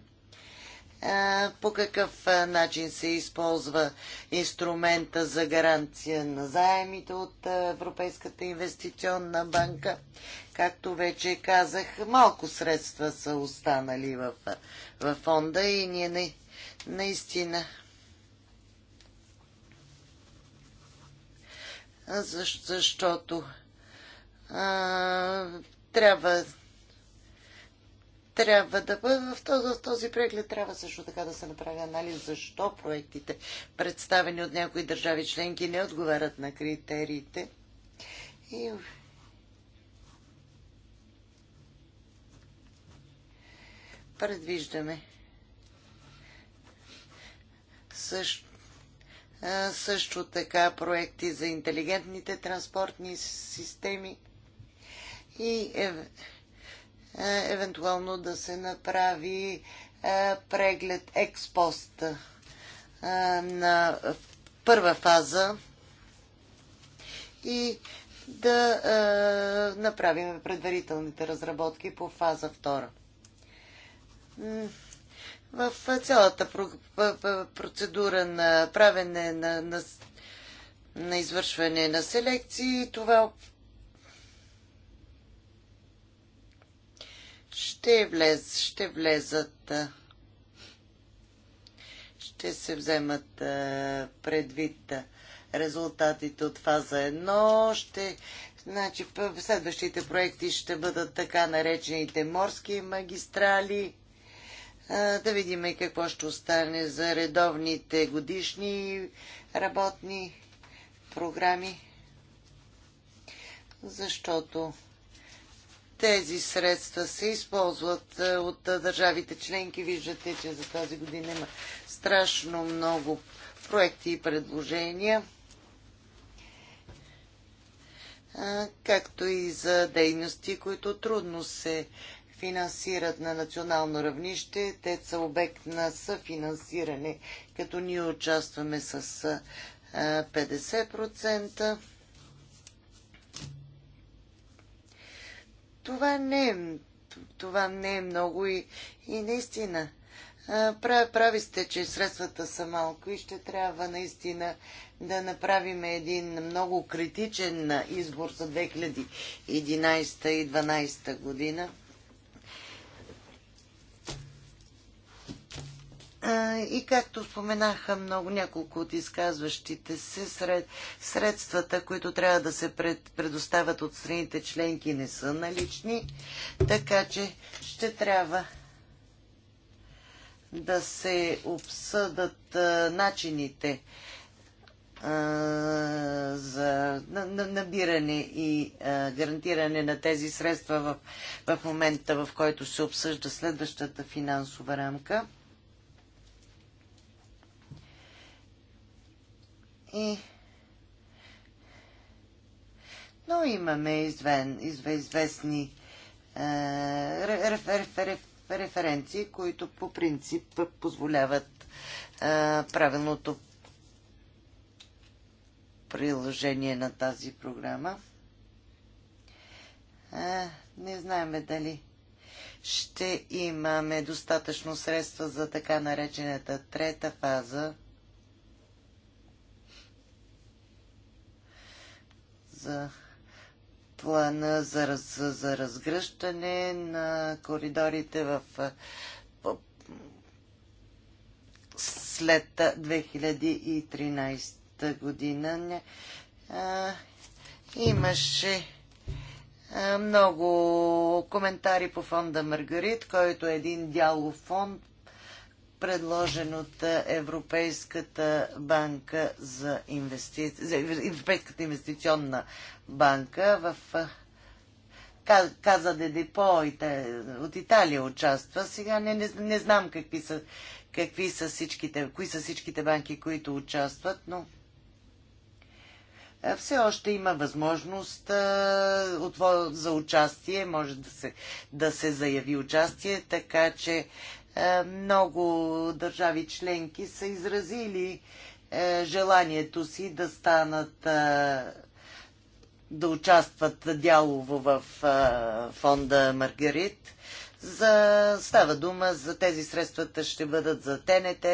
по какъв начин се използва инструмента за гаранция на заемите от Европейската инвестиционна банка. Както вече казах, малко средства са останали в, в фонда и ние не, наистина. защото а, трябва трябва да бъде, в този, в този преглед трябва също така да се направи анализ защо проектите, представени от някои държави членки, не отговарят на критериите. И... Предвиждаме също, също така проекти за интелигентните транспортни системи и е, евентуално да се направи е, преглед експост е, на първа фаза и да направим предварителните разработки по фаза втора. В цялата процедура на правене на, на, на извършване на селекции това ще, влез, ще влезат, ще се вземат предвид резултатите от фаза 1, ще, значи, в следващите проекти ще бъдат така наречените морски магистрали, да видим какво ще остане за редовните годишни работни програми, защото тези средства се използват е, от е, държавите членки. Виждате, че за тази година има страшно много проекти и предложения, както и за дейности, които трудно се финансират на национално равнище. Те са обект на съфинансиране, като ние участваме с 50%. Е, това не е, това не е много и, и наистина. Прави сте, че средствата са малко и ще трябва наистина да направим един много критичен избор за 2011 и 2012 година. И както споменаха много няколко от изказващите се, сред, средствата, които трябва да се пред, предоставят от страните членки, не са налични, така че ще трябва да се обсъдат а, начините а, за на, на, набиране и а, гарантиране на тези средства в, в момента, в който се обсъжда следващата финансова рамка. И... Но имаме извен, известни е, реф, реф, реф, референции, които по принцип позволяват е, правилното приложение на тази програма. Е, не знаеме дали ще имаме достатъчно средства за така наречената трета фаза за плана за, раз, за разгръщане на коридорите в след 2013 година а, имаше а, много коментари по фонда Маргарит, който е един дялов фонд, предложен от Европейската банка за, инвести... за Европейската инвестиционна банка в Каза де Депо от Италия участва. Сега не, не, не знам какви са, какви са всичките, кои са всичките банки, които участват, но все още има възможност за участие, може да се, да се заяви участие, така че е, много държави членки са изразили е, желанието си да станат е, да участват дялово в фонда Маргарит. За, става дума за тези средствата ще бъдат за ТНТ,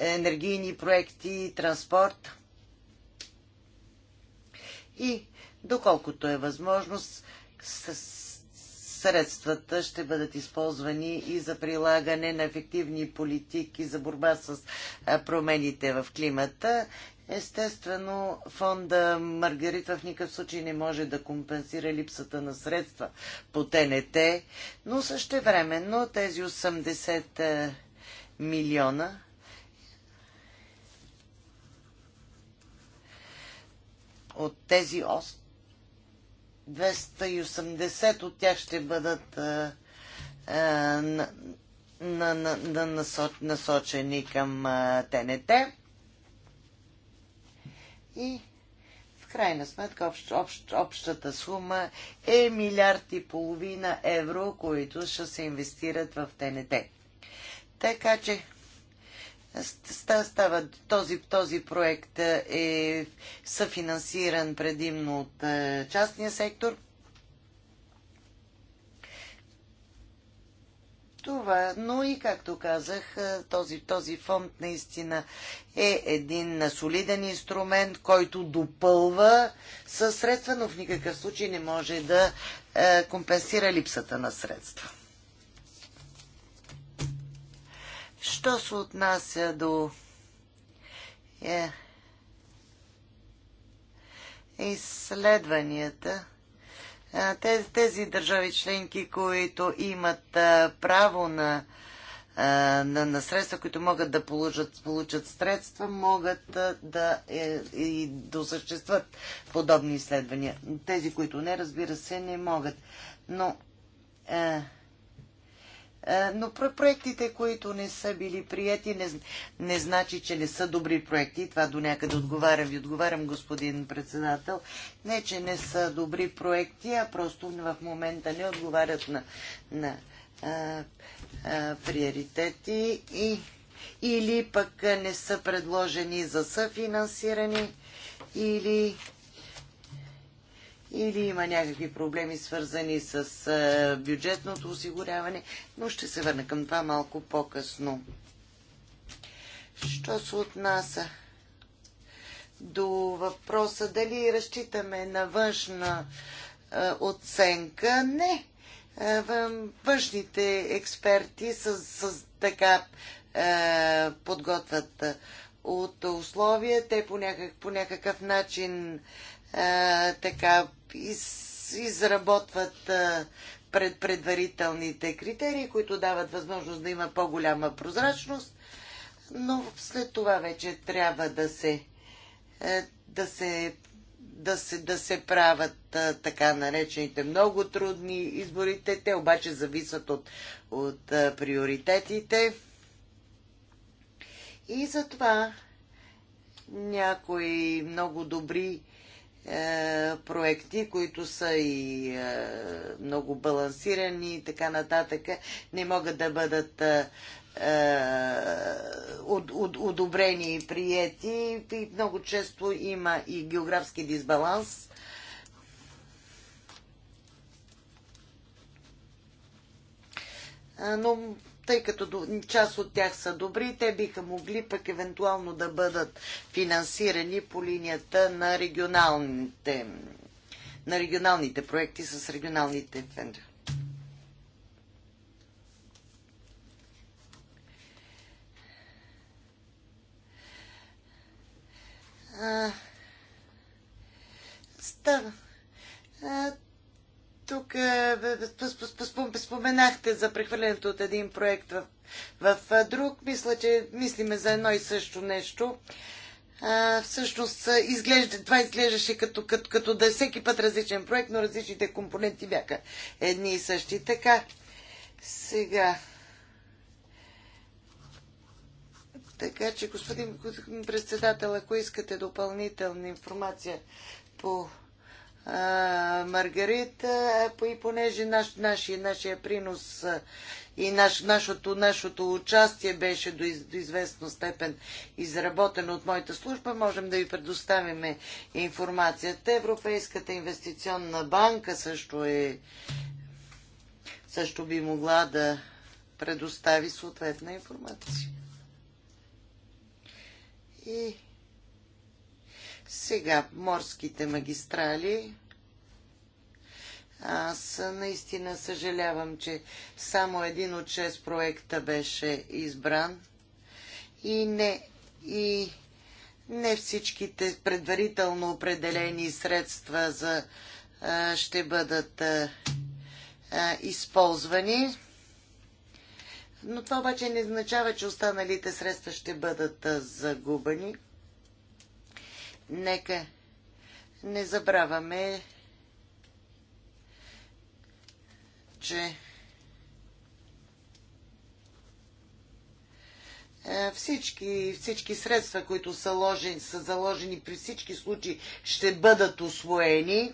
енергийни проекти, транспорт. И доколкото е възможност, с средствата ще бъдат използвани и за прилагане на ефективни политики за борба с промените в климата. Естествено, фонда Маргарита в никакъв случай не може да компенсира липсата на средства по ТНТ, но също времено тези 80 милиона от тези 280 от тях ще бъдат а, на, на, на, насочени към а, ТНТ. И в крайна сметка общ, общ, общата сума е милиард и половина евро, които ще се инвестират в ТНТ. Така че Става, този, този проект е съфинансиран предимно от е, частния сектор. Това, но и както казах, е, този, този фонд наистина е един солиден инструмент, който допълва със средства, но в никакъв случай не може да е, компенсира липсата на средства. Що се отнася до е, изследванията, е, тези, тези държави членки, които имат е, право на, е, на, на средства, които могат да получат, получат средства, могат да е, и да подобни изследвания. Тези, които не, разбира се, не могат. Но е, е, но проектите, които не са били прияти, не, не значи, че не са добри проекти. Това до някъде отговарям ви. Отговарям, господин председател. Не, че не са добри проекти, а просто в момента не отговарят на, на а, а, приоритети и, или пък не са предложени за съфинансиране или или има някакви проблеми свързани с бюджетното осигуряване, но ще се върна към това малко по-късно. Що се отнася до въпроса дали разчитаме на външна е, оценка, не. Външните експерти с, с така е, подготвят от условия. Те по някакъв, по някакъв начин така из, изработват а, пред предварителните критерии, които дават възможност да има по-голяма прозрачност, но след това вече трябва да се да се да се, да се правят а, така наречените много трудни изборите. Те обаче зависят от, от а, приоритетите. И затова някои много добри е, проекти, които са и е, много балансирани и така нататък, не могат да бъдат е, одобрени и приети. И много често има и географски дисбаланс. Но тъй като част от тях са добри, те биха могли пък евентуално да бъдат финансирани по линията на регионалните, на регионалните проекти с регионалните фендове. Uh, тук е, споменахте за прехвърлянето от един проект в, в друг. Мисля, че мислиме за едно и също нещо. А, всъщност изглежда, това изглеждаше като, като, като да е всеки път различен проект, но различните компоненти бяха едни и същи. Така, сега. Така че, господин председател, ако искате допълнителна информация по Маргарита, и понеже наш, нашия, нашия принос и наш, нашото, нашото участие беше до, из, до известна степен изработено от моята служба, можем да ви предоставим информацията. Европейската инвестиционна банка също е също би могла да предостави съответна информация. И сега, морските магистрали. Аз наистина съжалявам, че само един от шест проекта беше избран и не, и не всичките предварително определени средства за, а, ще бъдат а, а, използвани. Но това обаче не означава, че останалите средства ще бъдат а, загубени. Нека не забравяме, че е, всички, всички средства, които са, ложени, са заложени при всички случаи, ще бъдат освоени.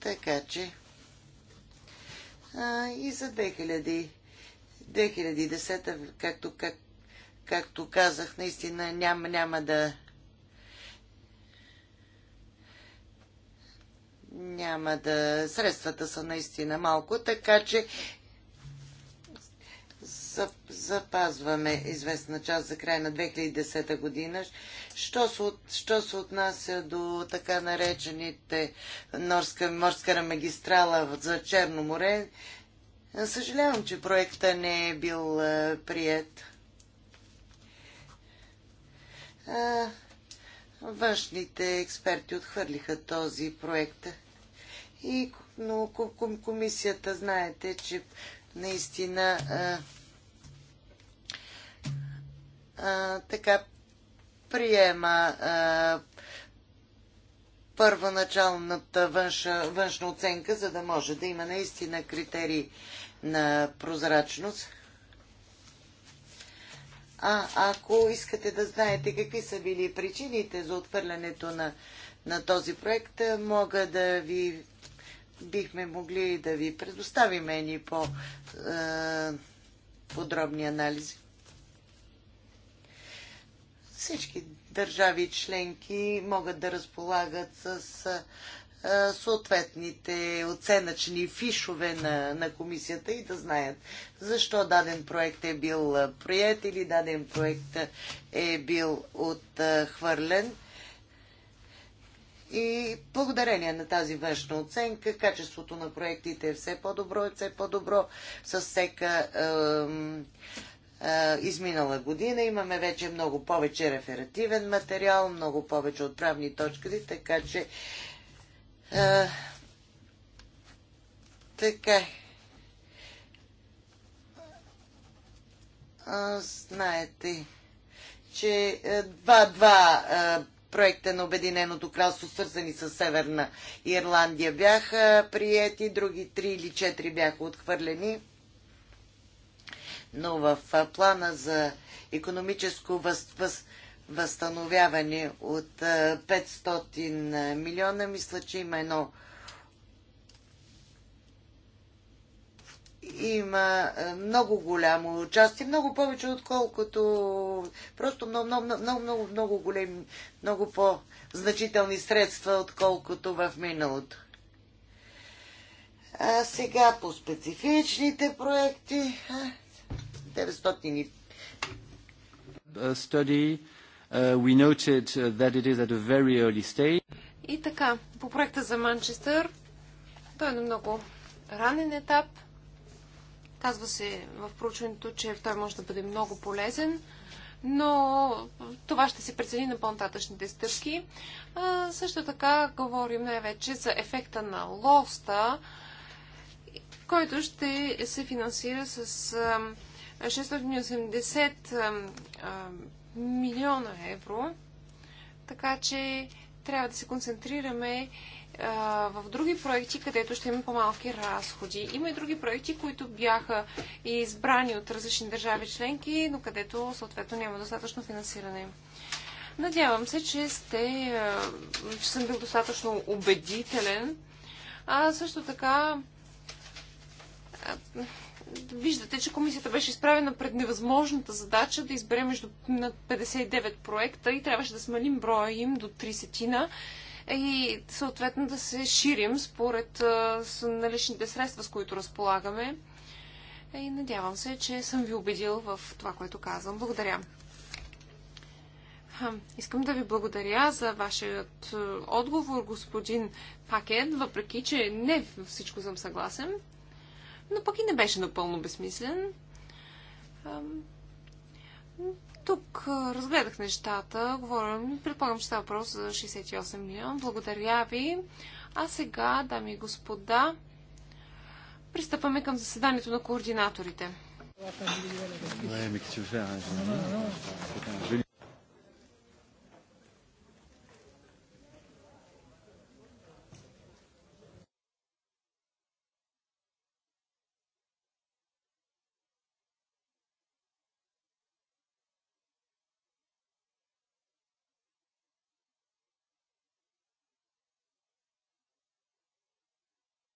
Така че а, и за 2000, 2010, както, как, Както казах, наистина няма, няма да няма да... Средствата са наистина малко, така че запазваме известна част за край на 2010 година. Що се, от, що се отнася до така наречените Норска, морска магистрала за Черно море, съжалявам, че проекта не е бил е, прият външните експерти отхвърлиха този проект. И, но комисията, знаете, че наистина а, а, така приема а, първоначалната външа, външна оценка, за да може да има наистина критерии на прозрачност. А ако искате да знаете какви са били причините за отвърлянето на, на този проект, е, мога да ви бихме могли да ви предоставим едни по е, подробни анализи. Всички държави членки могат да разполагат с е, съответните оценъчни фишове на, на комисията и да знаят защо даден проект е бил прият или даден проект е бил отхвърлен. И благодарение на тази външна оценка, качеството на проектите е все по-добро и все по-добро с всека е, е, изминала година. Имаме вече много повече реферативен материал, много повече отправни точки, така че а, така. А, знаете, че два-два е, е, проекта на Обединеното кралство, свързани с Северна Ирландия, бяха приети, други три или четири бяха отхвърлени. Но в плана за економическо възстановяване, въз, възстановяване от 500 милиона, мисля, че има едно има много голямо участие, много повече отколкото просто много, много, много, много, много големи, много по-значителни средства, отколкото в миналото. А сега по специфичните проекти 900 study Uh, we noted uh, that it is at a very early stage. И така, по проекта за Манчестър, той е на много ранен етап. Казва се в проучването, че той може да бъде много полезен, но това ще се прецени на по-нататъчните стъпки. също така говорим най-вече за ефекта на лоста, който ще се финансира с 680 милиона евро. Така че трябва да се концентрираме в други проекти, където ще има по-малки разходи. Има и други проекти, които бяха избрани от различни държави членки, но където съответно няма достатъчно финансиране. Надявам се, че, сте, че съм бил достатъчно убедителен. А също така виждате, че комисията беше изправена пред невъзможната задача да избере между 59 проекта и трябваше да смалим броя им до 30 и съответно да се ширим според наличните средства, с които разполагаме. И надявам се, че съм ви убедил в това, което казвам. Благодаря. Искам да ви благодаря за вашият отговор, господин Пакет, въпреки че не всичко съм съгласен но пък и не беше напълно безсмислен. Тук разгледах нещата, говорим, предполагам, че става въпрос за 68 милиона. Благодаря ви. А сега, дами и господа, пристъпваме към заседанието на координаторите.